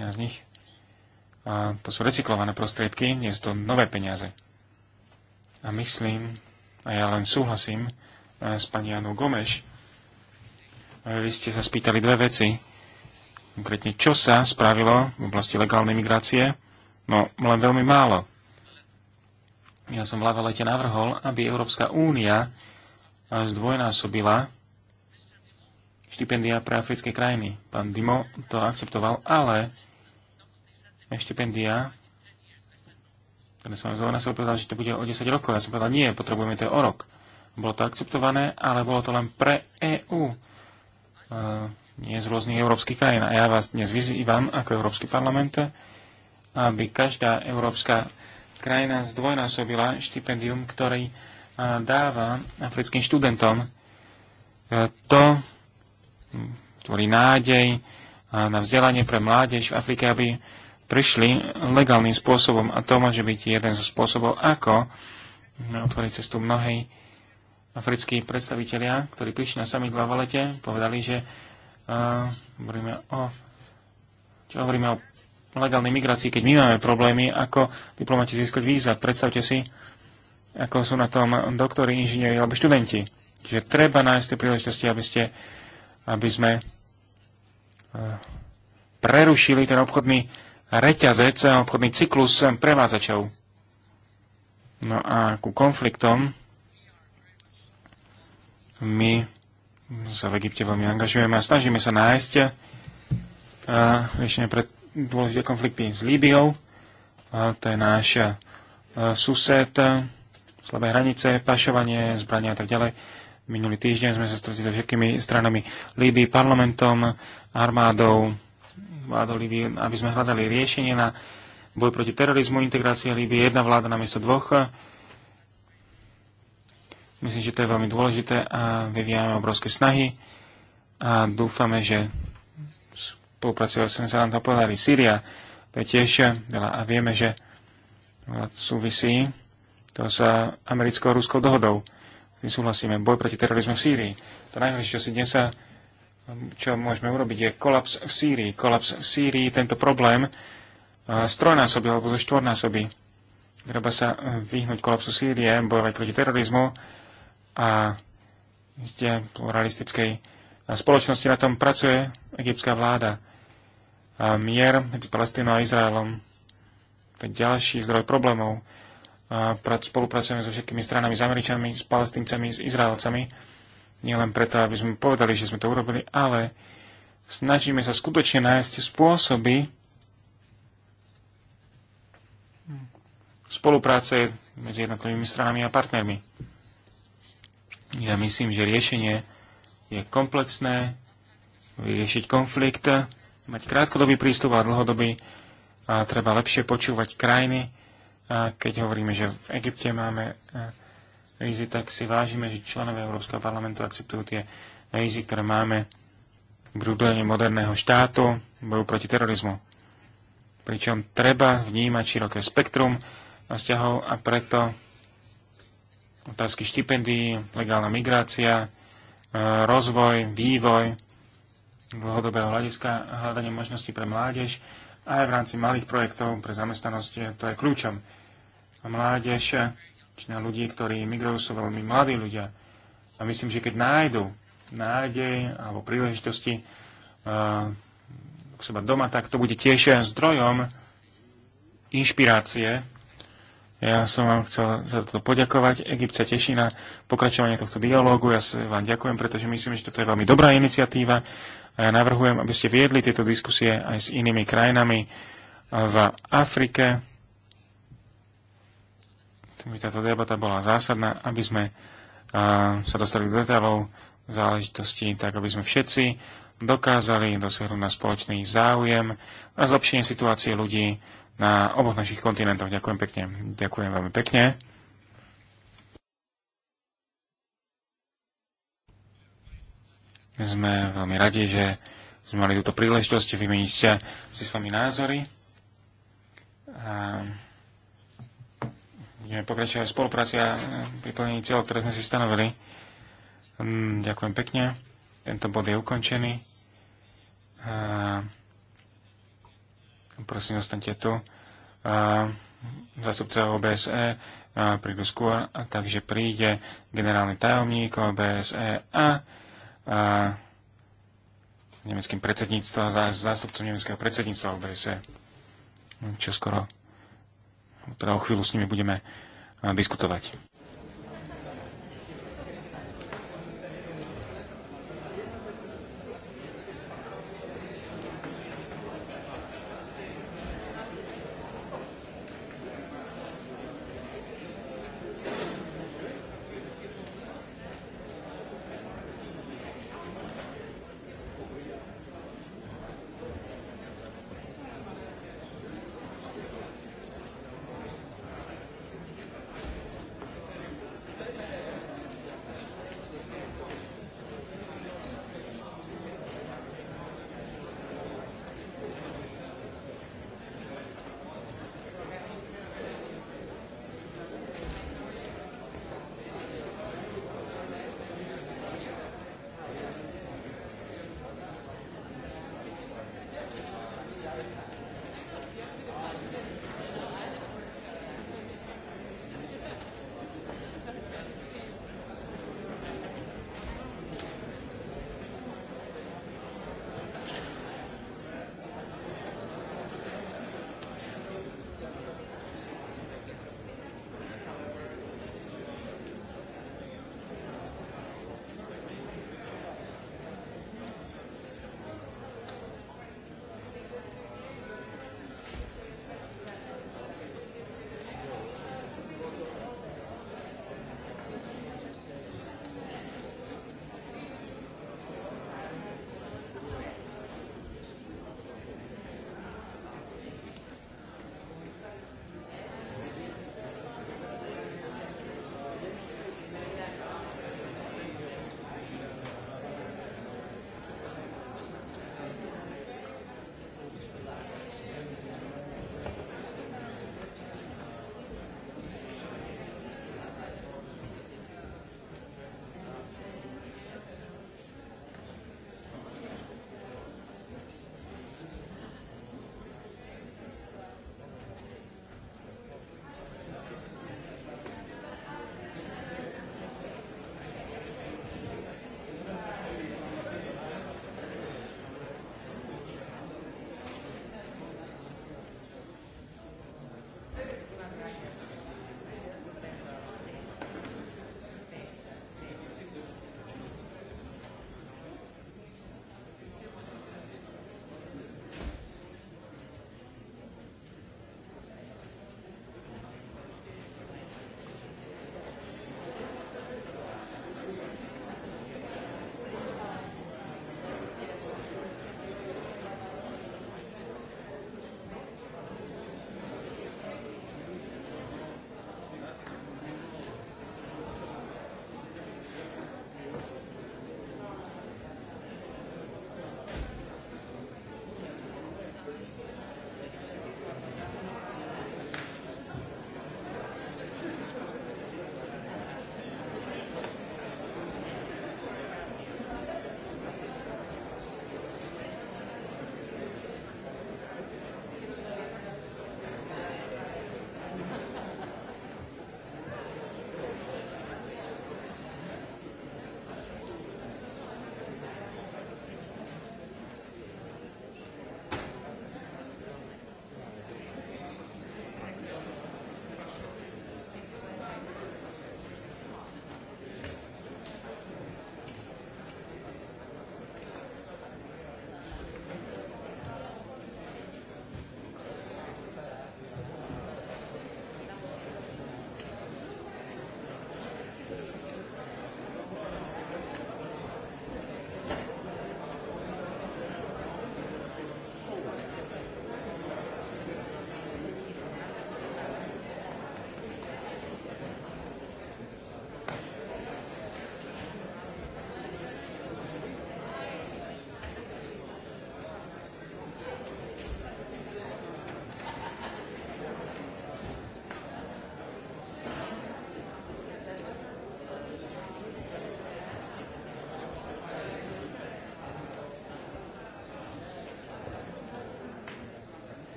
na z nich. A to sú recyklované prostriedky, nie sú to nové peniaze. A myslím, a ja len súhlasím s pani Janou Gomeš, E, vy ste sa spýtali dve veci. Konkrétne, čo sa spravilo v oblasti legálnej migrácie? No, len veľmi málo. Ja som v Lavalete navrhol, aby Európska únia e, zdvojnásobila štipendia pre africké krajiny. Pán Dimo to akceptoval, ale štipendia ktoré som zvolil, som povedal, že to bude o 10 rokov. Ja som povedal, nie, potrebujeme to o rok. Bolo to akceptované, ale bolo to len pre EÚ nie z rôznych európskych krajín. A ja vás dnes vyzývam ako Európsky parlament, aby každá európska krajina zdvojnásobila štipendium, ktorý dáva africkým študentom. E, to tvorí nádej na vzdelanie pre mládež v Afrike, aby prišli legálnym spôsobom a to môže byť jeden zo spôsobov, ako no, otvoriť cestu mnohej africkí predstavitelia, ktorí prišli na summit v Lavalete, povedali, že uh, hovoríme o, čo hovoríme o legálnej migrácii, keď my máme problémy, ako diplomati získať víza. Predstavte si, ako sú na tom doktori, inžinieri alebo študenti. Čiže treba nájsť tie príležitosti, aby, ste, aby sme uh, prerušili ten obchodný reťazec, obchodný cyklus prevádzačov. No a ku konfliktom my sa v Egypte veľmi angažujeme a snažíme sa nájsť riešenie pre dôležité konflikty s Líbiou. A to je náš sused, slabé hranice, pašovanie, zbrania a tak ďalej. Minulý týždeň sme sa stretli so všetkými stranami Líbii, parlamentom, armádou, vládou Líbii, aby sme hľadali riešenie na boj proti terorizmu, integrácie Líbie, jedna vláda namiesto dvoch. Myslím, že to je veľmi dôležité a vyvíjame obrovské snahy a dúfame, že spolupracovať som sa nám to podarí. Syria, to je tiež veľa a vieme, že súvisí to s americkou a ruskou dohodou. S tým súhlasíme. Boj proti terorizmu v Sýrii. To najhoršie, čo si dnes sa, čo môžeme urobiť, je kolaps v Sýrii. Kolaps v Sýrii, tento problém z trojnásoby alebo zo štvornásoby. Treba sa vyhnúť kolapsu Sýrie, bojovať proti terorizmu a ste pluralistickej spoločnosti na tom pracuje egyptská vláda. A mier medzi Palestínou a Izraelom. To je ďalší zdroj problémov. A spolupracujeme so všetkými stranami, s Američanmi, s Palestíncami, s Izraelcami. len preto, aby sme povedali, že sme to urobili, ale snažíme sa skutočne nájsť spôsoby spolupráce medzi jednotlivými stranami a partnermi. Ja myslím, že riešenie je komplexné, vyriešiť konflikt, mať krátkodobý prístup a dlhodobý. A treba lepšie počúvať krajiny. A keď hovoríme, že v Egypte máme e, rizy, tak si vážime, že členové Európskeho parlamentu akceptujú tie rizy, ktoré máme v budovaniu moderného štátu, boju proti terorizmu. Pričom treba vnímať široké spektrum vzťahov a preto otázky štipendií, legálna migrácia, e, rozvoj, vývoj dlhodobého hľadiska, hľadanie možností pre mládež a aj v rámci malých projektov pre zamestnanosť, e, to je kľúčom. Mládež, e, či na ľudí, ktorí migrujú, sú veľmi mladí ľudia. A myslím, že keď nájdu nádej alebo príležitosti k seba doma, tak to bude tiež zdrojom inšpirácie ja som vám chcel za toto poďakovať. Egypt sa teší na pokračovanie tohto dialógu. Ja sa vám ďakujem, pretože myslím, že toto je veľmi dobrá iniciatíva. A ja navrhujem, aby ste viedli tieto diskusie aj s inými krajinami v Afrike. Tým by táto debata bola zásadná, aby sme sa dostali do detailov záležitostí, tak aby sme všetci dokázali dosiahnuť na spoločný záujem a zlepšenie situácie ľudí na oboch našich kontinentoch. Ďakujem pekne. Ďakujem veľmi pekne. Sme veľmi radi, že sme mali túto príležitosť vymeniť sa si s vami názory. A budeme pokračovať v spolupráci a vyplnení cieľov, ktoré sme si stanovili. Hm, ďakujem pekne. Tento bod je ukončený. A Prosím, zostaňte tu. Zastupca OBSE prídu skôr, takže príde generálny tajomník OBSE a, a nemeckým predsedníctvom, zástupcom nemeckého predsedníctva OBSE. Čo skoro, teda o chvíľu s nimi budeme diskutovať.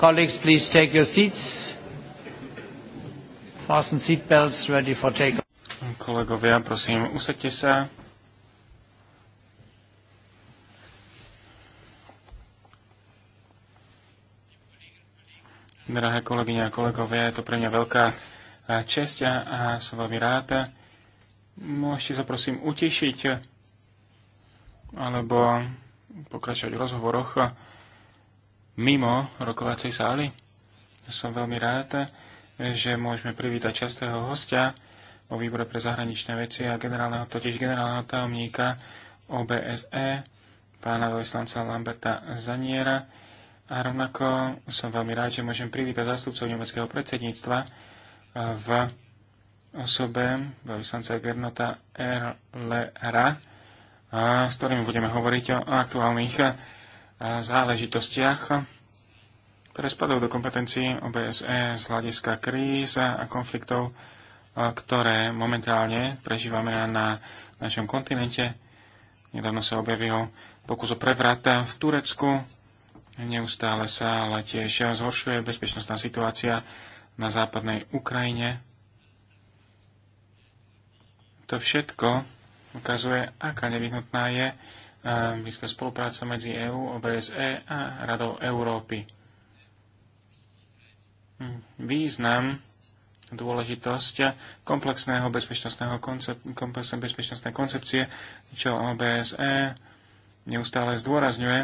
Colleagues, please take your seats. Fasten seat belts ready for take. Kolegovia, prosím, usaďte sa. Drahé kolegyne a kolegovia, je to pre mňa veľká česť a som veľmi rád. Môžete sa prosím utišiť alebo pokračovať v rozhovoroch mimo rokovacej sály. Som veľmi rád, že môžeme privítať častého hostia o výbore pre zahraničné veci a generálneho, totiž generálneho tajomníka OBSE, pána veľvyslanca Lamberta Zaniera. A rovnako som veľmi rád, že môžem privítať zástupcov nemeckého predsedníctva v osobe veľvyslanca Gernota Erlera, s ktorým budeme hovoriť o aktuálnych záležitostiach, ktoré spadajú do kompetencií OBSE z hľadiska kríz a konfliktov, e, ktoré momentálne prežívame na našom kontinente. Nedávno sa objavil pokus o prevrat v Turecku. Neustále sa ale tiež zhoršuje bezpečnostná situácia na západnej Ukrajine. To všetko ukazuje, aká nevyhnutná je blízka spolupráca medzi EÚ, OBSE a Radou Európy. Hm, význam, dôležitosť komplexného bezpečnostného koncep- komplexné bezpečnostnej koncepcie, čo OBSE neustále zdôrazňuje.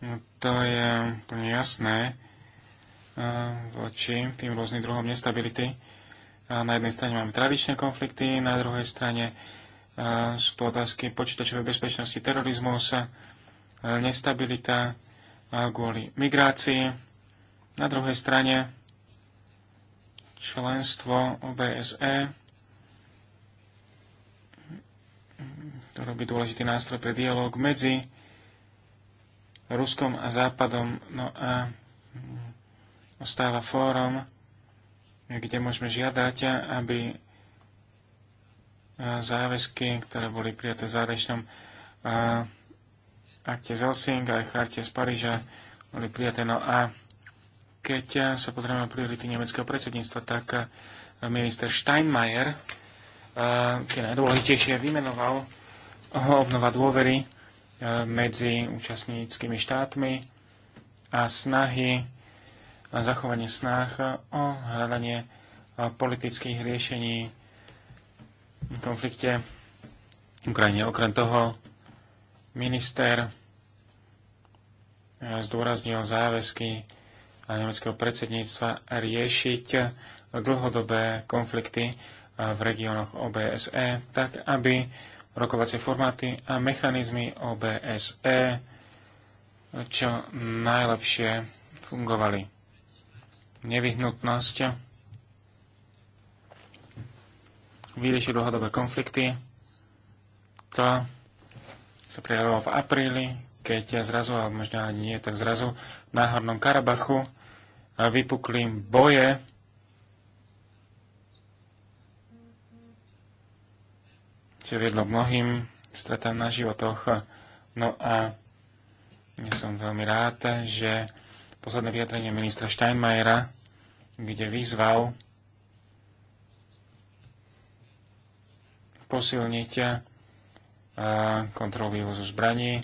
No, to je úplne jasné e, voči tým rôznym druhom nestability. Na jednej strane máme tradičné konflikty, na druhej strane z otázky počítačovej bezpečnosti, terorizmus, nestabilita kvôli migrácii. Na druhej strane členstvo OBSE, to robí dôležitý nástroj pre dialog medzi Ruskom a Západom, no a ostáva fórum, kde môžeme žiadať, aby záväzky, ktoré boli prijaté v záverečnom akte z Helsing a aj charte z Paríža boli prijaté. No a keď sa potrebujeme priority nemeckého predsedníctva, tak minister Steinmeier tie najdôležitejšie vymenoval obnova dôvery medzi účastníckými štátmi a snahy a zachovanie snah o hľadanie politických riešení v konflikte v Ukrajine. Okrem toho minister eh, zdôraznil záväzky nemeckého predsedníctva riešiť dlhodobé konflikty eh, v regiónoch OBSE, tak aby rokovacie formáty a mechanizmy OBSE čo najlepšie fungovali. Nevyhnutnosť vyrieši dlhodobé konflikty. To sa prejavilo v apríli, keď ja zrazu, alebo možno ani nie, tak zrazu v Náhornom Karabachu vypukli boje čo viedlo mnohým stretám na životoch. No a ja som veľmi rád, že posledné vyjadrenie ministra Steinmeiera, kde vyzval posilniť eh, kontrolu vývozu zbraní eh,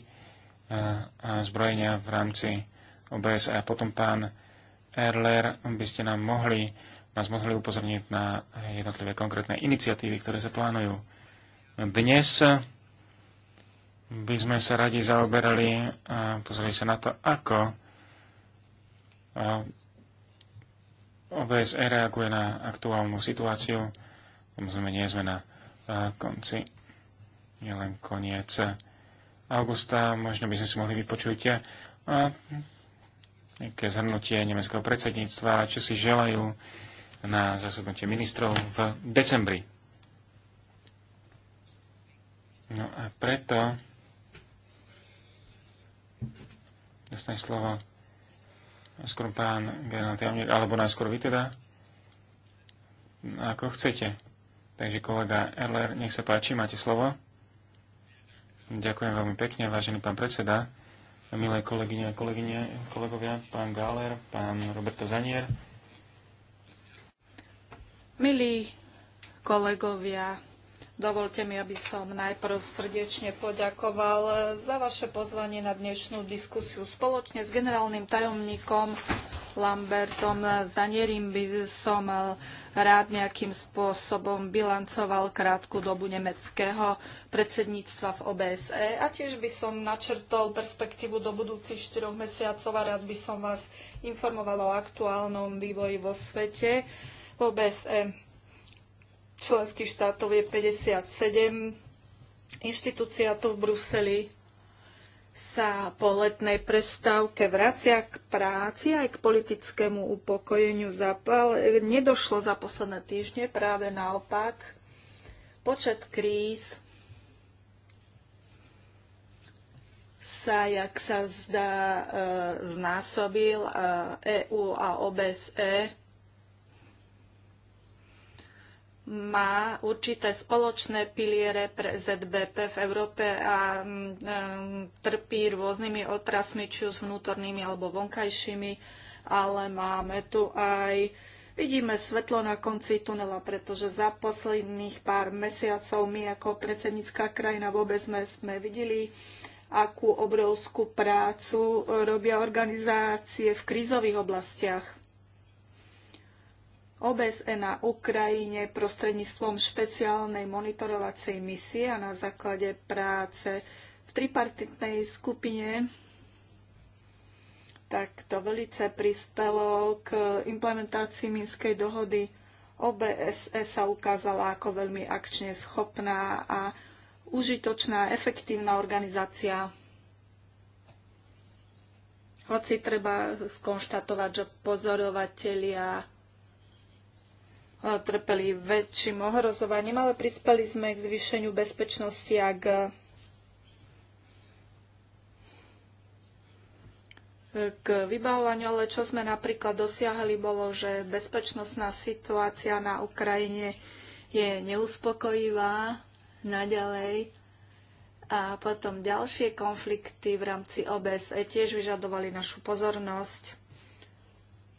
a zbrojenia v rámci OBS. A potom pán Erler, by ste nám mohli, nás mohli upozorniť na jednotlivé konkrétne iniciatívy, ktoré sa plánujú. Dnes by sme sa radi zaoberali a pozreli sa na to, ako eh, OBSE reaguje na aktuálnu situáciu. Samozrejme, nie sme na konci, nielen koniec augusta. Možno by sme si mohli vypočuť eh, nejaké zhrnutie nemeckého predsedníctva, čo si želajú na zasadnutie ministrov v decembri. No a preto dostane slovo skôr pán generálny alebo najskôr vy teda, ako chcete. Takže kolega Erler, nech sa páči, máte slovo. Ďakujem veľmi pekne, vážený pán predseda, milé kolegyne a kolegyne, kolegovia, pán Gáler, pán Roberto Zanier. Milí kolegovia, Dovolte mi, aby som najprv srdečne poďakoval za vaše pozvanie na dnešnú diskusiu. Spoločne s generálnym tajomníkom Lambertom Zanierim by som rád nejakým spôsobom bilancoval krátku dobu nemeckého predsedníctva v OBSE a tiež by som načrtol perspektívu do budúcich 4 mesiacov a rád by som vás informovala o aktuálnom vývoji vo svete. V OBSE členských štátov je 57, inštitúcia tu v Bruseli sa po letnej prestávke vracia k práci aj k politickému upokojeniu zapal. Nedošlo za posledné týždne, práve naopak. Počet kríz sa, jak sa zdá, e, znásobil. EÚ e a OBSE má určité spoločné piliere pre ZBP v Európe a um, trpí rôznymi otrasmi, či už vnútornými alebo vonkajšími, ale máme tu aj Vidíme svetlo na konci tunela, pretože za posledných pár mesiacov my ako predsednícká krajina vôbec sme, sme videli, akú obrovskú prácu robia organizácie v krízových oblastiach OBSE na Ukrajine prostredníctvom špeciálnej monitorovacej misie a na základe práce v tripartitnej skupine tak to velice prispelo k implementácii Minskej dohody. OBSE sa ukázala ako veľmi akčne schopná a užitočná, efektívna organizácia. Hoci treba skonštatovať, že pozorovatelia E, trpeli väčším ohrozovaním, ale prispeli sme k zvýšeniu bezpečnosti a k k vybavovaniu, ale čo sme napríklad dosiahli, bolo, že bezpečnostná situácia na Ukrajine je neuspokojivá naďalej. A potom ďalšie konflikty v rámci OBSE tiež vyžadovali našu pozornosť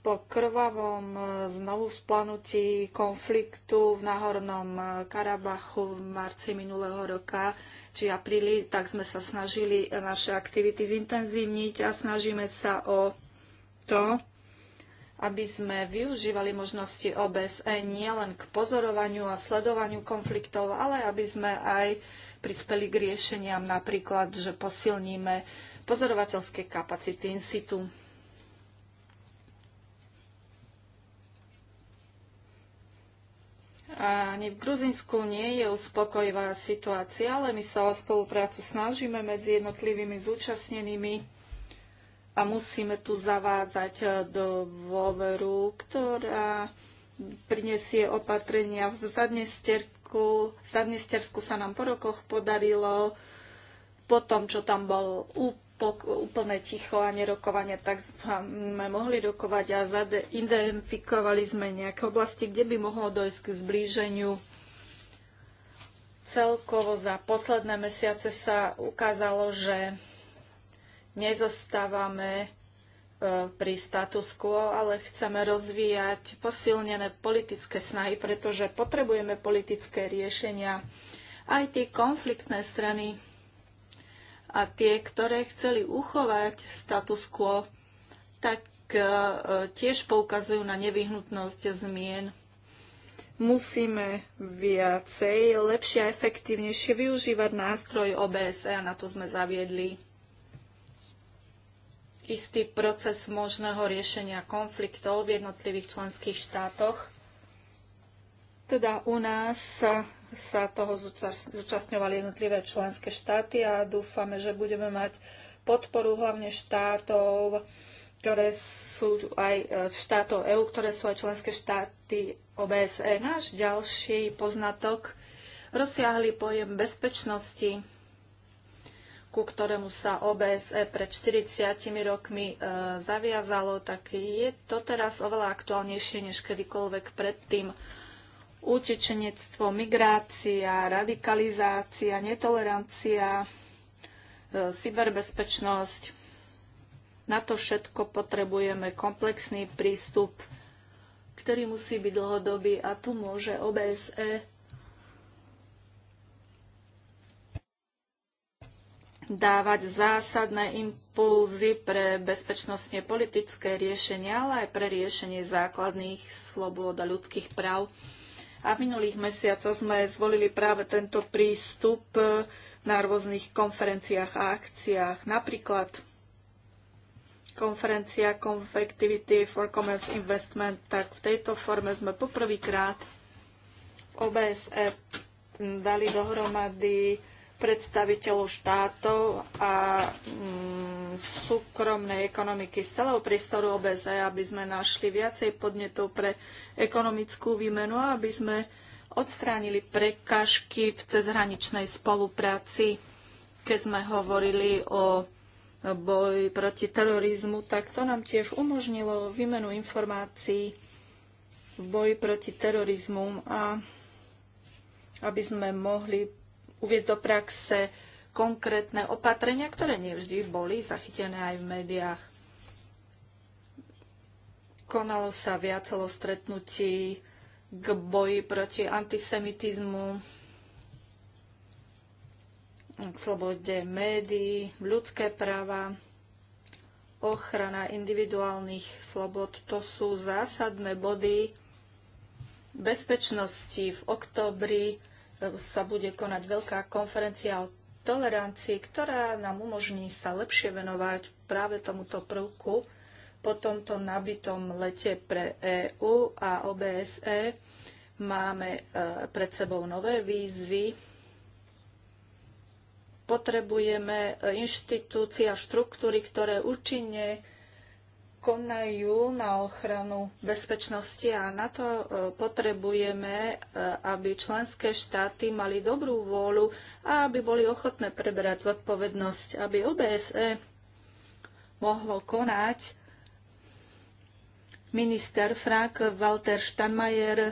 po krvavom e, znovu splanutí konfliktu v Nahornom e, Karabachu v marci minulého roka či apríli, tak sme sa snažili naše aktivity zintenzívniť a snažíme sa o to, aby sme využívali možnosti OBSE nielen k pozorovaniu a sledovaniu konfliktov, ale aby sme aj prispeli k riešeniam napríklad, že posilníme pozorovateľské kapacity in situ. Ani v Gruzinsku nie je uspokojivá situácia, ale my sa o spoluprácu snažíme medzi jednotlivými zúčastnenými a musíme tu zavádzať do e, dôveru, ktorá prinesie opatrenia v Zadnesterku. V Zadnesterku sa nám po rokoch podarilo po tom, čo tam bol úplne úplné ticho a nerokovanie, tak sme mohli rokovať a identifikovali sme nejaké oblasti, kde by mohlo dojsť k zblíženiu. Celkovo za posledné mesiace sa ukázalo, že nezostávame e, pri status quo, ale chceme rozvíjať posilnené politické snahy, pretože potrebujeme politické riešenia. Aj tie konfliktné strany a tie, ktoré chceli uchovať status quo, tak e, tiež poukazujú na nevyhnutnosť zmien. Musíme viacej, lepšie a efektívnejšie využívať nástroj OBSE a na to sme zaviedli istý proces možného riešenia konfliktov v jednotlivých členských štátoch. Teda u nás sa toho zúčastňovali jednotlivé členské štáty a dúfame, že budeme mať podporu hlavne štátov, ktoré sú aj e, štátov EÚ, ktoré sú aj členské štáty OBSE. Náš ďalší poznatok rozsiahli pojem bezpečnosti, ku ktorému sa OBSE pred 40 rokmi e, zaviazalo, tak je to teraz oveľa aktuálnejšie než kedykoľvek predtým utečenectvo, migrácia, radikalizácia, netolerancia, e, cyberbezpečnosť. Na to všetko potrebujeme komplexný prístup, ktorý musí byť dlhodobý a tu môže OBSE dávať zásadné impulzy pre bezpečnostne politické riešenia, ale aj pre riešenie základných slobôd a ľudských práv. A v minulých mesiacoch sme zvolili práve tento prístup e, na rôznych konferenciách a akciách. Napríklad konferencia Convectivity for Commerce Investment, tak v tejto forme sme poprvýkrát v OBSE dali dohromady predstaviteľov štátov a mm, súkromnej ekonomiky z celého priestoru OBZ, e, aby sme našli viacej podnetov pre ekonomickú výmenu a aby sme odstránili prekažky v cezhraničnej spolupráci. Keď sme hovorili o boji proti terorizmu, tak to nám tiež umožnilo výmenu informácií v boji proti terorizmu a aby sme mohli uviezť do praxe konkrétne opatrenia, ktoré nevždy boli zachytené aj v médiách. Konalo sa viacelo stretnutí k boji proti antisemitizmu, k slobode médií, ľudské práva, ochrana individuálnych slobod. To sú zásadné body bezpečnosti v oktobri sa bude konať veľká konferencia o tolerancii, ktorá nám umožní sa lepšie venovať práve tomuto prvku po tomto nabitom lete pre EÚ a OBSE. Máme e, pred sebou nové výzvy. Potrebujeme e, inštitúcie a štruktúry, ktoré účinne konajú na ochranu bezpečnosti a na to e, potrebujeme, e, aby členské štáty mali dobrú vôľu a aby boli ochotné preberať zodpovednosť, aby OBSE mohlo konať. Minister Frank Walter Steinmeier e,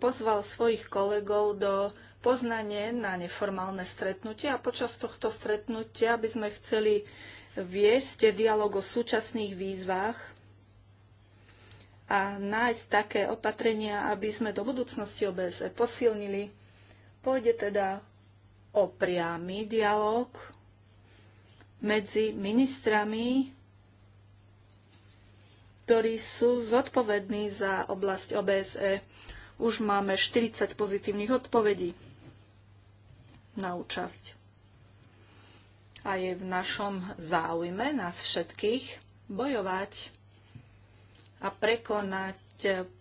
pozval svojich kolegov do poznanie na neformálne stretnutie a počas tohto stretnutia by sme chceli viesť dialog o súčasných výzvach a nájsť také opatrenia, aby sme do budúcnosti OBSE posilnili. Pôjde teda o priamy dialog medzi ministrami, ktorí sú zodpovední za oblasť OBSE. Už máme 40 pozitívnych odpovedí na účasť a je v našom záujme nás všetkých bojovať a prekonať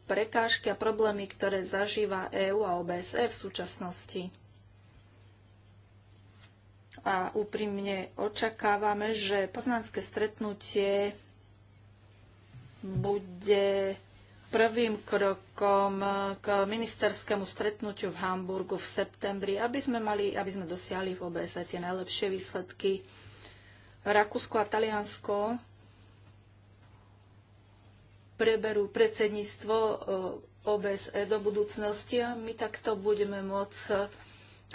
prekážky a problémy, ktoré zažíva EÚ a OBSE v súčasnosti. A úprimne očakávame, že poznanské stretnutie bude prvým krokom k ministerskému stretnutiu v Hamburgu v septembri, aby sme, mali, aby sme dosiahli v OBSE tie najlepšie výsledky. Rakúsko a Taliansko preberú predsedníctvo eh, OBSE do budúcnosti a my takto budeme môcť eh,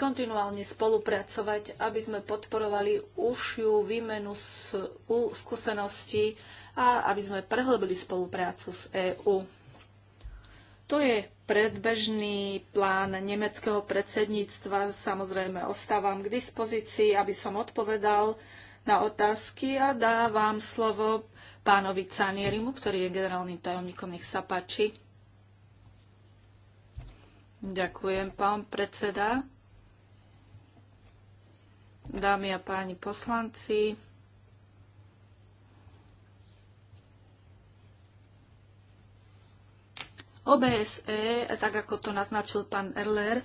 kontinuálne spolupracovať, aby sme podporovali užšiu výmenu skúseností a aby sme prehlbili spoluprácu s EÚ. To je predbežný plán nemeckého predsedníctva. Samozrejme, ostávam k dispozícii, aby som odpovedal na otázky a dávam slovo pánovi Canierimu, ktorý je generálnym tajomníkom. Nech sa páči. Ďakujem, pán predseda. Dámy a páni poslanci, OBSE, tak ako to naznačil pán Erler,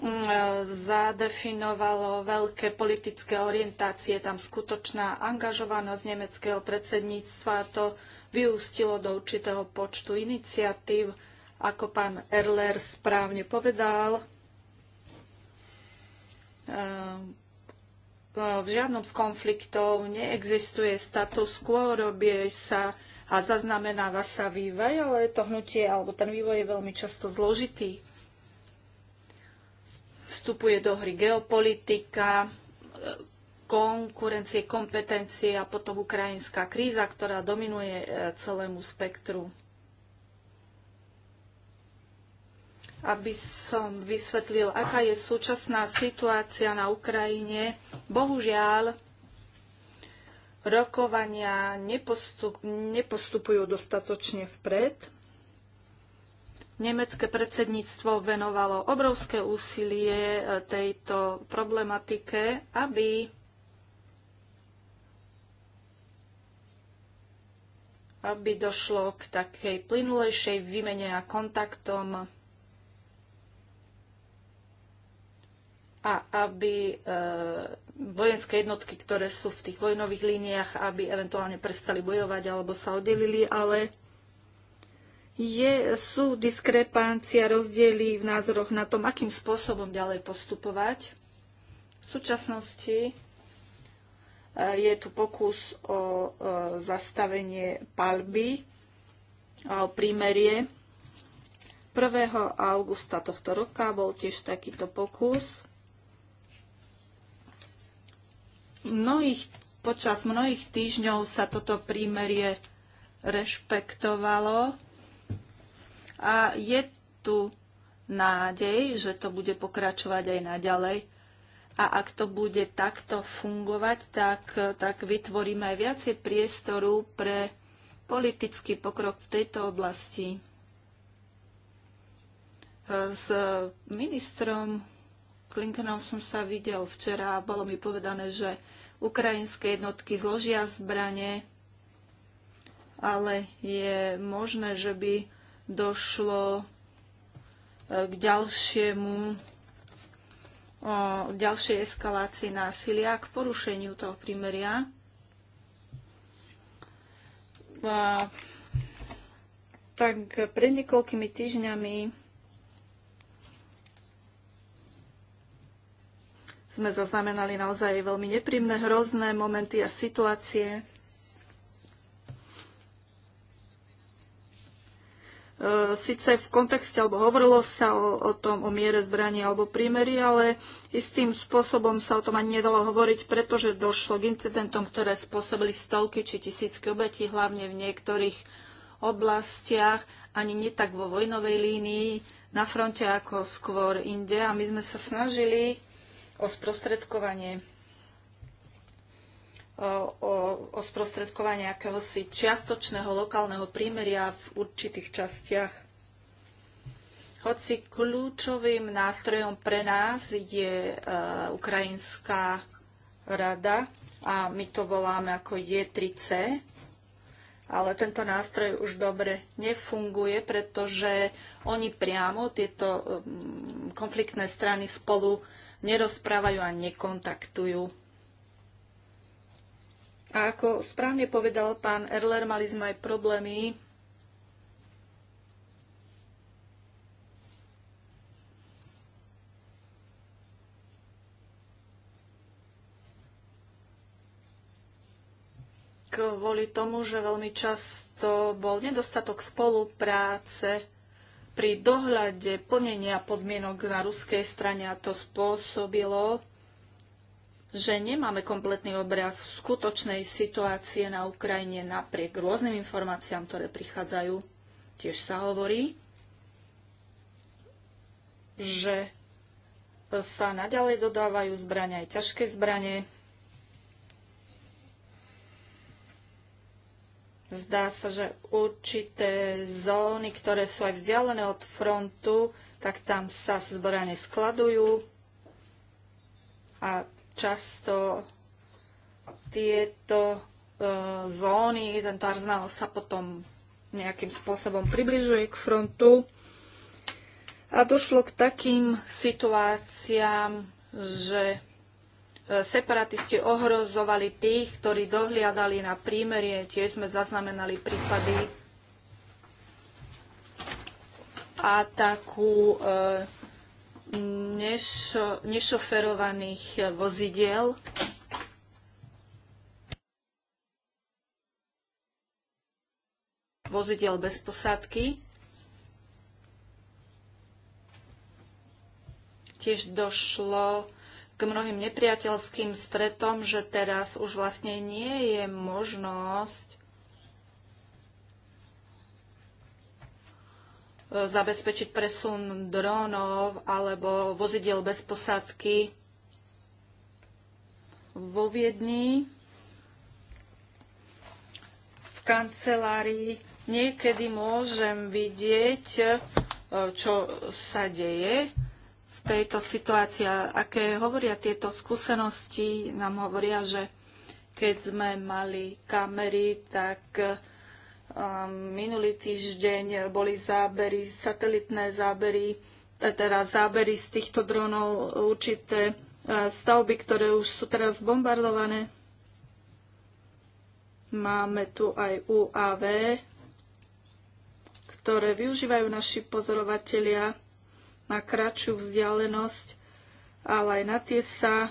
mm, zadefinovalo veľké politické orientácie, tam skutočná angažovanosť nemeckého predsedníctva to vyústilo do určitého počtu iniciatív, ako pán Erler správne povedal. Ehm v žiadnom z konfliktov neexistuje status quo, robie sa a zaznamenáva sa vývoj, ale to hnutie alebo ten vývoj je veľmi často zložitý. Vstupuje do hry geopolitika, konkurencie, kompetencie a potom ukrajinská kríza, ktorá dominuje e, celému spektru. aby som vysvetlil, aká je súčasná situácia na Ukrajine. Bohužiaľ, rokovania nepostup, nepostupujú dostatočne vpred. Nemecké predsedníctvo venovalo obrovské úsilie e, tejto problematike, aby aby došlo k takej plynulejšej výmene a kontaktom a aby eh, vojenské jednotky, ktoré sú v tých vojnových líniách, aby eventuálne prestali bojovať alebo sa oddelili, ale je, sú diskrepancia, rozdiely v názoroch na tom, akým spôsobom ďalej postupovať. V súčasnosti eh, je tu pokus o eh, zastavenie palby a o prímerie. 1. augusta tohto roka bol tiež takýto pokus mnohých, počas mnohých týždňov sa toto prímerie rešpektovalo a je tu nádej, že to bude pokračovať aj naďalej. A ak to bude takto fungovať, tak, tak vytvoríme aj viacej priestoru pre politický pokrok v tejto oblasti. S ministrom Klinkenom som sa videl včera a bolo mi povedané, že Ukrajinské jednotky zložia zbranie, ale je možné, že by došlo e, k ďalšiemu k ďalšej eskalácii násilia, k porušeniu toho primeria. A, tak pred niekoľkými týždňami sme zaznamenali naozaj veľmi neprímne, hrozné momenty a situácie. E, Sice v kontexte, alebo hovorilo sa o, o tom, o miere zbraní alebo prímery, ale istým spôsobom sa o tom ani nedalo hovoriť, pretože došlo k incidentom, ktoré spôsobili stovky či tisícky obetí, hlavne v niektorých oblastiach, ani nie tak vo vojnovej línii, na fronte ako skôr inde. A my sme sa snažili o sprostredkovanie o, o sprostredkovanie akéhosi čiastočného lokálneho prímeria v určitých častiach. Hoci kľúčovým nástrojom pre nás je e, Ukrajinská rada a my to voláme ako J3C, ale tento nástroj už dobre nefunguje, pretože oni priamo tieto konfliktné strany spolu nerozprávajú a nekontaktujú. A ako správne povedal pán Erler, mali sme aj problémy kvôli tomu, že veľmi často bol nedostatok spolupráce pri dohľade plnenia podmienok na ruskej strane a to spôsobilo, že nemáme kompletný obraz skutočnej situácie na Ukrajine napriek rôznym informáciám, ktoré prichádzajú. Tiež sa hovorí, že sa naďalej dodávajú zbrania aj ťažké zbranie. Zdá sa, že určité zóny, ktoré sú aj vzdialené od frontu, tak tam sa zbrane skladujú a často tieto e, zóny, tento arzenál sa potom nejakým spôsobom približuje k frontu. A došlo k takým situáciám, že E, separatisti ohrozovali tých, ktorí dohliadali na prímerie. Tiež sme zaznamenali prípady a takú e, nešo, nešoferovaných vozidiel. vozidiel bez posádky. Tiež došlo k mnohým nepriateľským stretom, že teraz už vlastne nie je možnosť e, zabezpečiť presun drónov alebo vozidiel bez posádky vo Viedni v kancelárii niekedy môžem vidieť, e, čo sa deje tejto situácii. Aké hovoria tieto skúsenosti, nám hovoria, že keď sme mali kamery, tak um, minulý týždeň boli zábery, satelitné zábery, e, teda zábery z týchto dronov, určité e, stavby, ktoré už sú teraz bombardované. Máme tu aj UAV, ktoré využívajú naši pozorovatelia na kratšiu vzdialenosť, ale aj na tie sa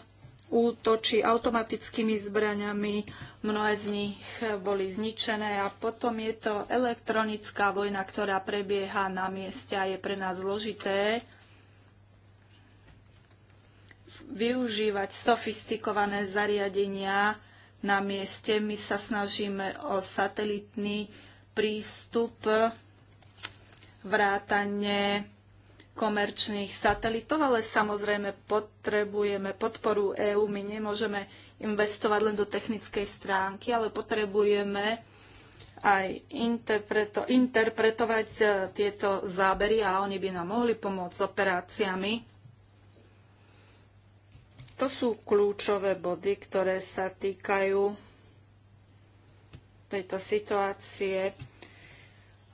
útočí automatickými zbraňami. Mnohé z nich boli zničené a potom je to elektronická vojna, ktorá prebieha na mieste a je pre nás zložité využívať sofistikované zariadenia na mieste. My sa snažíme o satelitný prístup, vrátanie komerčných satelitov, ale samozrejme potrebujeme podporu EÚ. My nemôžeme investovať len do technickej stránky, ale potrebujeme aj interpreto, interpretovať e, tieto zábery a oni by nám mohli pomôcť s operáciami. To sú kľúčové body, ktoré sa týkajú tejto situácie.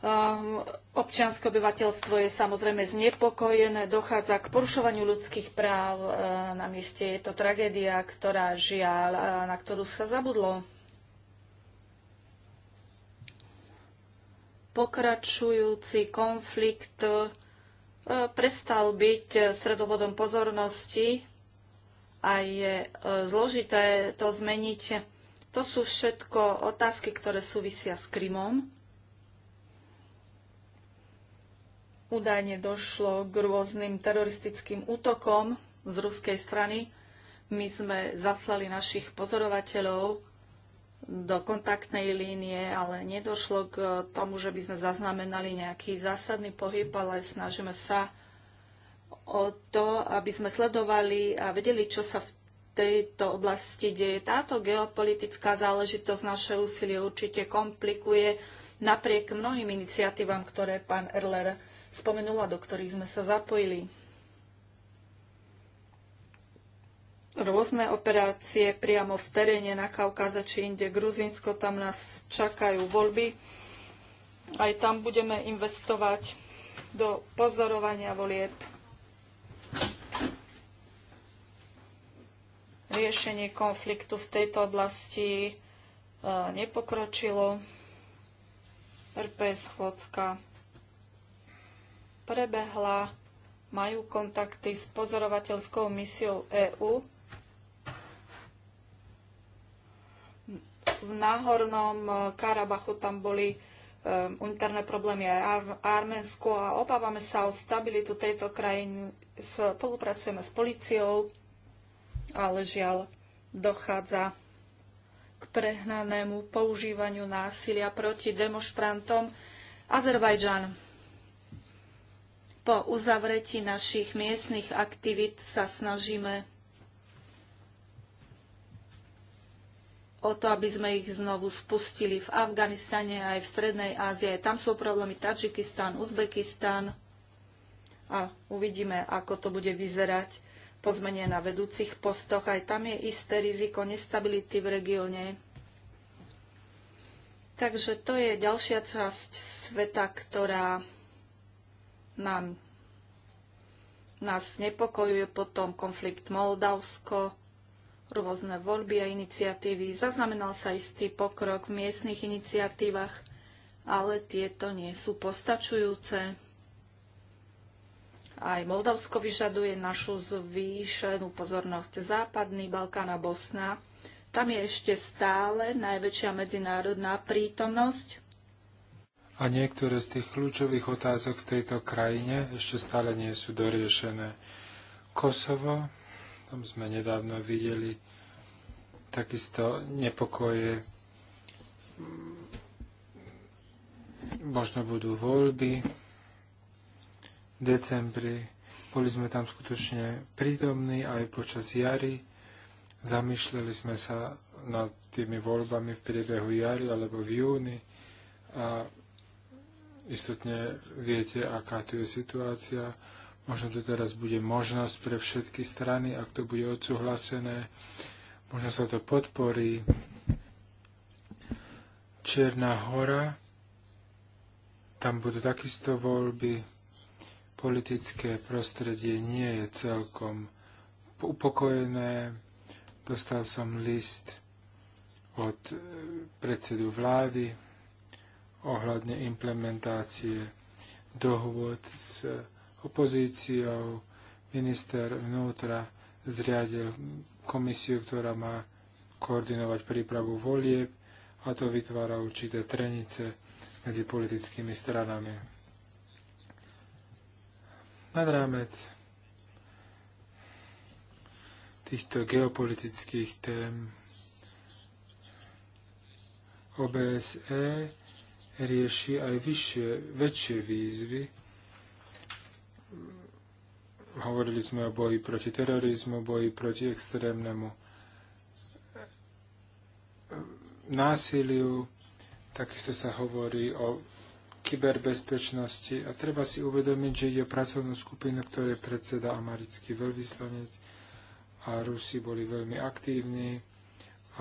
Ehm, občianske obyvateľstvo je samozrejme znepokojené, dochádza k porušovaniu ľudských práv e, na mieste. Je to tragédia, ktorá žiaľ, e, na ktorú sa zabudlo. Pokračujúci konflikt e, prestal byť stredobodom pozornosti a je zložité to zmeniť. To sú všetko otázky, ktoré súvisia s Krymom. Údajne došlo k rôznym teroristickým útokom z ruskej strany. My sme zaslali našich pozorovateľov do kontaktnej línie, ale nedošlo k tomu, že by sme zaznamenali nejaký zásadný pohyb, ale snažíme sa o to, aby sme sledovali a vedeli, čo sa v tejto oblasti deje. Táto geopolitická záležitosť naše úsilie určite komplikuje napriek mnohým iniciatívam, ktoré pán Erler spomenula, do ktorých sme sa zapojili. Rôzne operácie priamo v teréne na Kaukáze či inde Gruzinsko, tam nás čakajú voľby. Aj tam budeme investovať do pozorovania volieb. Riešenie konfliktu v tejto oblasti eh, nepokročilo. RP schôdzka prebehla, majú kontakty s pozorovateľskou misiou EÚ v náhornom eh, Karabachu tam boli um, interné problémy aj v Arménsku a obávame sa o stabilitu tejto krajiny. Spolupracujeme s policiou, ale žiaľ dochádza k prehnanému používaniu násilia proti demonstrantom Azerbajdžan po uzavretí našich miestnych aktivít sa snažíme o to, aby sme ich znovu spustili v Afganistane aj v Strednej Ázie. Tam sú problémy Tadžikistán, Uzbekistán a uvidíme, ako to bude vyzerať po zmene na vedúcich postoch. Aj tam je isté riziko nestability v regióne. Takže to je ďalšia časť sveta, ktorá nám, nás znepokojuje potom konflikt Moldavsko, rôzne voľby a iniciatívy. Zaznamenal sa istý pokrok v miestnych iniciatívach, ale tieto nie sú postačujúce. Aj Moldavsko vyžaduje našu zvýšenú pozornosť. Západný Balkán a Bosna. Tam je ešte stále najväčšia medzinárodná prítomnosť a niektoré z tých kľúčových otázok v tejto krajine ešte stále nie sú doriešené. Kosovo, tam sme nedávno videli takisto nepokoje, možno budú voľby v decembri. Boli sme tam skutočne prítomní aj počas jary. Zamýšľali sme sa nad tými voľbami v priebehu jary alebo v júni a istotne viete, aká tu je situácia. Možno tu teraz bude možnosť pre všetky strany, ak to bude odsúhlasené. Možno sa to podporí. Čierna hora, tam budú takisto voľby. Politické prostredie nie je celkom upokojené. Dostal som list od predsedu vlády, ohľadne implementácie dohôd s opozíciou. Minister vnútra zriadil komisiu, ktorá má koordinovať prípravu volieb a to vytvára určité trenice medzi politickými stranami. Nad rámec týchto geopolitických tém OBSE rieši aj vyššie, väčšie výzvy. Hovorili sme o boji proti terorizmu, boji proti extrémnemu eh, násiliu, takisto sa hovorí o kyberbezpečnosti a treba si uvedomiť, že ide o pracovnú skupinu, ktorej predseda americký veľvyslanec a Rusi boli veľmi aktívni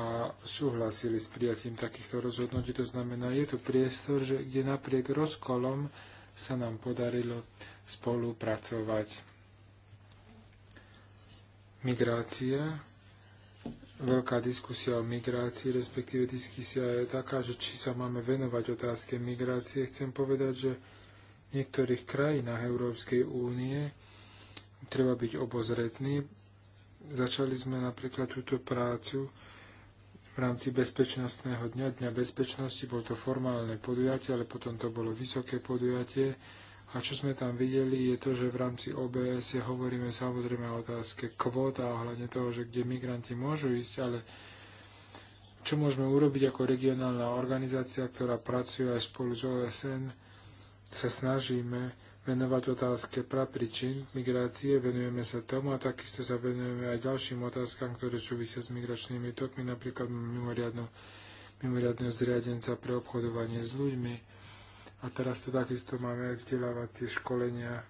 a súhlasili s prijatím takýchto rozhodnutí. To znamená, je tu priestor, že kde napriek rozkolom sa nám podarilo spolupracovať. Migrácia. Veľká diskusia o migrácii, respektíve diskusia je taká, že či sa máme venovať otázke migrácie. Chcem povedať, že v niektorých krajinách Európskej únie treba byť obozretný. Začali sme napríklad túto prácu rámci bezpečnostného dňa, Dňa bezpečnosti. Bol to formálne podujatie, ale potom to bolo vysoké podujatie. A čo sme tam videli, je to, že v rámci OBS je, hovoríme samozrejme o otázke kvót a ohľadne toho, že kde migranti môžu ísť, ale čo môžeme urobiť ako regionálna organizácia, ktorá pracuje aj spolu s OSN, sa snažíme venovať otázke prapričin migrácie, venujeme sa tomu a takisto sa venujeme aj ďalším otázkam, ktoré súvisia s migračnými tokmi, napríklad mimoriadného zriadenca pre obchodovanie s ľuďmi. A teraz to takisto máme aj vzdelávacie školenia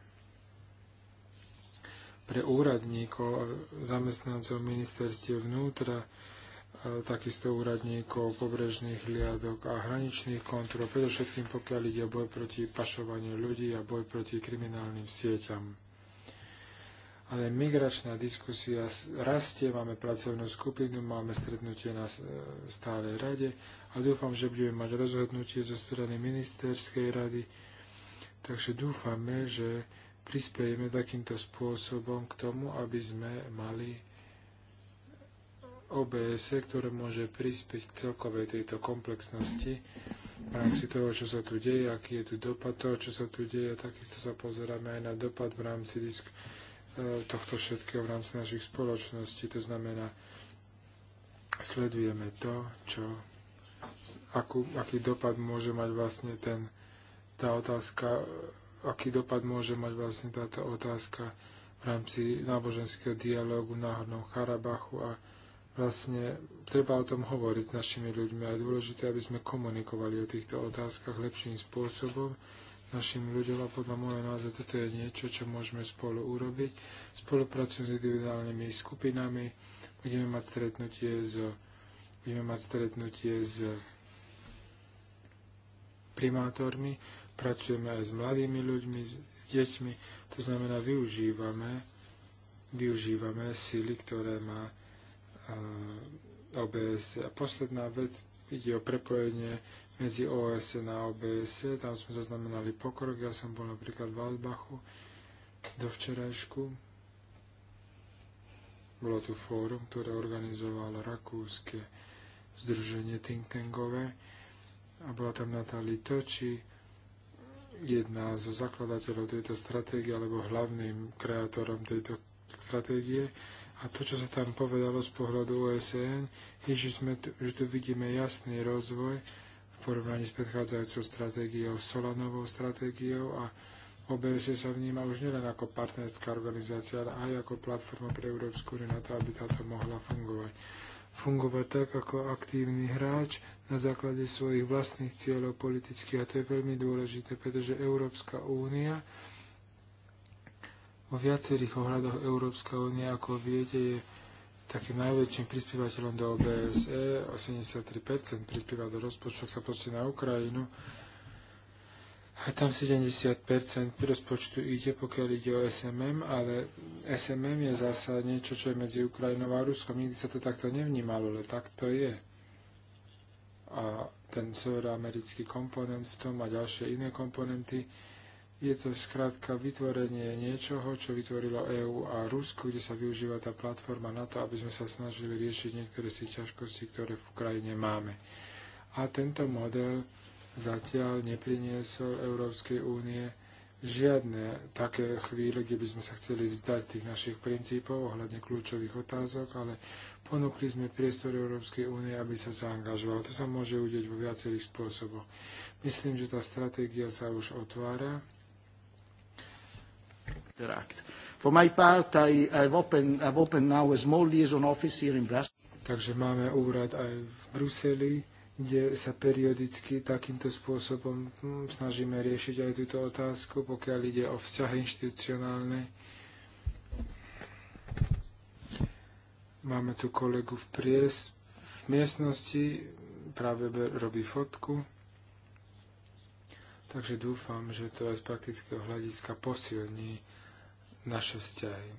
pre úradníkov a zamestnancov ministerstiev vnútra, E, takisto úradníkov pobrežných hliadok a hraničných kontrol, predovšetkým pokiaľ ide o boj proti pašovaniu ľudí a boj proti kriminálnym sieťam. Ale migračná diskusia rastie, máme pracovnú skupinu, máme stretnutie na e, stálej rade a dúfam, že budeme mať rozhodnutie zo strany ministerskej rady. Takže dúfame, že prispiejeme takýmto spôsobom k tomu, aby sme mali OBS, ktoré môže prispieť k celkovej tejto komplexnosti v rámci toho, čo sa tu deje, aký je tu dopad toho, čo sa tu deje. Takisto sa pozeráme aj na dopad v rámci disk e, tohto všetkého v rámci našich spoločností. To znamená, sledujeme to, čo, akú, aký dopad môže mať vlastne ten, tá otázka, aký dopad môže mať vlastne táto otázka v rámci náboženského dialógu v Náhodnom Karabachu a vlastne treba o tom hovoriť s našimi ľuďmi a je dôležité, aby sme komunikovali o týchto otázkach lepším spôsobom našim ľuďom a podľa môjho názoru toto je niečo, čo môžeme spolu urobiť. Spolupracujem s individuálnymi skupinami, budeme mať stretnutie s, budeme mať stretnutie s primátormi, pracujeme aj s mladými ľuďmi, s deťmi, to znamená využívame, využívame sily, ktoré má OBS. A posledná vec, ide o prepojenie medzi OSN a OBS. Tam sme zaznamenali pokrok. Ja som bol napríklad v Albachu do včerajšku. Bolo tu fórum, ktoré organizovalo rakúske združenie think tankové a bola tam Natalie Toči, jedna zo zakladateľov tejto stratégie alebo hlavným kreatorom tejto stratégie a to, čo sa tam povedalo z pohľadu OSN, je, že, sme tu, že tu vidíme jasný rozvoj v porovnaní s predchádzajúcou stratégiou, Solanovou stratégiou a OBS sa vníma už nielen ako partnerská organizácia, ale aj ako platforma pre Európsku úniu na to, aby táto mohla fungovať. Fungovať tak ako aktívny hráč na základe svojich vlastných cieľov politických. A to je veľmi dôležité, pretože Európska únia vo viacerých ohľadoch Európska únia, ako viete, je takým najväčším prispievateľom do OBSE, e. 83% prispieva do rozpočtu, sa počíta na Ukrajinu. A tam 70% rozpočtu ide, pokiaľ ide o SMM, ale SMM je zasa niečo, čo je medzi Ukrajinou a Ruskom. Nikdy sa to takto nevnímalo, ale tak to je. A ten severoamerický komponent v tom a ďalšie iné komponenty, je to skrátka vytvorenie niečoho, čo vytvorilo EÚ a Rusku, kde sa využíva tá platforma na to, aby sme sa snažili riešiť niektoré z tých ťažkostí, ktoré v Ukrajine máme. A tento model zatiaľ nepriniesol Európskej únie žiadne také chvíle, kde by sme sa chceli vzdať tých našich princípov ohľadne kľúčových otázok, ale ponúkli sme priestor Európskej únie, aby sa zaangažovalo. To sa môže udeť vo viacerých spôsoboch. Myslím, že tá stratégia sa už otvára their act. For my part, I, I've, opened, I've opened now a small liaison office here in Brussels. Takže máme úrad aj v Bruseli, kde sa periodicky takýmto spôsobom hm, snažíme riešiť aj túto otázku, pokiaľ ide o vzťahy inštitucionálne. Máme tu kolegu v, pries, v miestnosti, práve robí fotku. Takže dúfam, že to aj z praktického hľadiska posilní naše vzťahy.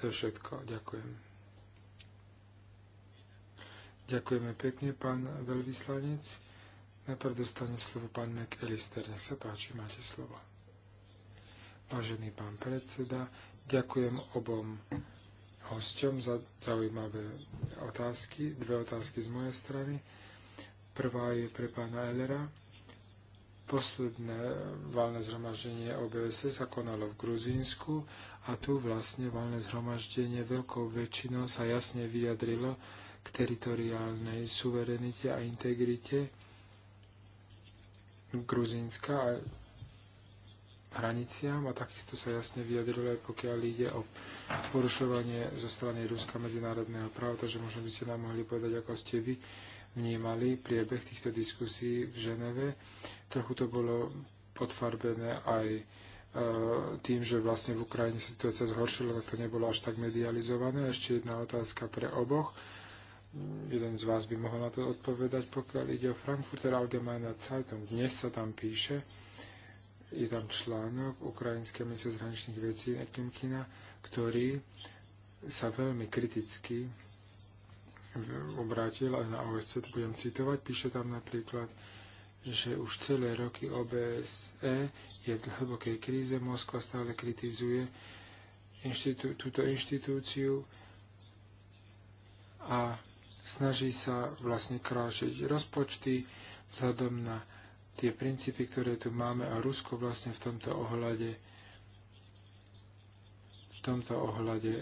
To je všetko. Ďakujem. Ďakujeme pekne, pán veľvyslanec. Najprv dostane slovo pán McAllister. Nech sa páči, máte slovo. Vážený pán predseda, ďakujem obom hosťom za zaujímavé otázky. Dve otázky z mojej strany. Prvá je pre pána Elera. Posledné válne zhromaždenie OBS sa konalo v Gruzínsku a tu vlastne valné zhromaždenie veľkou väčšinou sa jasne vyjadrilo k teritoriálnej suverenite a integrite Gruzínska a hraniciam a takisto sa jasne vyjadrilo aj pokiaľ ide o porušovanie zo strany Ruska medzinárodného práva, takže možno by ste nám mohli povedať, ako ste vy vnímali priebeh týchto diskusí v Ženeve. Trochu to bolo podfarbené aj E, tým, že vlastne v Ukrajine situácia zhoršila, tak to nebolo až tak medializované. Ešte jedna otázka pre oboch. Jeden z vás by mohol na to odpovedať, pokiaľ ide o Frankfurter Allgemeine Zeitung. Dnes sa tam píše, je tam článok Ukrajinského ministra zahraničných vecí Eklimkina, ktorý sa veľmi kriticky obrátil aj na OSC, to budem citovať, píše tam napríklad, že už celé roky OBSE je v hlbokej kríze. Moskva stále kritizuje inštitú, túto inštitúciu a snaží sa vlastne krášiť rozpočty vzhľadom na tie princípy, ktoré tu máme a Rusko vlastne v tomto ohľade v tomto ohľade e,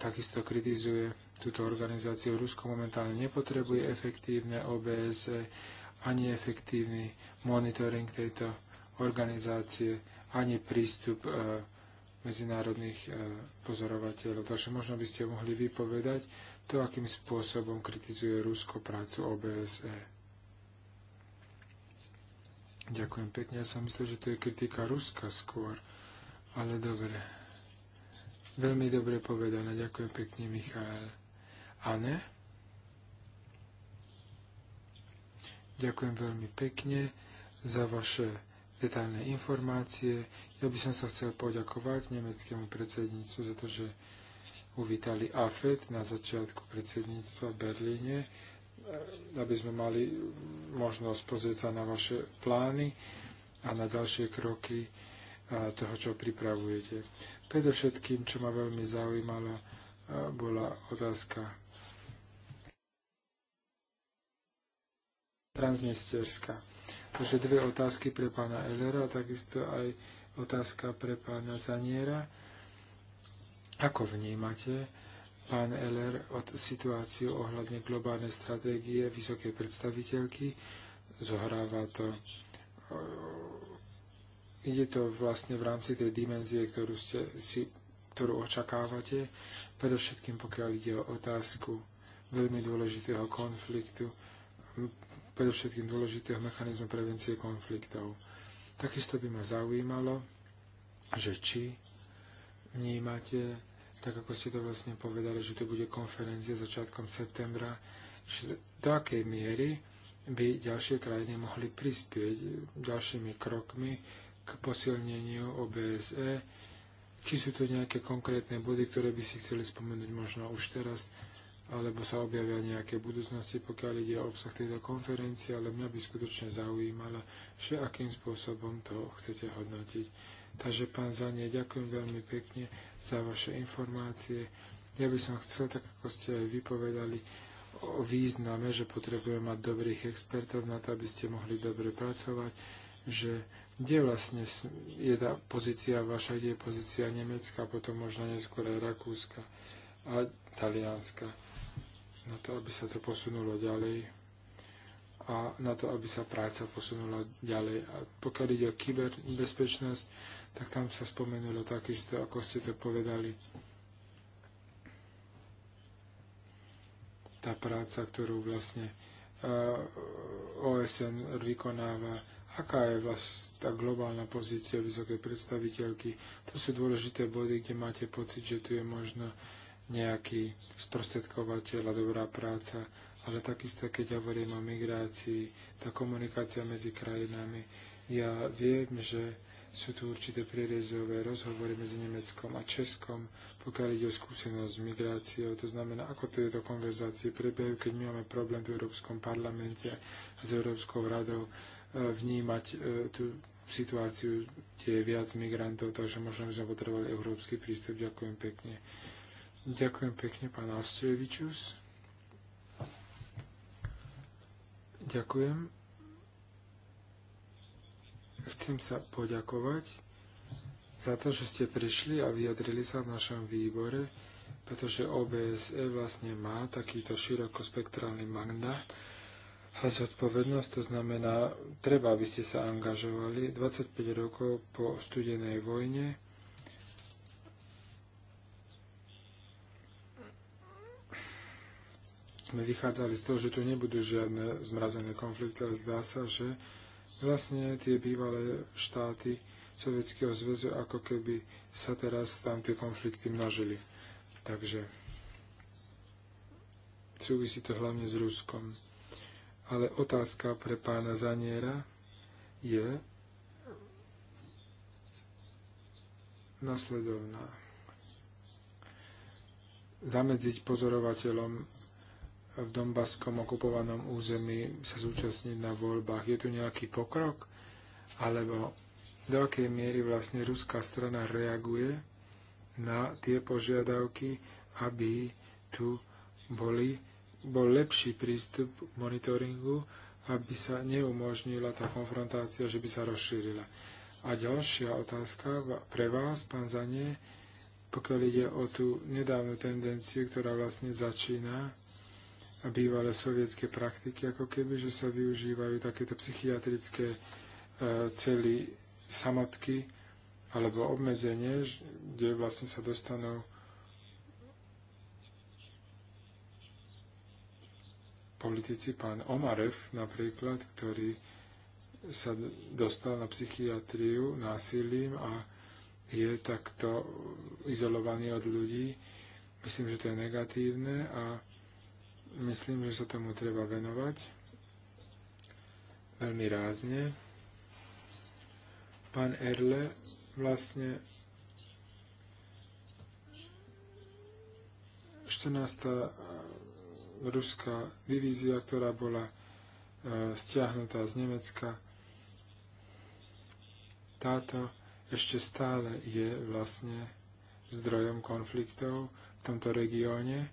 takisto kritizuje túto organizáciu. Rusko momentálne nepotrebuje efektívne OBSE, ani efektívny monitoring tejto organizácie, ani prístup e, medzinárodných e, pozorovateľov. Takže možno by ste mohli vypovedať to, akým spôsobom kritizuje Rusko prácu OBSE. Ďakujem pekne. Ja som myslel, že to je kritika Ruska skôr. Ale dobre. Veľmi dobre povedané. Ďakujem pekne, Michal. A ne? Ďakujem veľmi pekne za vaše detailné informácie. Ja by som sa chcel poďakovať nemeckému predsedníctvu za to, že uvítali AFED na začiatku predsedníctva v Berlíne, aby sme mali možnosť pozrieť sa na vaše plány a na ďalšie kroky toho, čo pripravujete. Predovšetkým, čo ma veľmi zaujímalo, bola otázka Transnesterska. Takže dve otázky pre pána Elera, takisto aj otázka pre pána Zaniera. Ako vnímate, pán Eller, od situáciu ohľadne globálnej stratégie vysokej predstaviteľky? Zohráva to je to vlastne v rámci tej dimenzie, ktorú, ste, si, ktorú očakávate, predovšetkým pokiaľ ide o otázku veľmi dôležitého konfliktu predovšetkým dôležitého mechanizmu prevencie konfliktov. Takisto by ma zaujímalo, že či vnímate, tak ako ste to vlastne povedali, že to bude konferencia začiatkom septembra, že do akej miery by ďalšie krajiny mohli prispieť ďalšími krokmi k posilneniu OBSE, či sú to nejaké konkrétne body, ktoré by si chceli spomenúť možno už teraz, alebo sa objavia nejaké budúcnosti, pokiaľ ide o obsah tejto konferencie, ale mňa by skutočne zaujímalo, že akým spôsobom to chcete hodnotiť. Takže, pán Zanie, ďakujem veľmi pekne za vaše informácie. Ja by som chcel, tak ako ste aj vypovedali, o význame, že potrebujeme mať dobrých expertov na to, aby ste mohli dobre pracovať, že kde vlastne je tá pozícia vaša, kde je pozícia Nemecka, potom možno neskôr aj Rakúska a Talianska na to, aby sa to posunulo ďalej a na to, aby sa práca posunula ďalej. A pokiaľ ide o kyberbezpečnosť, tak tam sa spomenulo takisto, ako ste to povedali, tá práca, ktorú vlastne e, OSN vykonáva, aká je vlastne tá globálna pozícia vysokej predstaviteľky. To sú dôležité body, kde máte pocit, že tu je možno nejaký sprostredkovateľ a dobrá práca, ale takisto, keď hovorím o migrácii, tá komunikácia medzi krajinami, ja viem, že sú tu určité prierezové rozhovory medzi Nemeckom a Českom, pokiaľ ide o skúsenosť s migráciou. To znamená, ako tieto konverzácie prebiehajú, keď my máme problém v Európskom parlamente a s Európskou radou e, vnímať e, tú situáciu, kde je viac migrantov, takže možno by sme potrebovali európsky prístup. Ďakujem pekne. Ďakujem pekne, pán Austrievičus. Ďakujem. Chcem sa poďakovať za to, že ste prišli a vyjadrili sa v našom výbore, pretože OBSE vlastne má takýto širokospektrálny mandát a zodpovednosť, to znamená, treba, aby ste sa angažovali 25 rokov po studenej vojne, sme vychádzali z toho, že tu nebudú žiadne zmrazené konflikty, ale zdá sa, že vlastne tie bývalé štáty Sovjetského zväzu ako keby sa teraz tam tie konflikty množili. Takže súvisí to hlavne s Ruskom. Ale otázka pre pána Zaniera je nasledovná. Zamedziť pozorovateľom v dombaskom okupovanom území sa zúčastniť na voľbách. Je tu nejaký pokrok? Alebo do akej miery vlastne ruská strana reaguje na tie požiadavky, aby tu boli, bol lepší prístup k monitoringu, aby sa neumožnila tá konfrontácia, že by sa rozšírila. A ďalšia otázka pre vás, pán Zanie, pokiaľ ide o tú nedávnu tendenciu, ktorá vlastne začína bývalé sovietské praktiky, ako keby, že sa využívajú takéto psychiatrické e, celý samotky alebo obmedzenie, kde vlastne sa dostanú politici, pán Omarev napríklad, ktorý sa dostal na psychiatriu násilím a je takto izolovaný od ľudí. Myslím, že to je negatívne a Myslím, že sa tomu treba venovať veľmi rázne. Pán Erle vlastne 14. E, ruská divízia, ktorá bola e, stiahnutá z Nemecka, táto ešte stále je vlastne zdrojom konfliktov v tomto regióne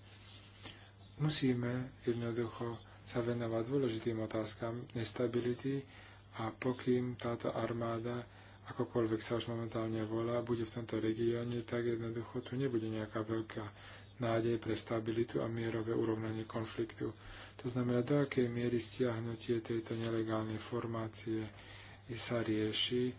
Musíme jednoducho sa venovať dôležitým otázkam nestability a pokým táto armáda, akokoľvek sa už momentálne volá, bude v tomto regióne, tak jednoducho tu nebude nejaká veľká nádej pre stabilitu a mierové urovnanie konfliktu. To znamená, do akej miery stiahnutie tejto nelegálnej formácie sa rieši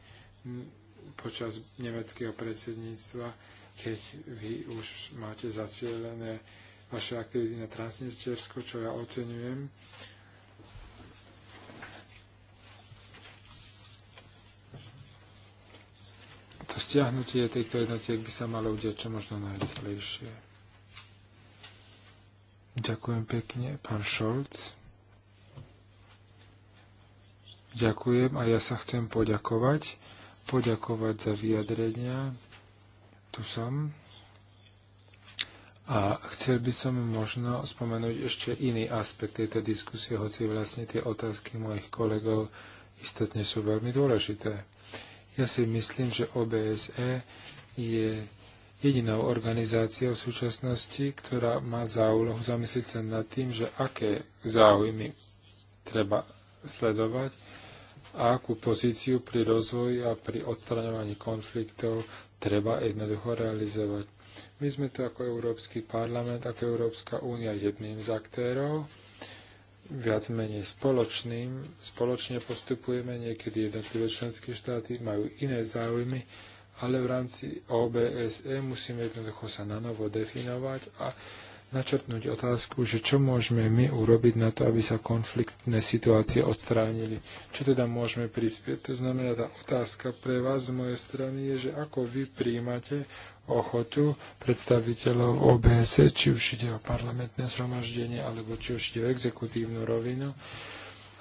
počas nemeckého predsedníctva, keď vy už máte zacielené vaše aktivity na Transnistersko, čo ja oceňujem. To stiahnutie týchto jednotiek by sa malo udiať čo možno najrychlejšie. Ďakujem pekne, pán Šolc. Ďakujem a ja sa chcem poďakovať. Poďakovať za vyjadrenia. Tu som. A chcel by som možno spomenúť ešte iný aspekt tejto diskusie, hoci vlastne tie otázky mojich kolegov istotne sú veľmi dôležité. Ja si myslím, že OBSE je jedinou organizáciou v súčasnosti, ktorá má za úlohu zamyslieť sa nad tým, že aké záujmy treba sledovať a akú pozíciu pri rozvoji a pri odstraňovaní konfliktov treba jednoducho realizovať. My sme tu ako Európsky parlament, ako Európska únia jedným z aktérov, viac menej spoločným, spoločne postupujeme, niekedy jednotlivé členské štáty majú iné záujmy, ale v rámci OBSE musíme jednoducho sa na novo definovať a načrtnúť otázku, že čo môžeme my urobiť na to, aby sa konfliktné situácie odstránili. Čo teda môžeme prispieť? To znamená, tá otázka pre vás z mojej strany je, že ako vy príjmate ochotu predstaviteľov OBS, či už ide o parlamentné zhromaždenie, alebo či už ide o exekutívnu rovinu.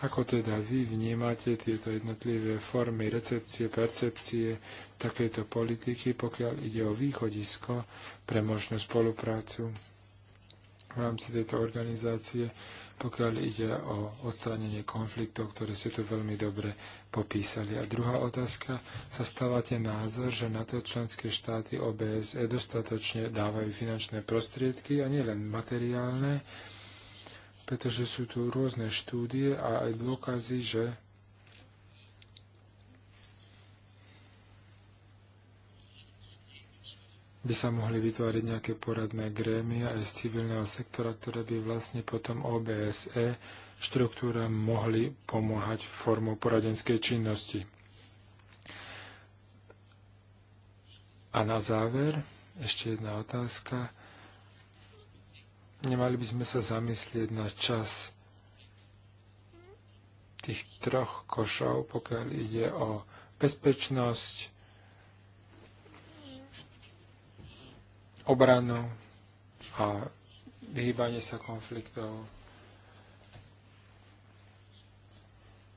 Ako teda vy vnímate tieto jednotlivé formy recepcie, percepcie takéto politiky, pokiaľ ide o východisko pre možnú spoluprácu v rámci tejto organizácie, pokiaľ ide o odstránenie konfliktov, ktoré ste tu veľmi dobre popísali. A druhá otázka, sa stávate názor, že na to členské štáty OBS e dostatočne dávajú finančné prostriedky a nielen materiálne, pretože sú tu rôzne štúdie a aj dôkazy, že by sa mohli vytvoriť nejaké poradné grémia aj z civilného sektora, ktoré by vlastne potom OBSE štruktúra mohli pomáhať formou poradenskej činnosti. A na záver ešte jedna otázka. Nemali by sme sa zamyslieť na čas tých troch košov, pokiaľ ide o bezpečnosť, obranu a vyhýbanie sa konfliktov.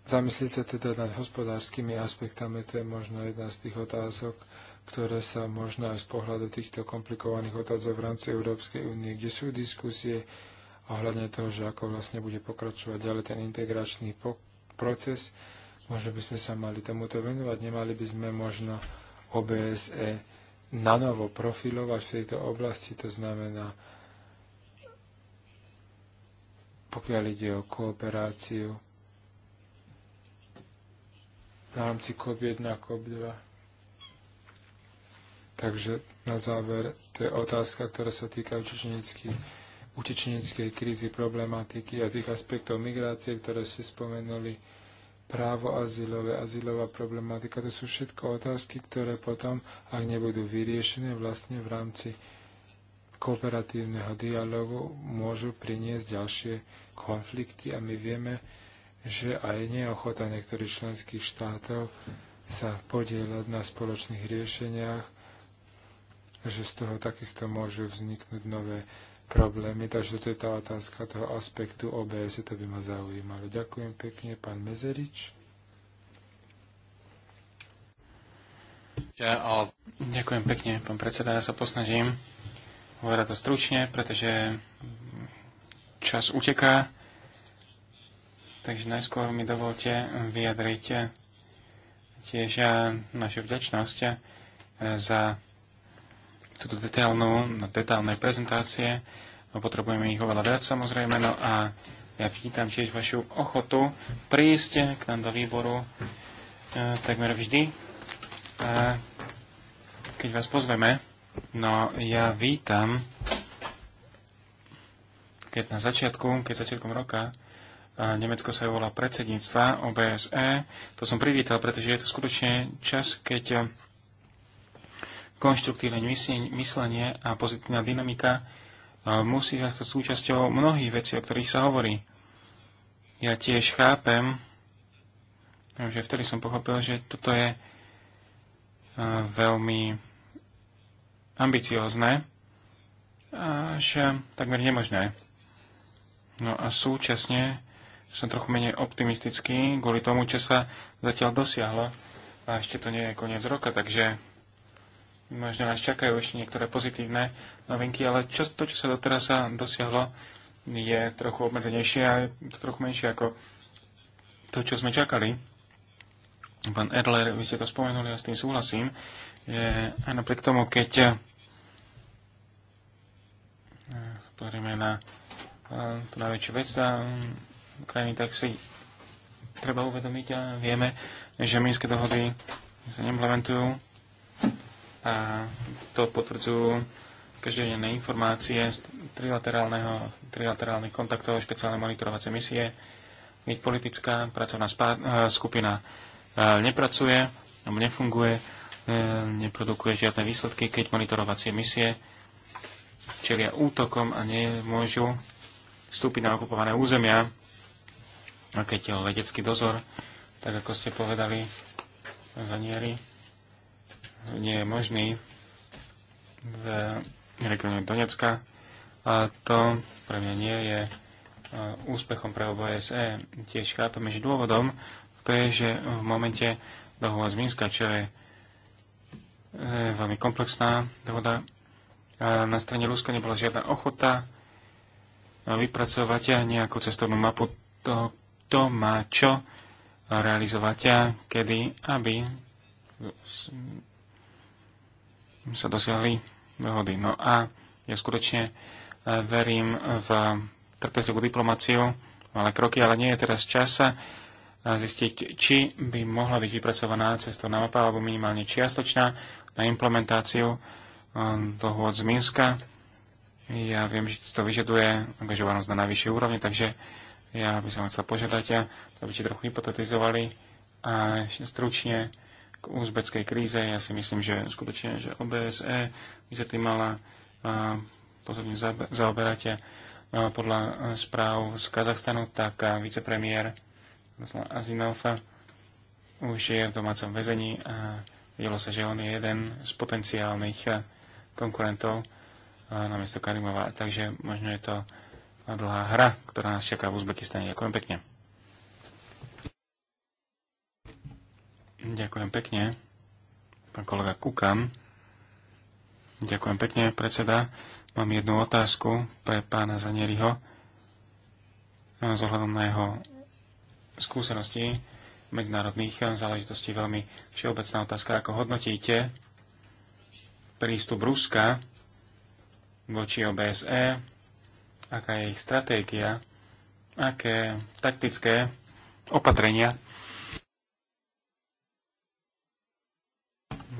Zamyslieť sa teda nad hospodárskymi aspektami, to je možno jedna z tých otázok, ktoré sa možno aj z pohľadu týchto komplikovaných otázok v rámci Európskej únie, kde sú diskusie ohľadne toho, že ako vlastne bude pokračovať ďalej ten integračný proces. Možno by sme sa mali tomuto venovať, nemali by sme možno OBSE nanovo profilovať v tejto oblasti, to znamená, pokiaľ ide o kooperáciu v rámci COP1, COP2. Takže na záver, to je otázka, ktorá sa týka utečeneckej krízy, problematiky a tých aspektov migrácie, ktoré ste spomenuli právo azylové, azylová problematika. To sú všetko otázky, ktoré potom, ak nebudú vyriešené vlastne v rámci kooperatívneho dialogu, môžu priniesť ďalšie konflikty a my vieme, že aj neochota niektorých členských štátov sa podielať na spoločných riešeniach, že z toho takisto môžu vzniknúť nové problémy, takže toto je tá otázka toho aspektu OBS, to by ma zaujímalo. Ďakujem pekne, pán Mezerič. Ja, ale... Ďakujem pekne, pán predseda, ja sa posnažím hovorať to stručne, pretože čas uteká. Takže najskôr mi dovolte vyjadriť tiež eh, naše vďačnosť eh, za túto detailnú, detailné prezentácie. No, potrebujeme ich oveľa viac samozrejme. No a ja vítam tiež vašu ochotu prísť k nám do výboru e, takmer vždy, e, keď vás pozveme. No ja vítam, keď na začiatku, keď začiatkom roka e, Nemecko sa volá predsedníctva OBSE. To som privítal, pretože je to skutočne čas, keď konštruktívne myslenie a pozitívna dynamika musí sa stať súčasťou mnohých vecí, o ktorých sa hovorí. Ja tiež chápem, že vtedy som pochopil, že toto je veľmi ambiciozne že takmer nemožné. No a súčasne som trochu menej optimistický kvôli tomu, čo sa zatiaľ dosiahlo. A ešte to nie je koniec roka, takže možno nás čakajú ešte niektoré pozitívne novinky, ale čo, to, čo sa doteraz sa dosiahlo, je trochu obmedzenejšie a je to trochu menšie ako to, čo sme čakali. Pán Erler, vy ste to spomenuli a s tým súhlasím, že aj napriek tomu, keď eh, pozrieme na eh, tú najväčšiu vec eh, krajiny, tak si treba uvedomiť a vieme, že minské dohody sa neimplementujú a to potvrdzujú každodenné informácie z trilaterálneho, trilaterálnych kontaktov, špeciálne monitorovacie misie. Nič politická pracovná spá- eh, skupina eh, nepracuje, nefunguje, eh, neprodukuje žiadne výsledky, keď monitorovacie misie čelia útokom a nemôžu vstúpiť na okupované územia. A keď je letecký dozor, tak ako ste povedali, zanieri, nie je možný v regióne Donecka. A to pre mňa nie je úspechom pre OBSE. E. Tiež chápeme, že dôvodom to je, že v momente dohoda z Minska, čo je e, veľmi komplexná dohoda, na strane Ruska nebola žiadna ochota vypracovať nejakú cestovnú mapu toho, kto má čo realizovať kedy, aby sa dosiahli dohody. No a ja skutočne e, verím v trpezlivú diplomáciu, malé kroky, ale nie je teraz čas e, zistiť, či by mohla byť vypracovaná na mapa alebo minimálne čiastočná na implementáciu dohôd e, z Minska. Ja viem, že to vyžaduje angažovanosť na najvyššej úrovni, takže ja by som chcel požiadať, aby ste trochu hypotetizovali a stručne k uzbeckej kríze. Ja si myslím, že skutočne, že OBSE by sa tým mala pozorne zaoberať. Podľa správ z Kazachstanu, tak vicepremiér Ruslan Azinov už je v domácom väzení a videlo sa, že on je jeden z potenciálnych konkurentov na mesto Karimova. Takže možno je to dlhá hra, ktorá nás čaká v Uzbekistane. Ďakujem pekne. Ďakujem pekne, pán kolega Kukan. Ďakujem pekne, predseda. Mám jednu otázku pre pána Zanieriho s na jeho skúsenosti medzinárodných záležitostí. Veľmi všeobecná otázka, ako hodnotíte prístup Ruska voči OBSE, aká je ich stratégia, aké taktické opatrenia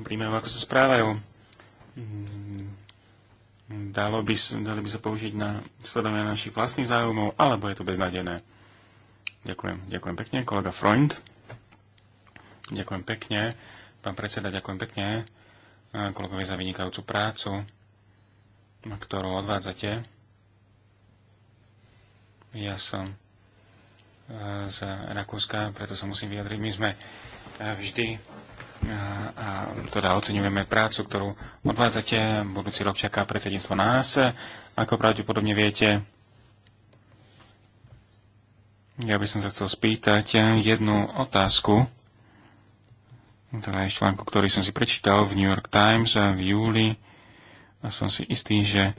príjmajú, ako sa správajú. Mm, dalo by, dali by sa použiť na sledovanie našich vlastných záujmov, alebo je to beznadené. Ďakujem, ďakujem pekne, kolega Freund. Ďakujem pekne, pán predseda, ďakujem pekne eh, kolegovi za vynikajúcu prácu, ktorú odvádzate. Ja som eh, z Rakúska, preto sa musím vyjadriť. My sme eh, vždy a teda oceňujeme prácu, ktorú odvádzate. Budúci rok čaká predsedníctvo nás. Ako pravdepodobne viete, ja by som sa chcel spýtať jednu otázku, ktorá teda je článku, ktorý som si prečítal v New York Times v júli a som si istý, že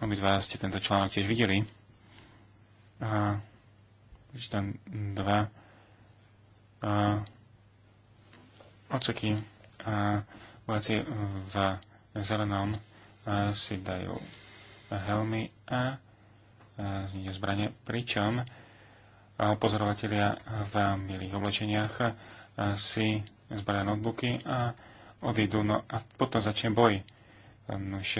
obidva ste tento článok tiež videli. A tam dva a, oceky a vojaci v zelenom si dajú helmy a znižia zbranie, pričom pozorovatelia v milých oblečeniach si zbalia notebooky a odídu, no a potom začne boj. Nož,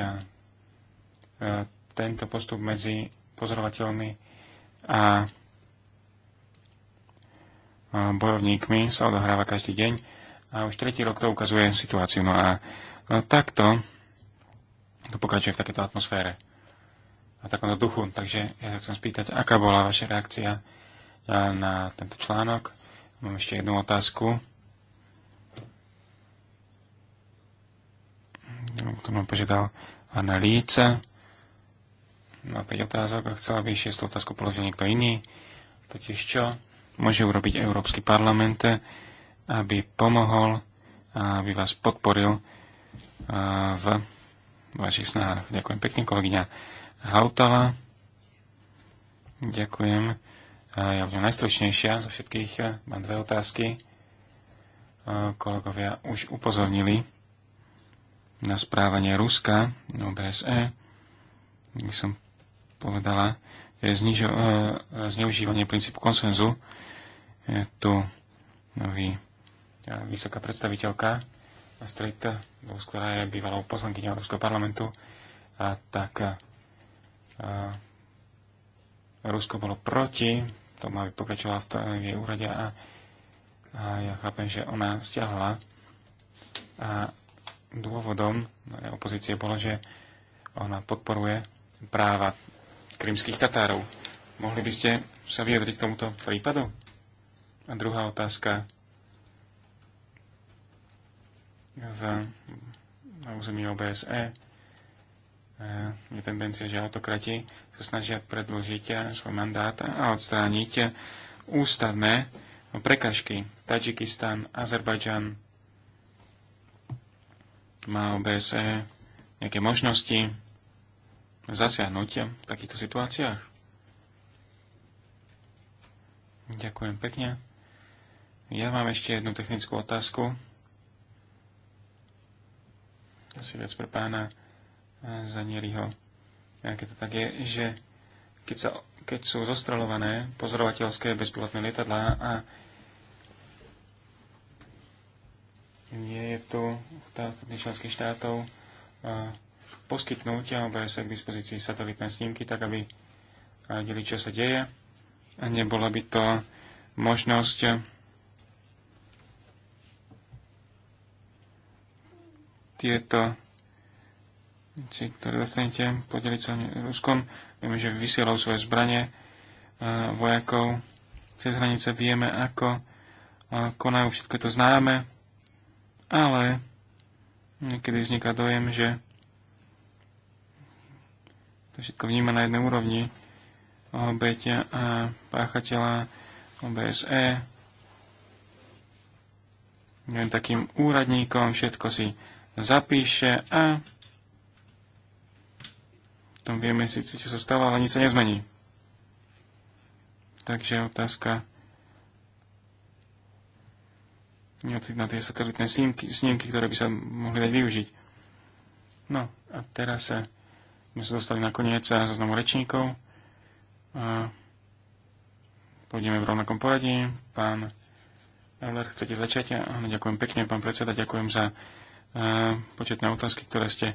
tento postup medzi pozorovateľmi a bojovníkmi sa odohráva každý deň a už tretí rok to ukazuje situáciu. No a no takto to pokračuje v takéto atmosfére a takomto duchu. Takže ja sa chcem spýtať, aká bola vaša reakcia e, na tento článok. Mám ešte jednu otázku. ktorú požiadal Anna Líce. Má 5 otázok a chcela by 6 otázku položil niekto iný. Totiž čo môže urobiť Európsky parlament aby pomohol a aby vás podporil v vašich snahách. Ďakujem pekne, kolegyňa Hautala. Ďakujem. Ja budem najstručnejšia zo všetkých. Mám dve otázky. Kolegovia už upozornili na správanie Ruska, OBSE. Kde som povedala, že znižo, e, e, zneužívanie princípu konsenzu je tu nový vysoká predstaviteľka Street, ktorá je bývalou poslankyňou Európskeho parlamentu, a tak a, Rusko bolo proti tomu, aby pokračovala v, to, v jej úrade a, a ja chápem, že ona stiahla a dôvodom opozície bolo, že ona podporuje práva krymských Tatárov. Mohli by ste sa vyjadriť k tomuto prípadu? A druhá otázka v, na území OBSE e, je tendencia, že autokrati sa snažia predlžiť e, svoj mandát a odstrániť e, ústavné prekažky. Tadžikistan, Azerbajdžan má OBSE nejaké možnosti zasiahnuť v takýchto situáciách. Ďakujem pekne. Ja mám ešte jednu technickú otázku asi viac pre pána e, Zanieriho. A keď to tak je, že keď, sa, keď sú zostrelované pozorovateľské bezpilotné lietadlá a nie je tu ostatných členských štátov e, poskytnúť sa k dispozícii satelitné snímky, tak aby vedeli, čo sa deje. A nebola by to možnosť tieto veci, ktoré dostanete podeliť sa Ruskom. Vieme, že vysielal svoje zbranie eh, vojakov cez hranice. Vieme, ako eh, konajú, všetko to známe, ale niekedy vzniká dojem, že to všetko vníma na jednej úrovni obeťa a páchateľa OBSE. Len takým úradníkom všetko si zapíše a tom vieme síce, čo sa stalo, ale nič sa nezmení. Takže otázka na tie satelitné snímky, snímky, ktoré by sa mohli dať využiť. No a teraz sa, sme sa dostali na koniec zoznamu so rečníkov. A pôjdeme v rovnakom poradí. Pán Euler, chcete začať? Áno, ďakujem pekne, pán predseda, ďakujem za E, početné otázky, ktoré ste e,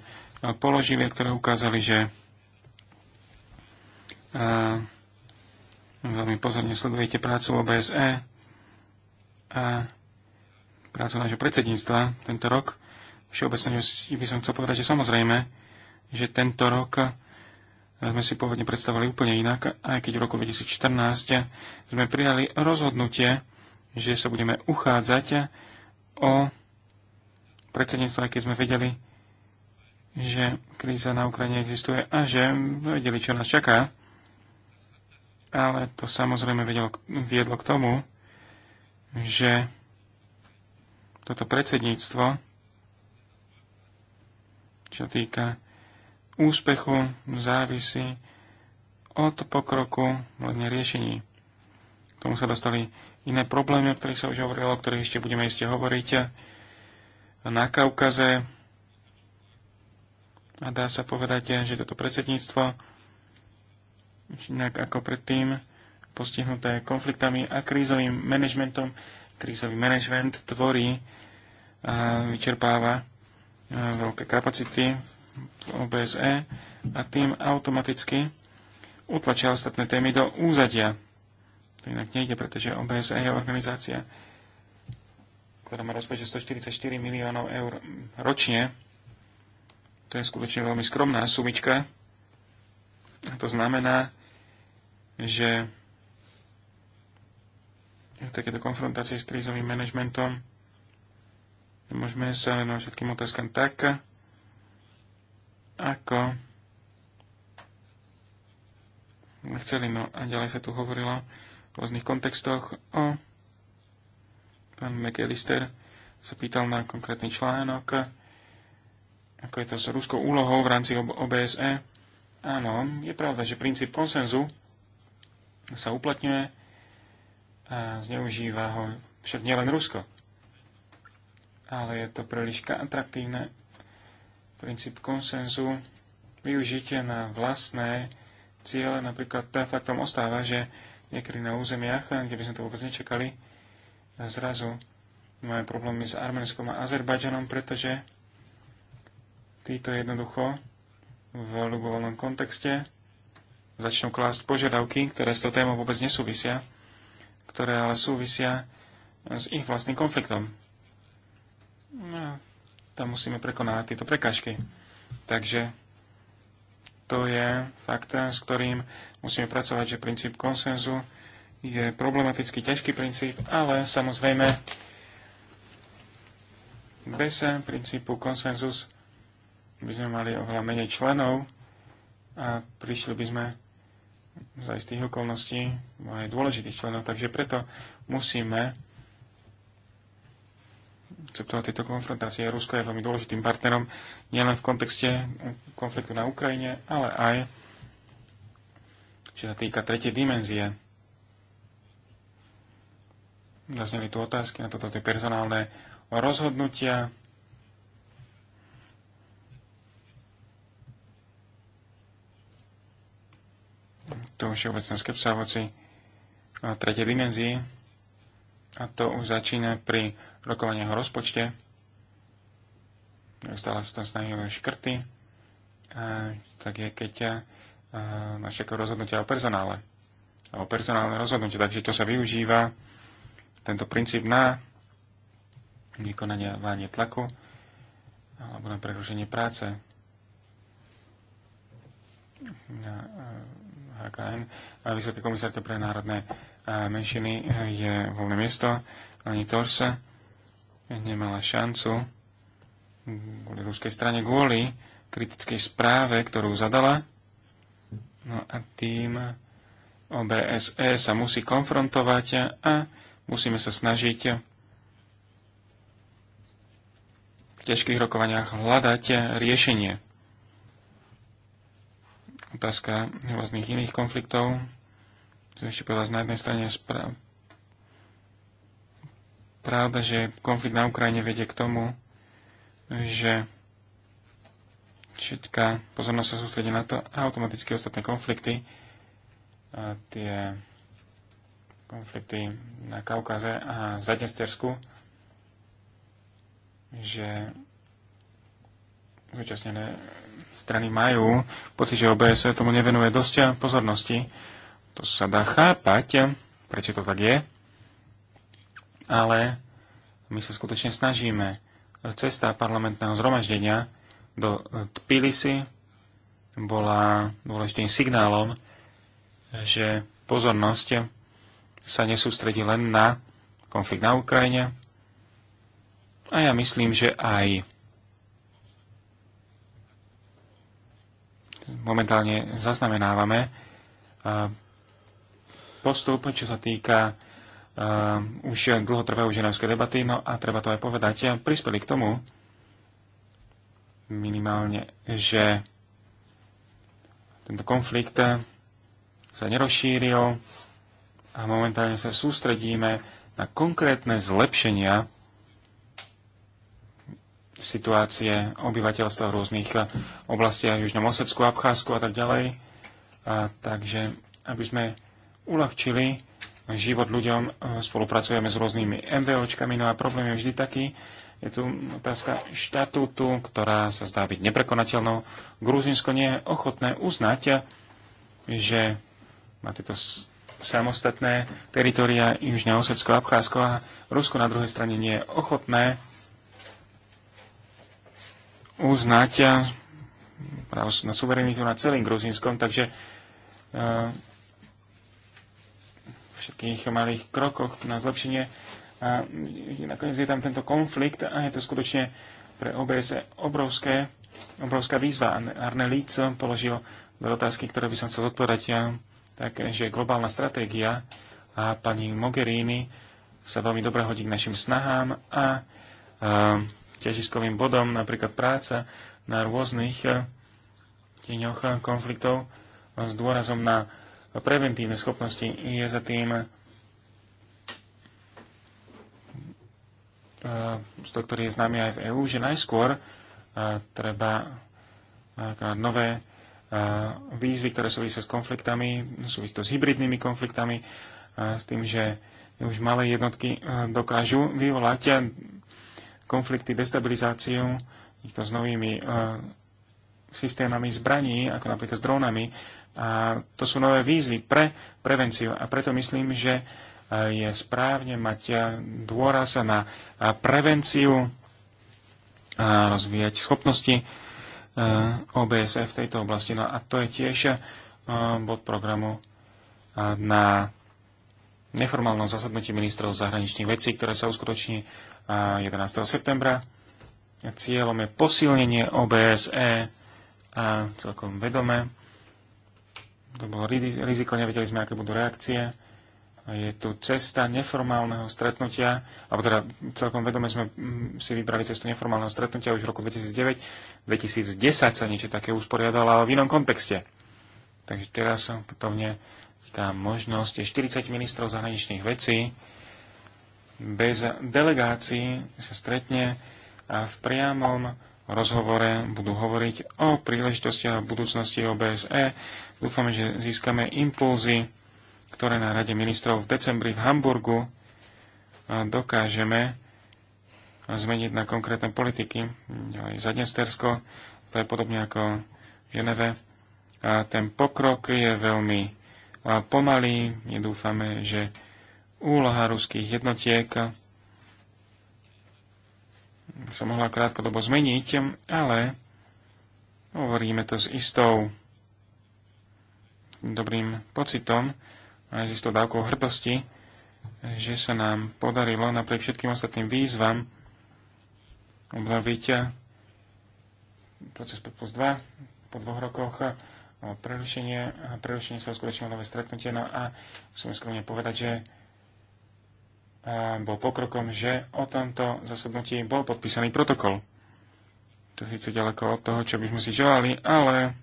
položili a ktoré ukázali, že e, veľmi pozorne sledujete prácu OBSE a prácu nášho predsedníctva tento rok. Všeobecne by som chcel povedať, že samozrejme, že tento rok sme si pôvodne predstavovali úplne inak, aj keď v roku 2014 sme prijali rozhodnutie, že sa budeme uchádzať o predsedníctvo, aj keď sme vedeli, že kríza na Ukrajine existuje a že vedeli, čo nás čaká. Ale to samozrejme vedelo, viedlo k tomu, že toto predsedníctvo, čo týka úspechu, závisí od pokroku hlavne riešení. K tomu sa dostali iné problémy, o ktorých sa už hovorilo, o ktorých ešte budeme iste hovoriť na Kaukaze. A dá sa povedať, že toto predsedníctvo, inak ako predtým, postihnuté konfliktami a krízovým manažmentom, krízový manažment tvorí a vyčerpáva e, veľké kapacity v OBSE a tým automaticky utlačia ostatné témy do úzadia. To inak nejde, pretože OBSE je organizácia ktorá má rozpočet 144 miliónov eur ročne, to je skutočne veľmi skromná sumička. A to znamená, že v takéto konfrontácii s krízovým manažmentom môžeme sa venovať všetkým otázkam tak, ako chceli. No a ďalej sa tu hovorilo v rôznych kontextoch o Pán McAllister sa pýtal na konkrétny článok, ako je to s ruskou úlohou v rámci OBSE. Áno, je pravda, že princíp konsenzu sa uplatňuje a zneužíva ho však nielen Rusko. Ale je to príliš atraktívne princíp konsenzu využite na vlastné ciele. Napríklad faktom ostáva, že niekedy na územiach, kde by sme to vôbec nečakali, zrazu máme problémy s Arménskom a Azerbajdžanom, pretože títo jednoducho v ľubovolnom kontexte začnú klásť požiadavky, ktoré s tou témou vôbec nesúvisia, ktoré ale súvisia s ich vlastným konfliktom. No, tam musíme prekonávať tieto prekážky. Takže to je fakt, s ktorým musíme pracovať, že princíp konsenzu je problematicky ťažký princíp, ale samozrejme bez princípu konsenzus by sme mali oveľa menej členov a prišli by sme za istých okolností aj dôležitých členov, takže preto musíme akceptovať tieto konfrontácie. Rusko je veľmi dôležitým partnerom nielen v kontexte konfliktu na Ukrajine, ale aj čo sa týka tretej dimenzie zazneli tu otázky na toto tie personálne rozhodnutia. Tu všeobecná skepsa voci tretej dimenzii a to už začína pri rokovaní o rozpočte. Stále sa tam snahy o škrty, a, tak je keď a, naše rozhodnutia o personále. O personálne rozhodnutie, takže to sa využíva tento princíp na vykonanie tlaku alebo na prerušenie práce na HKN. Eh, a vysoké komisárke pre národné eh, menšiny eh, je voľné miesto. Ani Torsa nemala šancu kvôli ruskej strane, kvôli kritickej správe, ktorú zadala. No a tým OBSE sa musí konfrontovať a musíme sa snažiť v ťažkých rokovaniach hľadať riešenie. Otázka rôznych iných konfliktov. Tu ešte povedať na jednej strane správ. Pravda, že konflikt na Ukrajine vedie k tomu, že všetká pozornosť sa sústredí na to a automaticky ostatné konflikty a tie konflikty na Kaukaze a Zadnestersku, že zúčastnené strany majú pocit, že OBS tomu nevenuje dosť pozornosti. To sa dá chápať, prečo to tak je, ale my sa skutočne snažíme. Cesta parlamentného zhromaždenia do Tbilisi bola dôležitým signálom, že pozornosť sa nesústredí len na konflikt na Ukrajine. A ja myslím, že aj momentálne zaznamenávame postup, čo sa týka už dlhotrvajú ženevské debaty, no a treba to aj povedať, prispeli k tomu minimálne, že tento konflikt sa nerozšíril, a momentálne sa sústredíme na konkrétne zlepšenia situácie obyvateľstva v rôznych oblastiach Južnom Osecku, Abcházsku a tak ďalej. A, takže, aby sme uľahčili život ľuďom, spolupracujeme s rôznymi MVOčkami, no a problém je vždy taký, je tu otázka štatútu, ktorá sa zdá byť neprekonateľnou. Gruzinsko nie je ochotné uznať, že má tieto samostatné teritoria Osecko a Abcházsko a Rusko na druhej strane nie je ochotné uznať eh, právo na suverenitu nad celým Gruzínskom, takže v eh, všetkých malých krokoch na zlepšenie a nakoniec je tam tento konflikt a je to skutočne pre OBS obrovské, obrovská výzva. Arne Líc položil dve otázky, ktoré by som chcel Ja, Takže globálna stratégia a pani Mogherini sa veľmi dobre hodí k našim snahám a, e, ťažiskovým bodom, napríklad práca na rôznych e, tieňoch konfliktov s dôrazom na preventívne schopnosti je za tým e, z toho, ktorý je známy aj v EÚ, že najskôr e, treba nové výzvy, ktoré súvisia s konfliktami, súvisí s hybridnými konfliktami, s tým, že už malé jednotky dokážu vyvolať konflikty, destabilizáciu s novými systémami zbraní, ako napríklad s drónami. A to sú nové výzvy pre prevenciu. A preto myslím, že je správne mať dôraz na prevenciu a rozvíjať schopnosti Eh, OBSF v tejto oblasti. No a to je tiež eh, bod programu eh, na neformálnom zasadnutí ministrov zahraničných vecí, ktoré sa uskutoční 11. septembra. Cieľom je posilnenie OBSE a celkom vedome. To bolo riziko, nevedeli sme, aké budú reakcie je tu cesta neformálneho stretnutia, alebo teda celkom vedome sme mm, si vybrali cestu neformálneho stretnutia už v roku 2009, 2010 sa niečo také usporiadalo, ale v inom kontexte. Takže teraz som potovne tá možnosť 40 ministrov zahraničných vecí bez delegácií sa stretne a v priamom rozhovore budú hovoriť o príležitostiach a budúcnosti OBSE. Dúfame, že získame impulzy ktoré na Rade ministrov v decembri v Hamburgu dokážeme zmeniť na konkrétne politiky. Ďalej za Dnestersko, to je podobne ako v Ženeve. A ten pokrok je veľmi pomalý. My dúfame, že úloha ruských jednotiek sa mohla krátkodobo zmeniť, ale hovoríme to s istou dobrým pocitom, aj s istou dávkou hrdosti, že sa nám podarilo napriek všetkým ostatným výzvam obnoviť eh, proces plus 2 po dvoch rokoch eh, o prerušenie a prerušenie sa uskutočnilo nové stretnutie. No a musím skromne povedať, že eh, bol pokrokom, že o tomto zasadnutí bol podpísaný protokol. To síce ďaleko od toho, čo by sme si želali, ale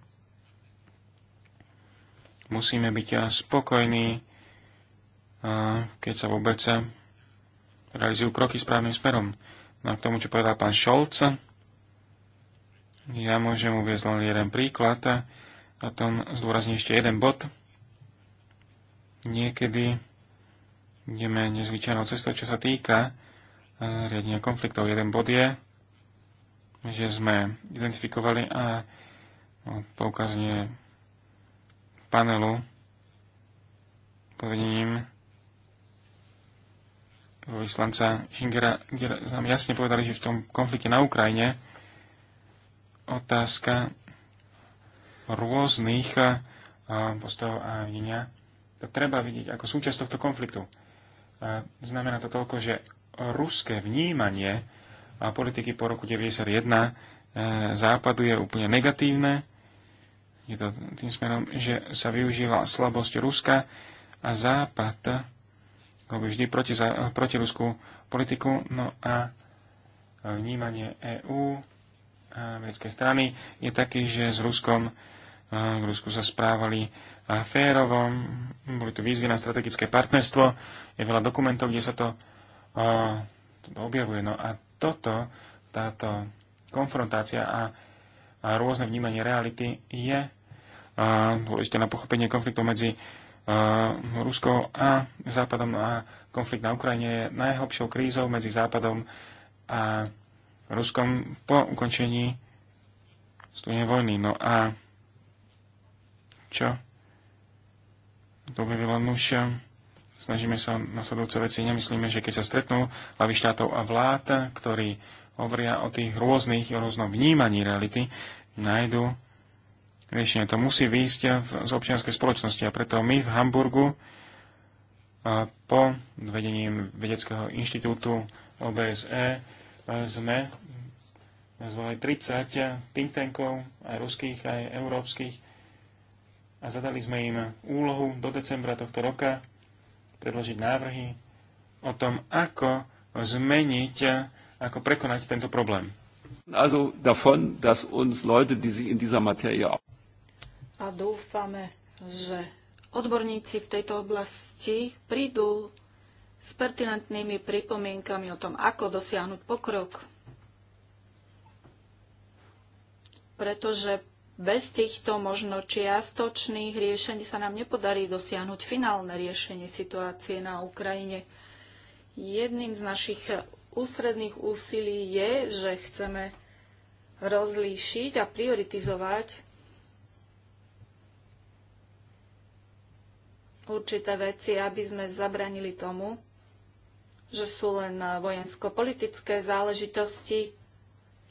musíme byť eh, spokojní, eh, keď sa vôbec eh, realizujú kroky správnym smerom. No a k tomu, čo povedal pán Šolc, ja môžem uviezť len jeden príklad a tom zdôrazním ešte jeden bod. Niekedy ideme nezvyčajnou cestou, čo sa týka riadenia konfliktov. Jeden bod je, že sme identifikovali a no, poukazne panelu povedením vyslanca Schingera, kde nám jasne povedali, že v tom konflikte na Ukrajine otázka rôznych postojov a vnenia to treba vidieť ako súčasť tohto konfliktu. Znamená to toľko, že ruské vnímanie politiky po roku 1991 e, západu je úplne negatívne je to tým smerom, že sa využíva slabosť Ruska a Západ robí vždy proti, za, proti ruskú politiku, no a e, vnímanie EÚ a americkej strany je taký, že s Ruskom e, v Rusku sa správali férovo, boli tu výzvy na strategické partnerstvo, je veľa dokumentov, kde sa to, o, e, to objavuje. No a toto, táto konfrontácia a, a rôzne vnímanie reality je dôležité na pochopenie konfliktu medzi e, Ruskou a Západom a konflikt na Ukrajine je najhlbšou krízou medzi Západom a Ruskom po ukončení studenej vojny. No a čo? To by len už e, snažíme sa nasledujúce veci. Nemyslíme, že keď sa stretnú hlavy štátov a vlád, ktorí hovoria o tých rôznych, rôznom vnímaní reality, nájdu Konečne To musí výjsť z občianskej spoločnosti a preto my v Hamburgu po vedením Vedeckého inštitútu OBSE e, sme nazvali 30 think tankov, aj ruských, aj európskych. A zadali sme im úlohu do decembra tohto roka predložiť návrhy o tom, ako zmeniť, ako prekonať tento problém. Also davon, dass uns Leute, die sich in dieser Materie a dúfame, že odborníci v tejto oblasti prídu s pertinentnými pripomienkami o tom, ako dosiahnuť pokrok. Pretože bez týchto možno čiastočných riešení sa nám nepodarí dosiahnuť finálne riešenie situácie na Ukrajine. Jedným z našich ústredných úsilí je, že chceme rozlíšiť a prioritizovať určité veci, aby sme zabranili tomu, že sú len vojensko-politické záležitosti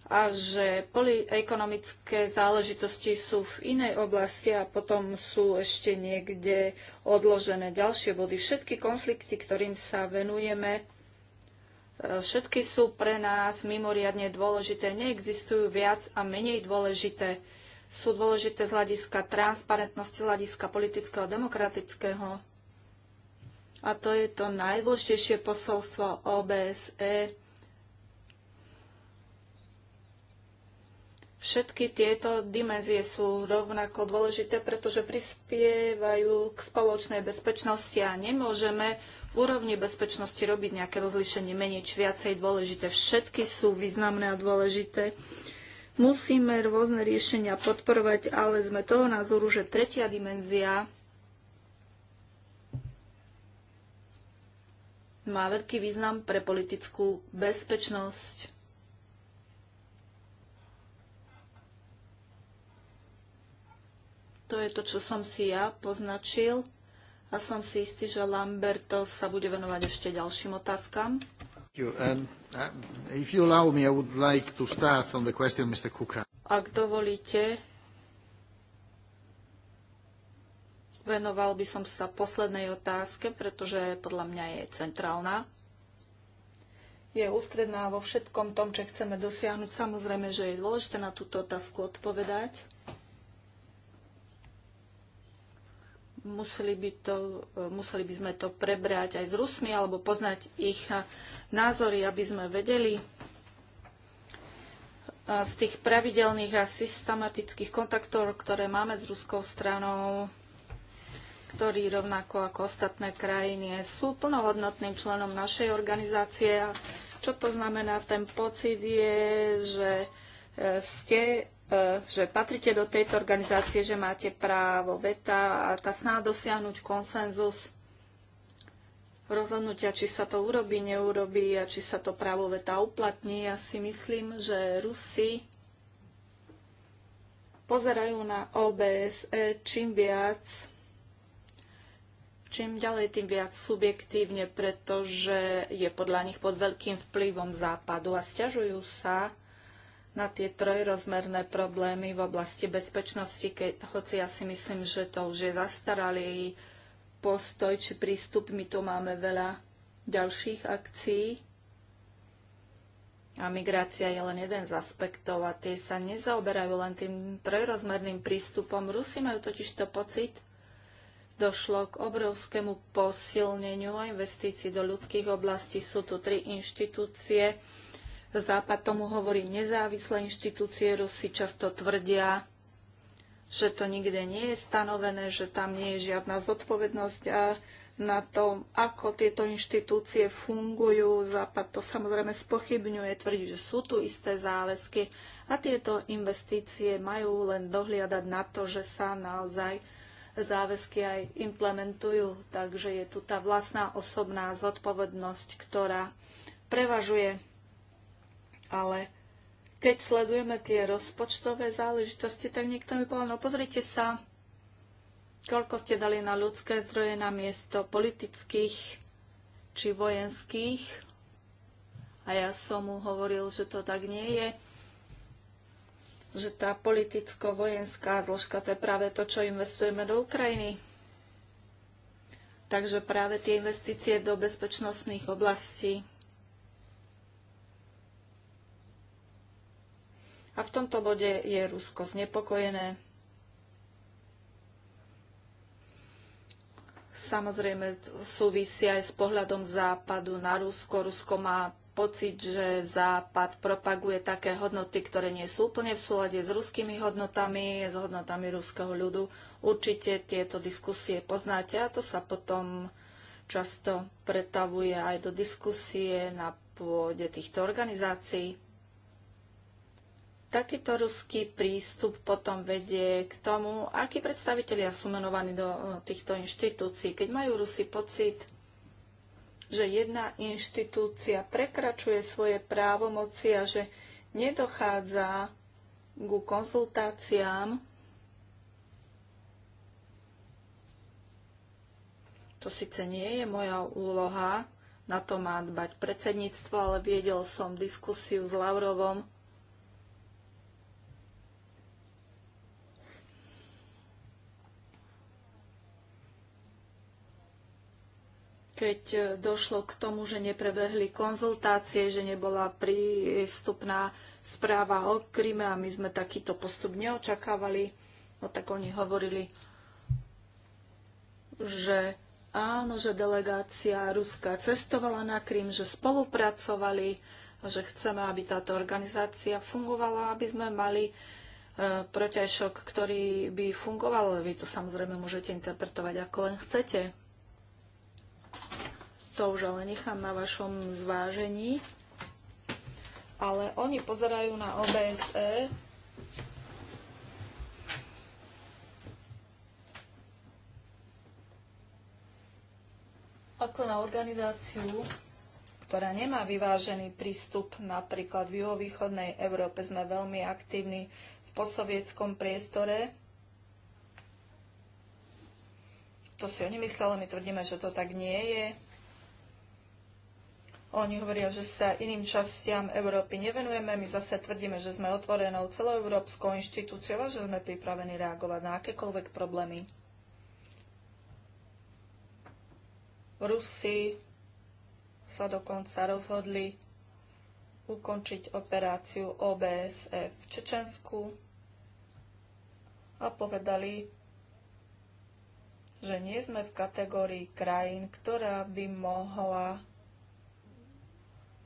a že ekonomické záležitosti sú v inej oblasti a potom sú ešte niekde odložené ďalšie body. Všetky konflikty, ktorým sa venujeme, e, všetky sú pre nás mimoriadne dôležité. Neexistujú viac a menej dôležité sú dôležité z hľadiska transparentnosti, z hľadiska politického a demokratického. A to je to najdôležitejšie posolstvo OBSE. Všetky tieto dimenzie sú rovnako dôležité, pretože prispievajú k spoločnej bezpečnosti a nemôžeme v úrovni bezpečnosti robiť nejaké rozlíšenie menej či viacej dôležité. Všetky sú významné a dôležité. Musíme rôzne riešenia podporovať, ale sme toho názoru, že tretia dimenzia má veľký význam pre politickú bezpečnosť. To je to, čo som si ja poznačil a som si istý, že Lamberto sa bude venovať ešte ďalším otázkam. You, me, like question, Ak dovolíte, venoval by som sa poslednej otázke, pretože podľa mňa je centrálna. Je ústredná vo všetkom tom, čo chceme dosiahnuť. Samozrejme, že je dôležité na túto otázku odpovedať. Museli by, to, museli by sme to prebrať aj s Rusmi alebo poznať ich názory, aby sme vedeli z tých pravidelných a systematických kontaktov, ktoré máme s ruskou stranou, ktorí rovnako ako ostatné krajiny sú plnohodnotným členom našej organizácie. A čo to znamená? Ten pocit je, že e, ste e, že patrite do tejto organizácie, že máte právo veta a tá sná dosiahnuť konsenzus rozhodnutia, či sa to urobí, neurobí a či sa to právo veta uplatní. Ja si myslím, že Rusi pozerajú na OBSE čím viac, čím ďalej, tým viac subjektívne, pretože je podľa nich pod veľkým vplyvom západu a stiažujú sa na tie trojrozmerné problémy v oblasti bezpečnosti, keď, hoci ja si myslím, že to už je zastaralý postoj či prístup. My tu máme veľa ďalších akcií. A migrácia je len jeden z aspektov a tie sa nezaoberajú len tým trojrozmerným prístupom. Rusi majú totiž to pocit, došlo k obrovskému posilneniu a investícií do ľudských oblastí. Sú tu tri inštitúcie. Západ tomu hovorí nezávislé inštitúcie. Rusi často tvrdia, že to nikde nie je stanovené, že tam nie je žiadna zodpovednosť a na tom, ako tieto inštitúcie fungujú. Západ to samozrejme spochybňuje, tvrdí, že sú tu isté záväzky a tieto investície majú len dohliadať na to, že sa naozaj záväzky aj implementujú. Takže je tu tá vlastná osobná zodpovednosť, ktorá prevažuje. Ale keď sledujeme tie rozpočtové záležitosti, tak niekto mi povedal, no pozrite sa, koľko ste dali na ľudské zdroje na miesto politických či vojenských. A ja som mu hovoril, že to tak nie je že tá politicko-vojenská zložka to je práve to, čo investujeme do Ukrajiny. Takže práve tie investície do bezpečnostných oblastí A v tomto bode je Rusko znepokojené. Samozrejme súvisia aj s pohľadom západu na Rusko. Rusko má pocit, že Západ propaguje také hodnoty, ktoré nie sú úplne v súlade s ruskými hodnotami, s hodnotami ruského ľudu. Určite tieto diskusie poznáte a to sa potom často pretavuje aj do diskusie na pôde týchto organizácií. Takýto ruský prístup potom vedie k tomu, akí predstavitelia sú menovaní do e, týchto inštitúcií. Keď majú Rusi pocit, že jedna inštitúcia prekračuje svoje právomoci a že nedochádza ku konzultáciám, to síce nie je moja úloha, na to má dbať predsedníctvo, ale viedel som diskusiu s Lavrovom, keď e, došlo k tomu, že neprebehli konzultácie, že nebola prístupná správa o Kryme a my sme takýto postup neočakávali. No tak oni hovorili, že áno, že delegácia Ruska cestovala na Krym, že spolupracovali, že chceme, aby táto organizácia fungovala, aby sme mali e, protiažok, ktorý by fungoval. Vy to samozrejme môžete interpretovať ako len chcete. To už ale nechám na vašom zvážení. Ale oni pozerajú na OBSE ako na organizáciu, ktorá nemá vyvážený prístup. Napríklad v juhovýchodnej Európe sme veľmi aktívni v posovietskom priestore. To si oni mysleli, my tvrdíme, že to tak nie je. Oni hovoria, že sa iným častiam Európy nevenujeme, my zase tvrdíme, že sme otvorenou celoeurópskou inštitúciou a že sme pripravení reagovať na akékoľvek problémy. Rusi sa dokonca rozhodli ukončiť operáciu OBSF v Čečensku a povedali, že nie sme v kategórii krajín, ktorá by mohla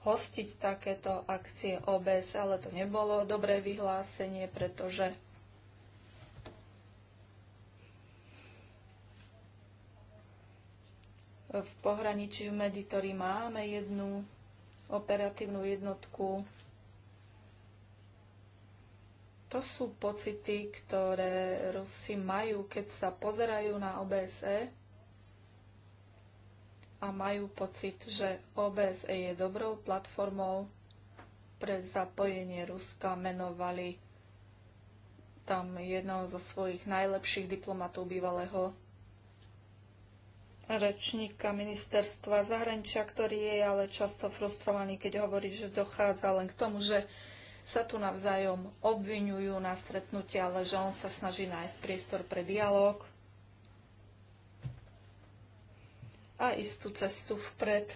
hostiť takéto akcie OBS, ale to nebolo dobré vyhlásenie, pretože v pohraničí v Meditori máme jednu operatívnu jednotku. To sú pocity, ktoré Rusi majú, keď sa pozerajú na OBSE a majú pocit, že OBSE je dobrou platformou pre zapojenie Ruska. Menovali tam jedného zo svojich najlepších diplomatov bývalého rečníka ministerstva zahraničia, ktorý je ale často frustrovaný, keď hovorí, že dochádza len k tomu, že sa tu navzájom obvinujú na stretnutie, ale že on sa snaží nájsť priestor pre dialog a istú cestu vpred.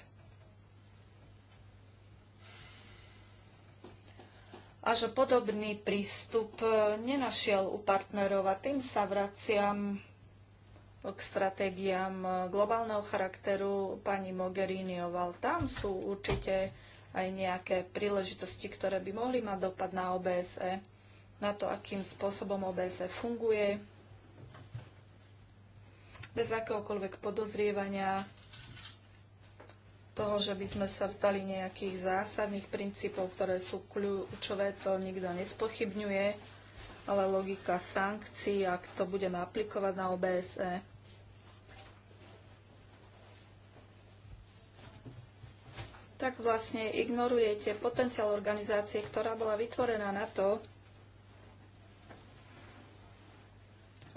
A že podobný prístup e, nenašiel u partnerov a tým sa vraciam k stratégiám e, globálneho charakteru pani Mogheriniová. Tam sú určite aj nejaké príležitosti, ktoré by mohli mať dopad na OBSE, na to, akým spôsobom OBSE funguje, bez akéhokoľvek podozrievania toho, že by sme sa vzdali nejakých zásadných princípov, ktoré sú kľúčové, to nikto nespochybňuje, ale logika sankcií, ak to budeme aplikovať na OBSE. Tak vlastne ignorujete potenciál organizácie, ktorá bola vytvorená na to,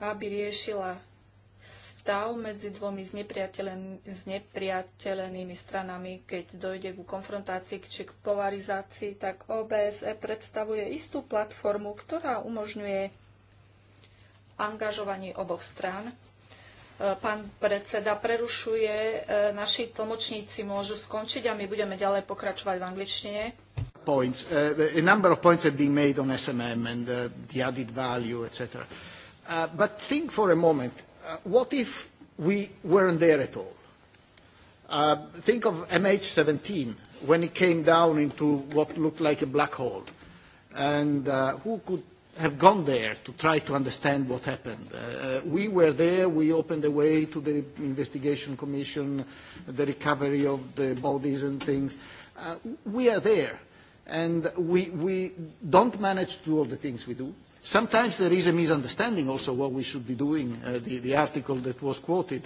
aby riešila stav medzi dvomi znepriateľen, znepriateľenými stranami, keď dojde ku konfrontácii či k polarizácii, tak OBSE predstavuje istú platformu, ktorá umožňuje angažovanie oboch strán. E, pán predseda prerušuje, e, naši tlmočníci môžu skončiť a my budeme ďalej pokračovať v angličtine. Points. Uh, a number of points have been made on SMM and uh, the added value, etc. Uh, but think for a moment uh, what if we weren't there at all? Uh, think of MH17 when it came down into what looked like a black hole. And uh, who could have gone there to try to understand what happened. Uh, uh, we were there, we opened the way to the investigation commission, the recovery of the bodies and things. Uh, we are there, and we, we don't manage to do all the things we do. Sometimes there is a misunderstanding also what we should be doing, uh, the, the article that was quoted.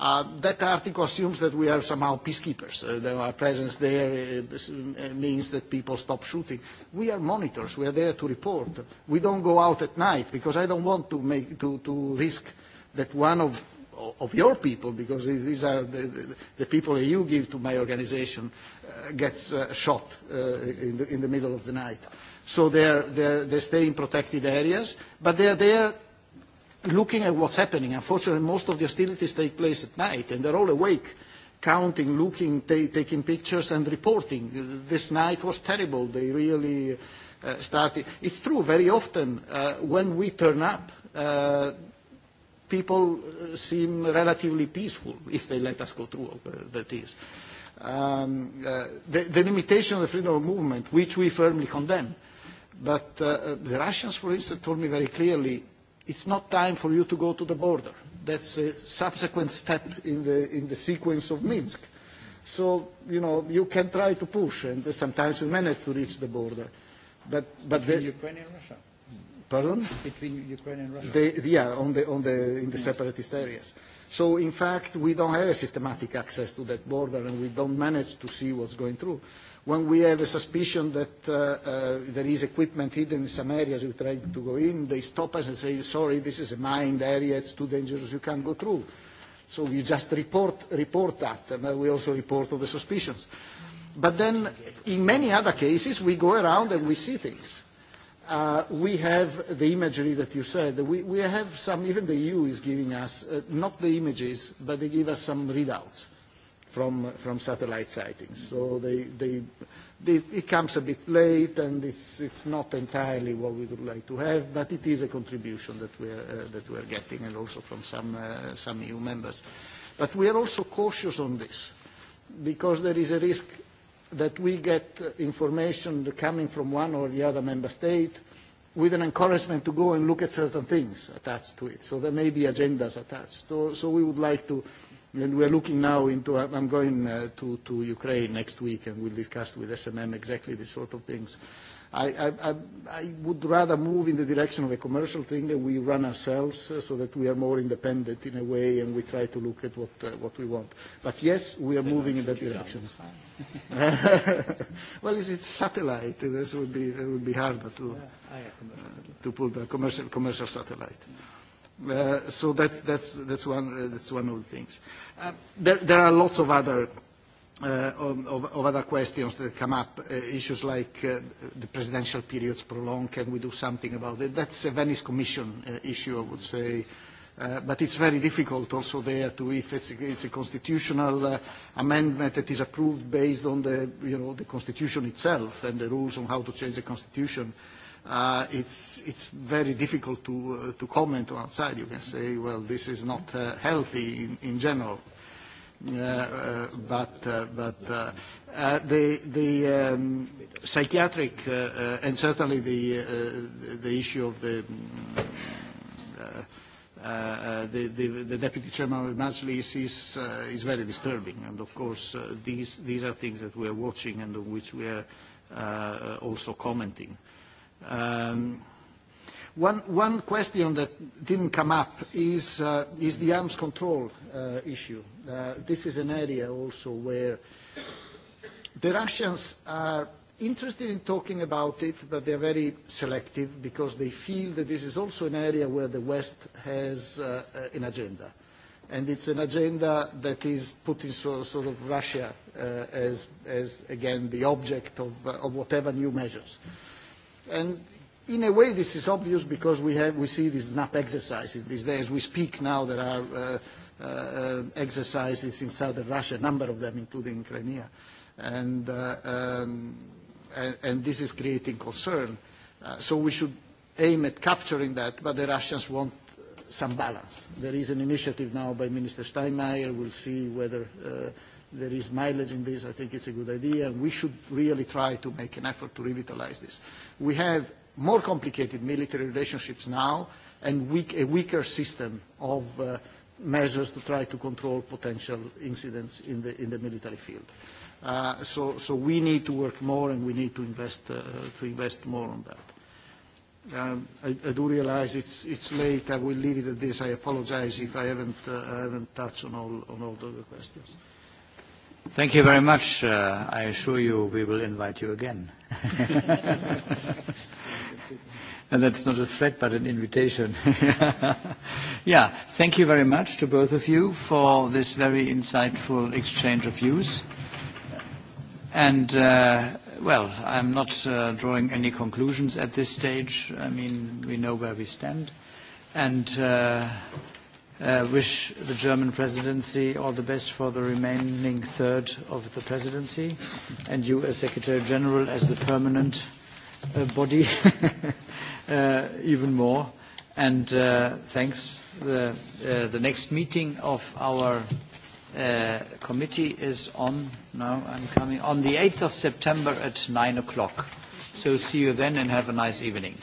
Uh, that article assumes that we are somehow peacekeepers. Uh, that our presence there uh, uh, means that people stop shooting. We are monitors. We are there to report. We don't go out at night because I don't want to, make, to, to risk that one of, of your people, because these are the, the, the people that you give to my organization, uh, gets uh, shot uh, in, the, in the middle of the night. Uh, so they're, they're, they stay in protected areas, but they're there looking at what's happening. Unfortunately, most of the hostilities take place at night, and they're all awake, counting, looking, taking pictures, and reporting. This night was terrible. They really uh, started. It's true, very often uh, when we turn up, uh, people uh, seem relatively peaceful if they let us go through, uh, that is. Um, uh, the, the limitation of the freedom of movement, which we firmly condemn, uh, But uh, the Russians, for instance, told me very clearly, it's not time for you to go to the border. That's a subsequent step in the, in the sequence of Minsk. So, you know, you can try to push, and sometimes you manage to reach the border. But, but Between the, Ukraine and Russia? Pardon? Between Ukraine and Russia? They, yeah, on the, on the, in the separatist areas. So, in fact, we don't have a systematic access to that border, and we don't manage to see what's going through. When we have a suspicion that uh, uh, there is equipment hidden in some areas, we try to go in, they stop us and say, sorry, this is a mined area, it's too dangerous, you can't go through. So we just report, report that, and we also report all the suspicions. But then in many other cases, we go around and we see things. Uh, we have the imagery that you said. We, we have some, even the EU is giving us, uh, not the images, but they give us some readouts from, from satellite sightings. So they, they, they, it comes a bit late, and it's, it's not entirely what we would like to have, but it is a contribution that we are, uh, that we are getting, and also from some, uh, some EU members. But we are also cautious on this, because there is a risk that we get information coming from one or the other member state with an encouragement to go and look at certain things attached to it. So there may be agendas attached. So, so we would like to And we're looking now into, I'm going uh, to, to Ukraine next week and we'll discuss with SMM exactly these sort of things. I, I, I, I would rather move in the direction of a commercial thing that we run ourselves uh, so that we are more independent in a way and we try to look at what, uh, what we want. But yes, we are so moving in that direction. well, it's, it's satellite. This would be, it would be harder to, uh, to pull the commercial, commercial satellite. Yeah. Uh, so that, that's, that's, one, uh, that's one of the things. Uh, there, there are lots of other, uh, of, of other questions that come up, uh, issues like uh, the presidential periods prolonged, can we do something about it? That's a Venice Commission uh, issue, I would say. Uh, but it's very difficult also there to, if it's, it's a constitutional uh, amendment that is approved based on the, you know, the constitution itself and the rules on how to change the constitution, uh, uh, it's, it's very difficult to, uh, to comment outside. You can say, well, this is not uh, healthy in, in general. Uh, uh, but but uh, the, the um, psychiatric uh, and certainly the, uh, the issue of the, mm, uh, uh, the, the, the deputy chairman of the Majlis is, uh, is very disturbing. And of course, uh, these, these are things that we are watching and on which we are uh, also commenting. Um, one, one question that didn't come up is, uh, is the arms control uh, issue. Uh, this is an area also where the Russians are interested in talking about it, but they're very selective because they feel that this is also an area where the West has uh, uh an agenda. And it's an agenda that is putting so, sort of Russia uh, as, as, again, the object of, uh, of whatever new measures. And in a way, this is obvious because we, have, we see these NAP exercises these days. We speak now, there are uh, uh, exercises in southern Russia, a number of them, including in Crimea. And, uh, um, and, and this is creating concern. Uh, so we should aim at capturing that, but the Russians want some balance. There is an initiative now by Minister Steinmeier. We'll see whether uh, there is mileage in this. I think it's a good idea, and we should really try to make an effort to revitalize this. We have more complicated military relationships now and weak, a weaker system of uh, measures to try to control potential incidents in the, in the military field. Uh, so, so we need to work more and we need to invest, uh, to invest more on that. Um, I, I do realize it's, it's late. I will leave it at this. I apologize if I haven't, uh, I haven't touched on all, on all the questions. Thank you very much. Uh, I assure you we will invite you again. and that's not a threat, but an invitation. yeah, thank you very much to both of you for this very insightful exchange of views. And, uh, well, I'm not uh, drawing any conclusions at this stage. I mean, we know where we stand. And... Uh, uh, wish the German presidency all the best for the remaining third of the presidency, and you as Secretary General, as the permanent uh, body, uh, even more. And uh, thanks. The, uh, the next meeting of our uh, committee is on, now I'm coming, on the 8th of September at 9 o'clock. So see you then and have a nice evening.